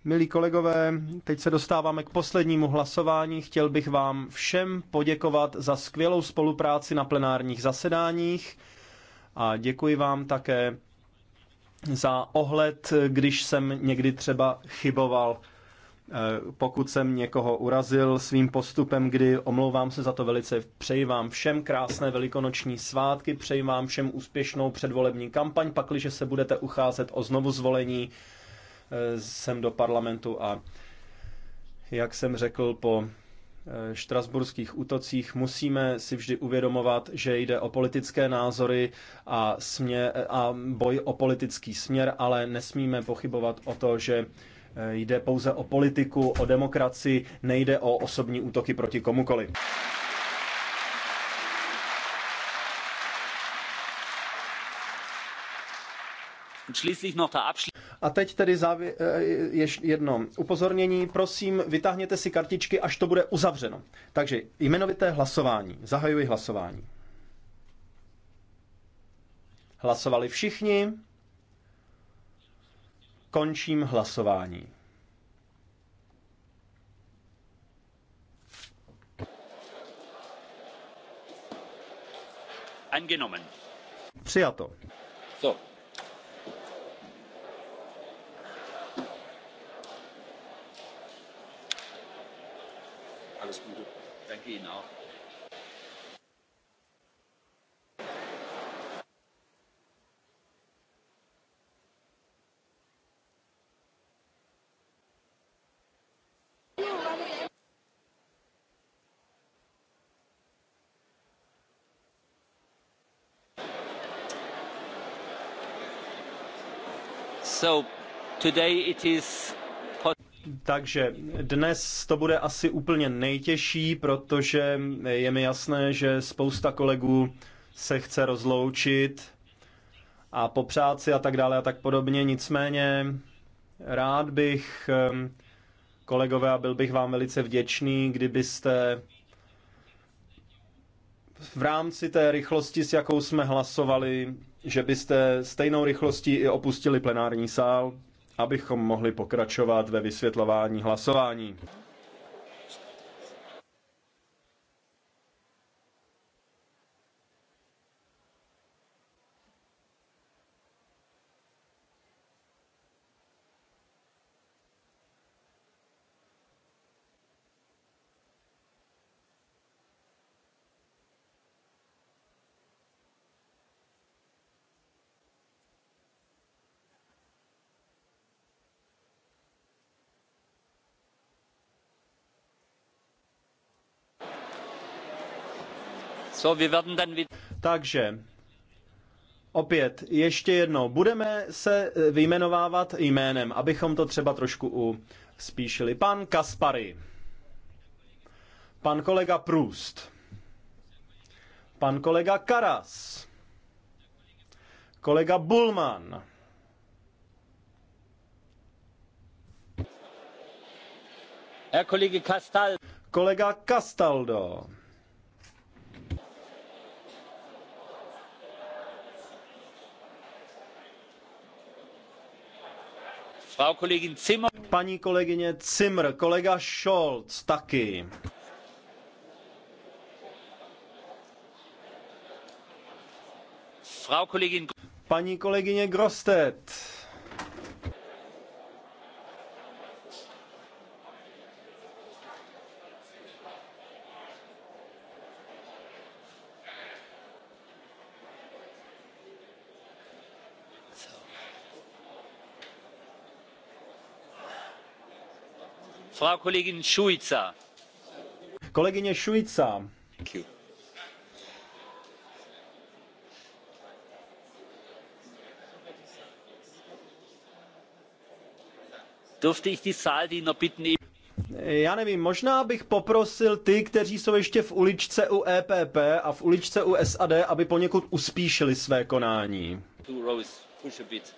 Milí kolegové, teď se dostáváme k poslednímu hlasování. Chtěl bych vám všem poděkovat za skvělou spolupráci na plenárních zasedáních a děkuji vám také za ohled, když jsem někdy třeba chyboval, eh, pokud jsem někoho urazil svým postupem, kdy omlouvám se za to velice. Přeji vám všem krásné velikonoční svátky, přeji vám všem úspěšnou předvolební kampaň, pakliže se budete ucházet o znovu zvolení sem do parlamentu a jak jsem řekl po eh, štrasburských útocích musíme si vždy uvědomovat, že jde o politické názory a, smě, a boj o politický směr, ale nesmíme pochybovat o to, že eh, jde pouze o politiku, o demokracii, nejde o osobní útoky proti komukoli. A teď tedy závě- eh, ještě jedno upozornění. Prosím, vytáhněte si kartičky, až to bude uzavřeno. Takže jmenovité hlasování. Zahajuji hlasování. Hlasovali všichni. Končím hlasování. Angenomen. Přijato. So. alles gute. danke ihnen auch. so today it is takže dnes to bude asi úplně nejtěžší, protože je mi jasné, že spousta kolegů se chce rozloučit a popřát si a tak dále a tak podobně. Nicméně rád bych, kolegové, a byl bych vám velice vděčný, kdybyste v rámci té rychlosti, s jakou jsme hlasovali, že byste stejnou rychlostí i opustili plenární sál, abychom mohli pokračovat ve vysvětlování hlasování. Takže opět, ještě jednou, budeme se eh, vyjmenovávat jménem, abychom to třeba trošku uspíšili. Pan Kaspary, pan kolega Průst, pan kolega Karas, kolega Bulman, kolega Castaldo, Paní kolegyně Zimmer, kolega Scholz taky. Paní kolegyně grossette Frau Kollegin Šujca. Kolegyně Šujca. Dürfte ich die bitten, já nevím, možná bych poprosil ty, kteří jsou ještě v uličce u EPP a v uličce u SAD, aby poněkud uspíšili své konání. Two rows, push a bit.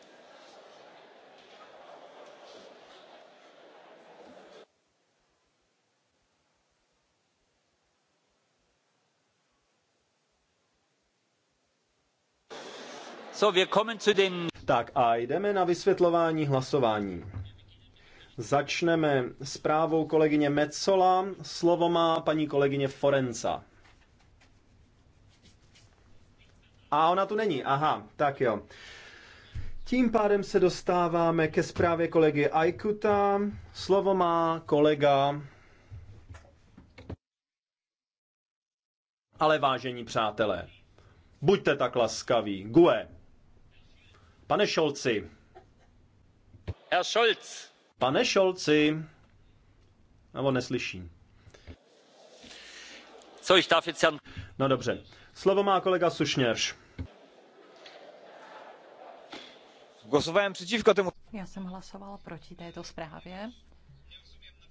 So, wir kommen zu den... Tak a jdeme na vysvětlování hlasování. Začneme s právou kolegyně Metzola. Slovo má paní kolegyně Forenza. A ona tu není, aha, tak jo. Tím pádem se dostáváme ke zprávě kolegy Aikuta. Slovo má kolega. Ale vážení přátelé, buďte tak laskaví. Gue. Pane Šolci. Herr Scholz. Pane Šolci. Nebo neslyším. Co ich darf jetzt Herrn... No dobře. Slovo má kolega Sušněrš. Gosovém przeciwko tomu. Já jsem hlasovala proti této zprávě,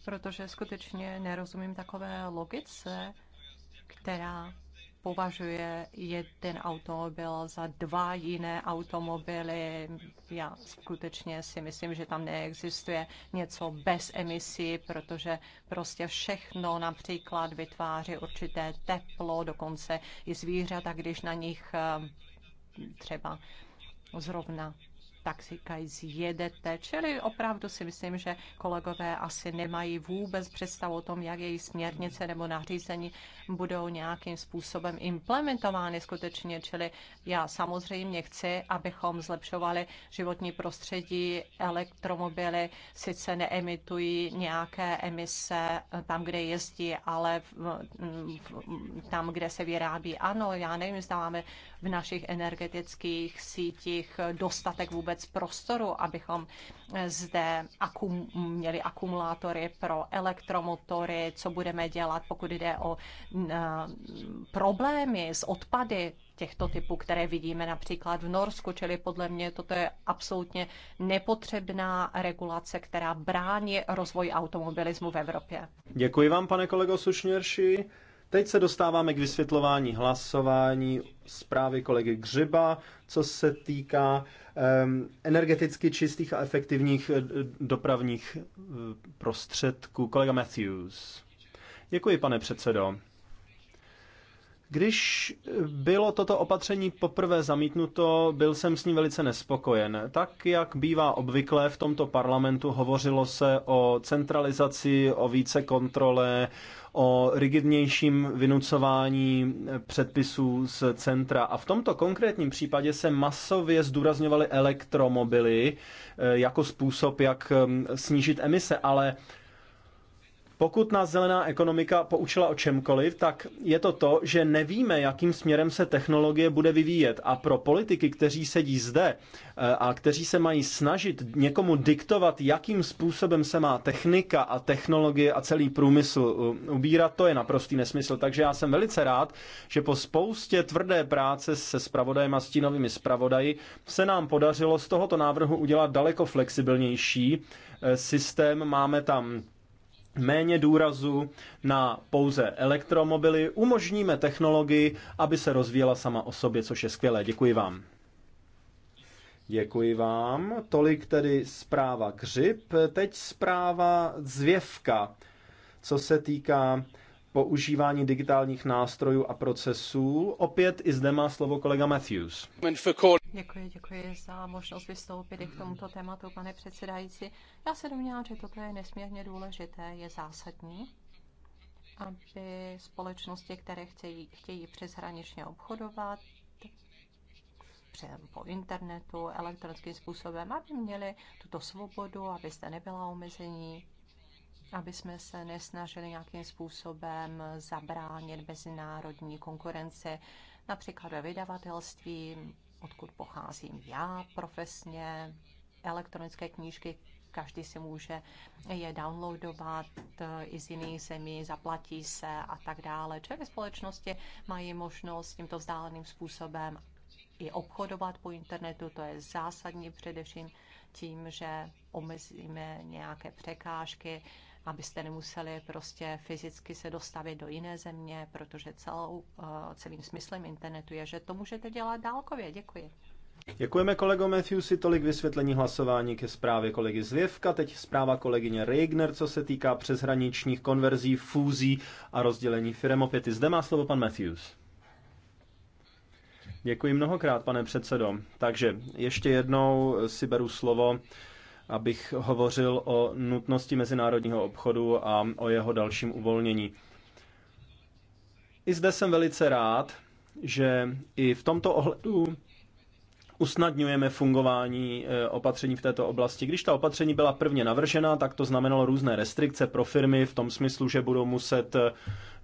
protože skutečně nerozumím takové logice, která považuje jeden automobil za dva jiné automobily. Já skutečně si myslím, že tam neexistuje něco bez emisí, protože prostě všechno například vytváří určité teplo, dokonce i zvířata, když na nich eh, třeba zrovna takříkajíc jedete. Čili opravdu si myslím, že kolegové asi nemají vůbec představu o tom, jak její směrnice nebo nařízení budou nějakým způsobem implementovány skutečně. Čili já samozřejmě chci, abychom zlepšovali životní prostředí, elektromobily sice neemitují nějaké emise tam, kde jezdí, ale v, v, tam, kde se vyrábí. Ano, já nevím, zda máme v našich energetických sítích dostatek vůbec prostoru, abychom zde akum, měli akumulátory pro elektromotory, co budeme dělat, pokud jde o problémy s odpady těchto typů, které vidíme například v Norsku, čili podle mě toto je absolutně nepotřebná regulace, která brání rozvoji automobilismu v Evropě. Děkuji vám, pane kolego Sušněrši. Teď se dostáváme k vysvětlování hlasování zprávy kolegy Gřiba, co se týká um, energeticky čistých a efektivních eh, dopravních eh, prostředků. Kolega Matthews. Děkuji, pane předsedo. Když bylo toto opatření poprvé zamítnuto, byl jsem s ním velice nespokojen. Tak, jak bývá obvyklé v tomto parlamentu, hovořilo se o centralizaci, o více kontrole, o rigidnějším vynucování předpisů z centra. A v tomto konkrétním případě se masově zdůrazňovaly elektromobily eh, jako způsob, jak hm, snížit emise, ale pokud nás zelená ekonomika poučila o čemkoliv, tak je to to, že nevíme, jakým směrem se technologie bude vyvíjet. A pro politiky, kteří sedí zde eh, a kteří se mají snažit někomu diktovat, jakým způsobem se má technika a technologie a celý průmysl eh, ubírat, to je naprostý nesmysl. Takže já jsem velice rád, že po spoustě tvrdé práce se spravodajem a stínovými spravodaji se nám podařilo z tohoto návrhu udělat daleko flexibilnější eh, systém. Máme tam méně důrazu na pouze elektromobily, umožníme technologii, aby se rozvíjela sama o sobě, což je skvělé. Děkuji vám. Děkuji vám. Tolik tedy zpráva Křip. Teď zpráva Zvěvka, co se týká používání digitálních nástrojů a procesů. Opět i zde má slovo kolega Matthews. Děkuji, děkuji za možnost vystoupit i k tomuto tématu, pane předsedající. Já se domnívám, že toto je nesmírně důležité, je zásadní, aby společnosti, které chtějí, chtějí přeshraničně obchodovat, po internetu, elektronickým způsobem, aby měli tuto svobodu, abyste nebyla omezení, aby jsme se nesnažili nějakým způsobem zabránit mezinárodní konkurenci, například ve vydavatelství, odkud pocházím já profesně, elektronické knížky, každý si může je downloadovat i z jiných zemí, zaplatí se a tak dále. Čili společnosti mají možnost tímto vzdáleným způsobem i obchodovat po internetu, to je zásadní především tím, že omezíme nějaké překážky abyste nemuseli prostě fyzicky se dostavit do jiné země, protože celou, eh, celým smyslem internetu je, že to můžete dělat dálkově. Děkuji. Děkujeme kolego Matthewsi, tolik vysvětlení hlasování ke zprávě kolegy Zvěvka, teď zpráva kolegyně Regner, co se týká přeshraničních konverzí, fúzí a rozdělení firem. Opět zde má slovo pan Matthews. Děkuji mnohokrát, pane předsedo. Takže ještě jednou si beru slovo abych hovořil o nutnosti mezinárodního obchodu a o jeho dalším uvolnění. I zde jsem velice rád, že i v tomto ohledu usnadňujeme fungování e, opatření v této oblasti. Když ta opatření byla prvně navržena, tak to znamenalo různé restrikce pro firmy v tom smyslu, že budou muset e,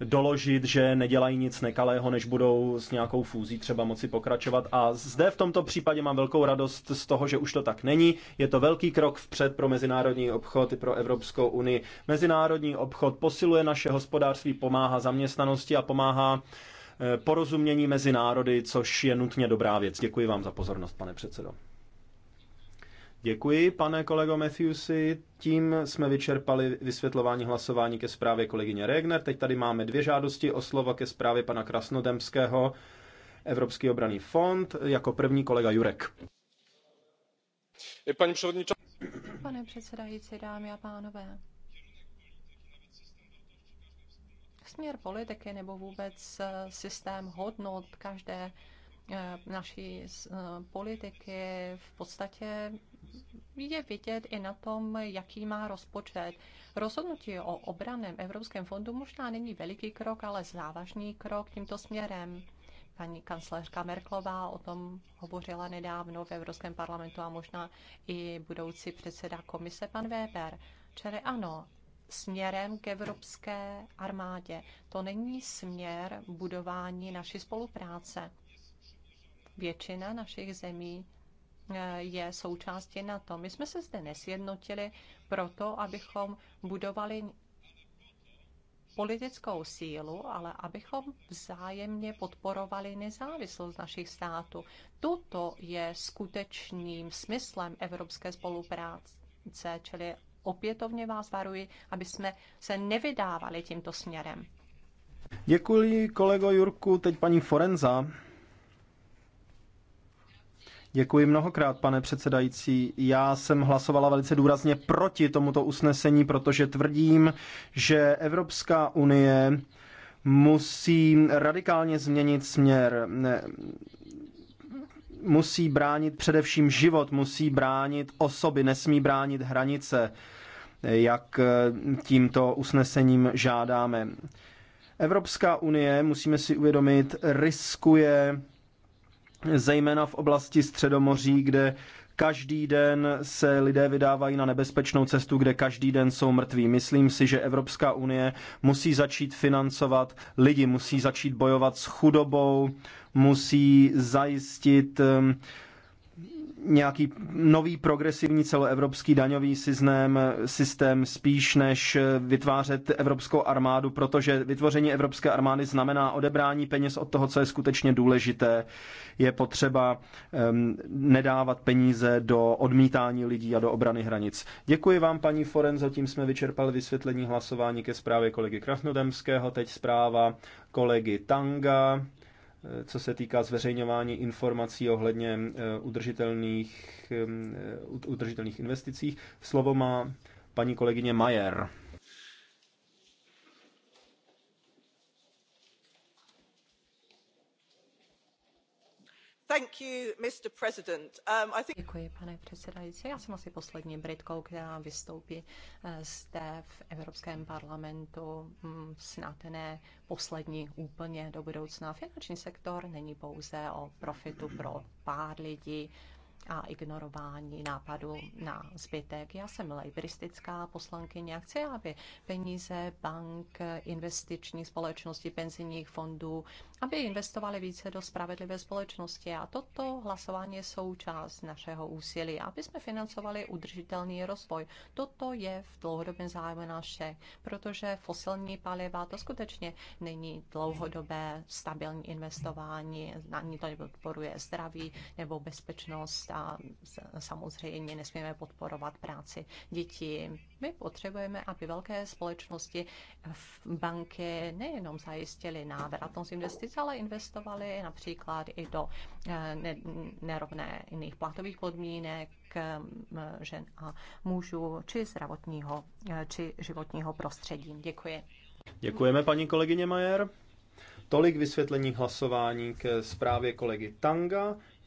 doložit, že nedělají nic nekalého, než budou s nějakou fúzí třeba moci pokračovat. A zde v tomto případě mám velkou radost z toho, že už to tak není. Je to velký krok vpřed pro mezinárodní obchod i pro Evropskou unii. Mezinárodní obchod posiluje naše hospodářství, pomáhá zaměstnanosti a pomáhá Eh, porozumění mezi národy, což je nutně dobrá věc. Děkuji vám za pozornost, pane předsedo. Děkuji, pane kolego Matthewsi. Tím jsme vyčerpali vysvětlování hlasování ke zprávě kolegyně Regner. Teď tady máme dvě žádosti o slovo ke zprávě pana Krasnodemského, Evropský obraný fond, jako první kolega Jurek. Pane předsedající, dámy a pánové, směr politiky nebo vůbec eh, systém hodnot každé eh, naší eh, politiky v podstatě je vidět i na tom, jaký má rozpočet. Rozhodnutí o obraném Evropském fondu možná není veliký krok, ale závažný krok tímto směrem. Paní kancléřka Merklová o tom hovořila nedávno v Evropském parlamentu a možná i budoucí předseda komise pan Weber. Čili ano, směrem k evropské armádě. To není směr budování naší spolupráce. Většina našich zemí eh, je součástí to. My jsme se zde nesjednotili proto, abychom budovali politickou sílu, ale abychom vzájemně podporovali nezávislost našich států. Toto je skutečným smyslem evropské spolupráce, čili opětovně vás varuji, aby jsme se nevydávali tímto směrem. Děkuji, kolego Jurku. Teď paní Forenza. Děkuji mnohokrát, pane předsedající. Já jsem hlasovala velice důrazně proti tomuto usnesení, protože tvrdím, že Evropská unie musí radikálně změnit směr. Ne musí bránit především život, musí bránit osoby, nesmí bránit hranice, jak eh, tímto usnesením žádáme. Evropská unie, musíme si uvědomit, riskuje zejména v oblasti Středomoří, kde Každý den se lidé vydávají na nebezpečnou cestu, kde každý den jsou mrtví. Myslím si, že Evropská unie musí začít financovat lidi, musí začít bojovat s chudobou, musí zajistit um, nějaký nový progresivní celoevropský daňový systém, systém spíš než vytvářet evropskou armádu, protože vytvoření evropské armády znamená odebrání peněz od toho, co je skutečně důležité. Je potřeba um, nedávat peníze do odmítání lidí a do obrany hranic. Děkuji vám, paní Foren, zatím jsme vyčerpali vysvětlení hlasování ke zprávě kolegy Krasnodemského, teď zpráva kolegy Tanga co se týká zveřejňování informací ohledně eh, udržitelných, eh, udržitelných investicích. Slovo má paní kolegyně Majer. Um, Děkuji, pane předsedající. Já jsem asi poslední Britkou, která vystoupí eh, zde v Evropském parlamentu, mm, snad ne poslední úplně do budoucna. Finanční sektor není pouze o profitu pro pár lidí, a ignorování nápadu na zbytek. Já jsem lejbristická poslankyně a chci, aby peníze bank, investiční společnosti, penzijních fondů, aby investovali více do spravedlivé společnosti. A toto hlasování je součást našeho úsilí, aby jsme financovali udržitelný rozvoj. Toto je v dlouhodobém zájmu naše, protože fosilní paliva to skutečně není dlouhodobé stabilní investování, ani to nepodporuje zdraví nebo bezpečnost a a samozřejmě nesmíme podporovat práci dětí. My potřebujeme, aby velké společnosti v banky nejenom zajistili návratnost investic, ale investovali například i do eh, jiných platových podmínek, eh, žen a mužů, či zdravotního, eh, či životního prostředí. Děkuji. Děkujeme, paní kolegyně Majer. Tolik vysvětlení hlasování k zprávě kolegy Tanga.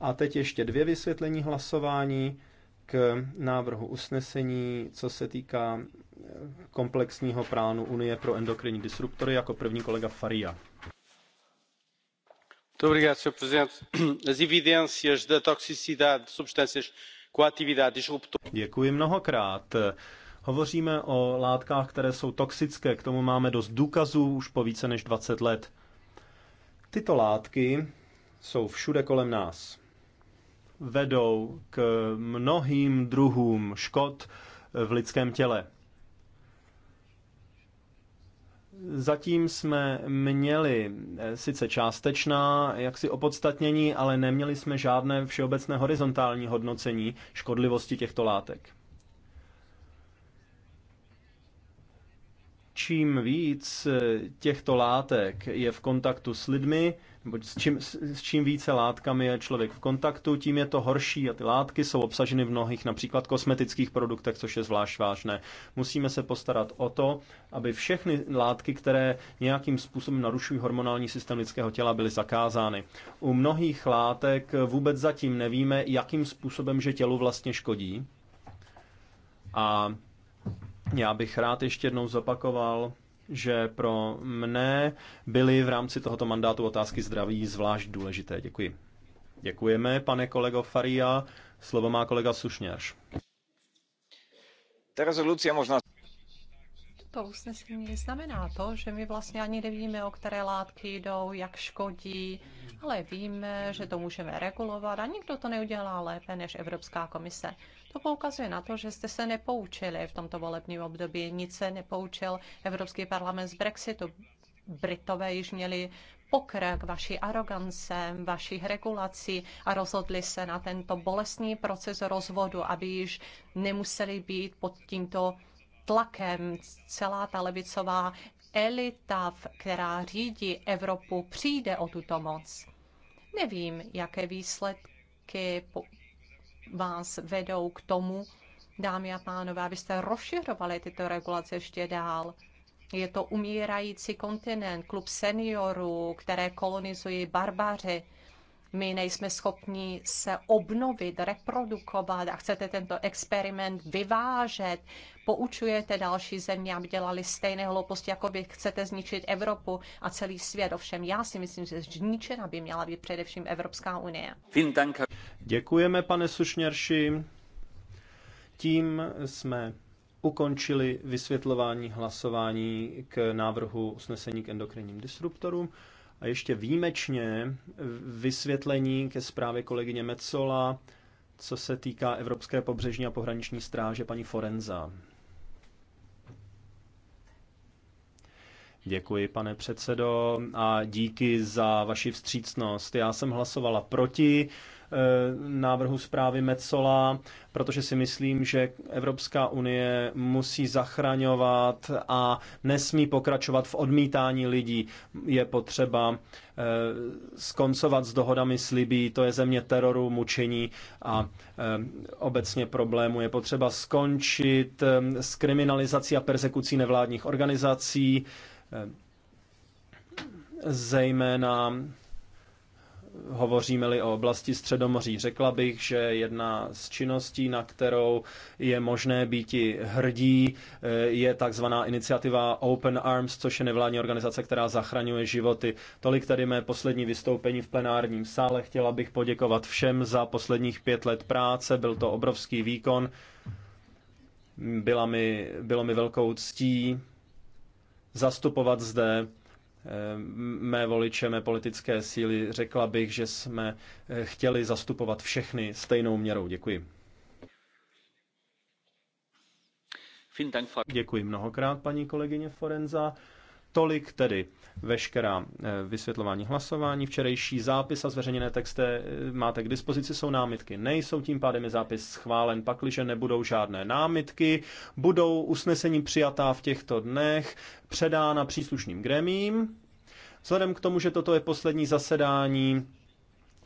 a teď ještě dvě vysvětlení hlasování k návrhu usnesení, co se týká eh, komplexního plánu Unie pro endokrinní disruptory, jako první kolega Faria. Dobrý den, prezident. As evidencie da toxicidade de com atividade Děkuji mnohokrát. Hovoříme o látkách, které jsou toxické, k tomu máme dost důkazů už po více než 20 let. Tyto látky jsou všude kolem nás vedou k mnohým druhům škod v lidském těle. Zatím jsme měli eh, sice částečná jaksi opodstatnění, ale neměli jsme žádné všeobecné horizontální hodnocení škodlivosti těchto látek. čím víc eh, těchto látek je v kontaktu s lidmi, nebo s čím, s čím více látkami je člověk v kontaktu, tím je to horší a ty látky jsou obsaženy v mnohých například kosmetických produktech, což je zvlášť vážné. Musíme se postarat o to, aby všechny látky, které nějakým způsobem narušují hormonální systém lidského těla, byly zakázány. U mnohých látek vůbec zatím nevíme, jakým způsobem, že tělu vlastně škodí. A já bych rád ještě jednou zopakoval, že pro mne byly v rámci tohoto mandátu otázky zdraví zvlášť důležité. Děkuji. Děkujeme, pane kolego Faria. Slovo má kolega Sušňář. Ta rezoluce možná to usnesení znamená to, že my vlastně ani nevíme, o které látky jdou, jak škodí, ale víme, že to můžeme regulovat a nikdo to neudělá lépe než Evropská komise. To poukazuje na to, že jste se nepoučili v tomto volebním období. Nic se nepoučil Evropský parlament z Brexitu. Britové již měli pokrk vaší arogance, vašich regulací a rozhodli se na tento bolestný proces rozvodu, aby již nemuseli být pod tímto tlakem celá ta levicová elita, která řídí Evropu, přijde o tuto moc. Nevím, jaké výsledky vás vedou k tomu, dámy a pánové, abyste rozšiřovali tyto regulace ještě dál. Je to umírající kontinent, klub seniorů, které kolonizují barbaři my nejsme schopni se obnovit, reprodukovat a chcete tento experiment vyvážet, poučujete další země, aby dělali stejné hlouposti, jako vy chcete zničit Evropu a celý svět. Ovšem já si myslím, že zničena by měla být především Evropská unie. Děkujeme, pane Sušněrši. Tím jsme ukončili vysvětlování hlasování k návrhu usnesení k endokrinním disruptorům a ještě výjimečně vysvětlení ke zprávě kolegyně Metzola, co se týká Evropské pobřežní a pohraniční stráže paní Forenza. Děkuji, pane předsedo, a díky za vaši vstřícnost. Já jsem hlasovala proti Eh, návrhu zprávy Metzola, protože si myslím, že Evropská unie musí zachraňovat a nesmí pokračovat v odmítání lidí. Je potřeba eh, skoncovat s dohodami s Libí, to je země teroru, mučení a eh, obecně problému. Je potřeba skončit s kriminalizací a persekucí nevládních organizací, zejména hovoříme-li o oblasti Středomoří. Řekla bych, že jedna z činností, na kterou je možné být hrdí, eh, je takzvaná iniciativa Open Arms, což je nevládní organizace, která zachraňuje životy. Tolik tady mé poslední vystoupení v plenárním sále. Chtěla bych poděkovat všem za posledních pět let práce, byl to obrovský výkon. Byla mi, bylo mi velkou ctí zastupovat zde Eh, mé voliče, mé politické síly. Řekla bych, že jsme eh, chtěli zastupovat všechny stejnou měrou. Děkuji. Děkuji mnohokrát, paní kolegyně Forenza. Tolik tedy veškerá eh, vysvětlování hlasování. Včerejší zápis a zveřejněné texty eh, máte k dispozici, jsou námitky. Nejsou tím pádem je zápis schválen, pakliže nebudou žádné námitky. Budou usnesení přijatá v těchto dnech, předána příslušným gremím. Vzhledem k tomu, že toto je poslední zasedání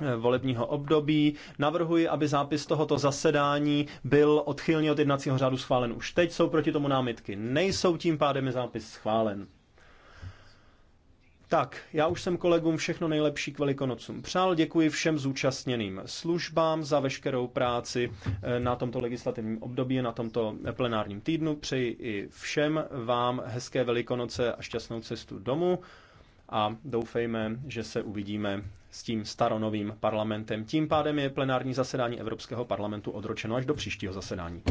eh, volebního období. Navrhuji, aby zápis tohoto zasedání byl odchylně od jednacího řádu schválen už teď. Jsou proti tomu námitky. Nejsou tím pádem zápis schválen. Tak, já už jsem kolegům všechno nejlepší k velikonocům přál. Děkuji všem zúčastněným službám za veškerou práci eh, na tomto legislativním období, na tomto plenárním týdnu. Přeji i všem vám hezké velikonoce a šťastnou cestu domů a doufejme, že se uvidíme s tím staronovým parlamentem. Tím pádem je plenární zasedání Evropského parlamentu odročeno až do příštího zasedání.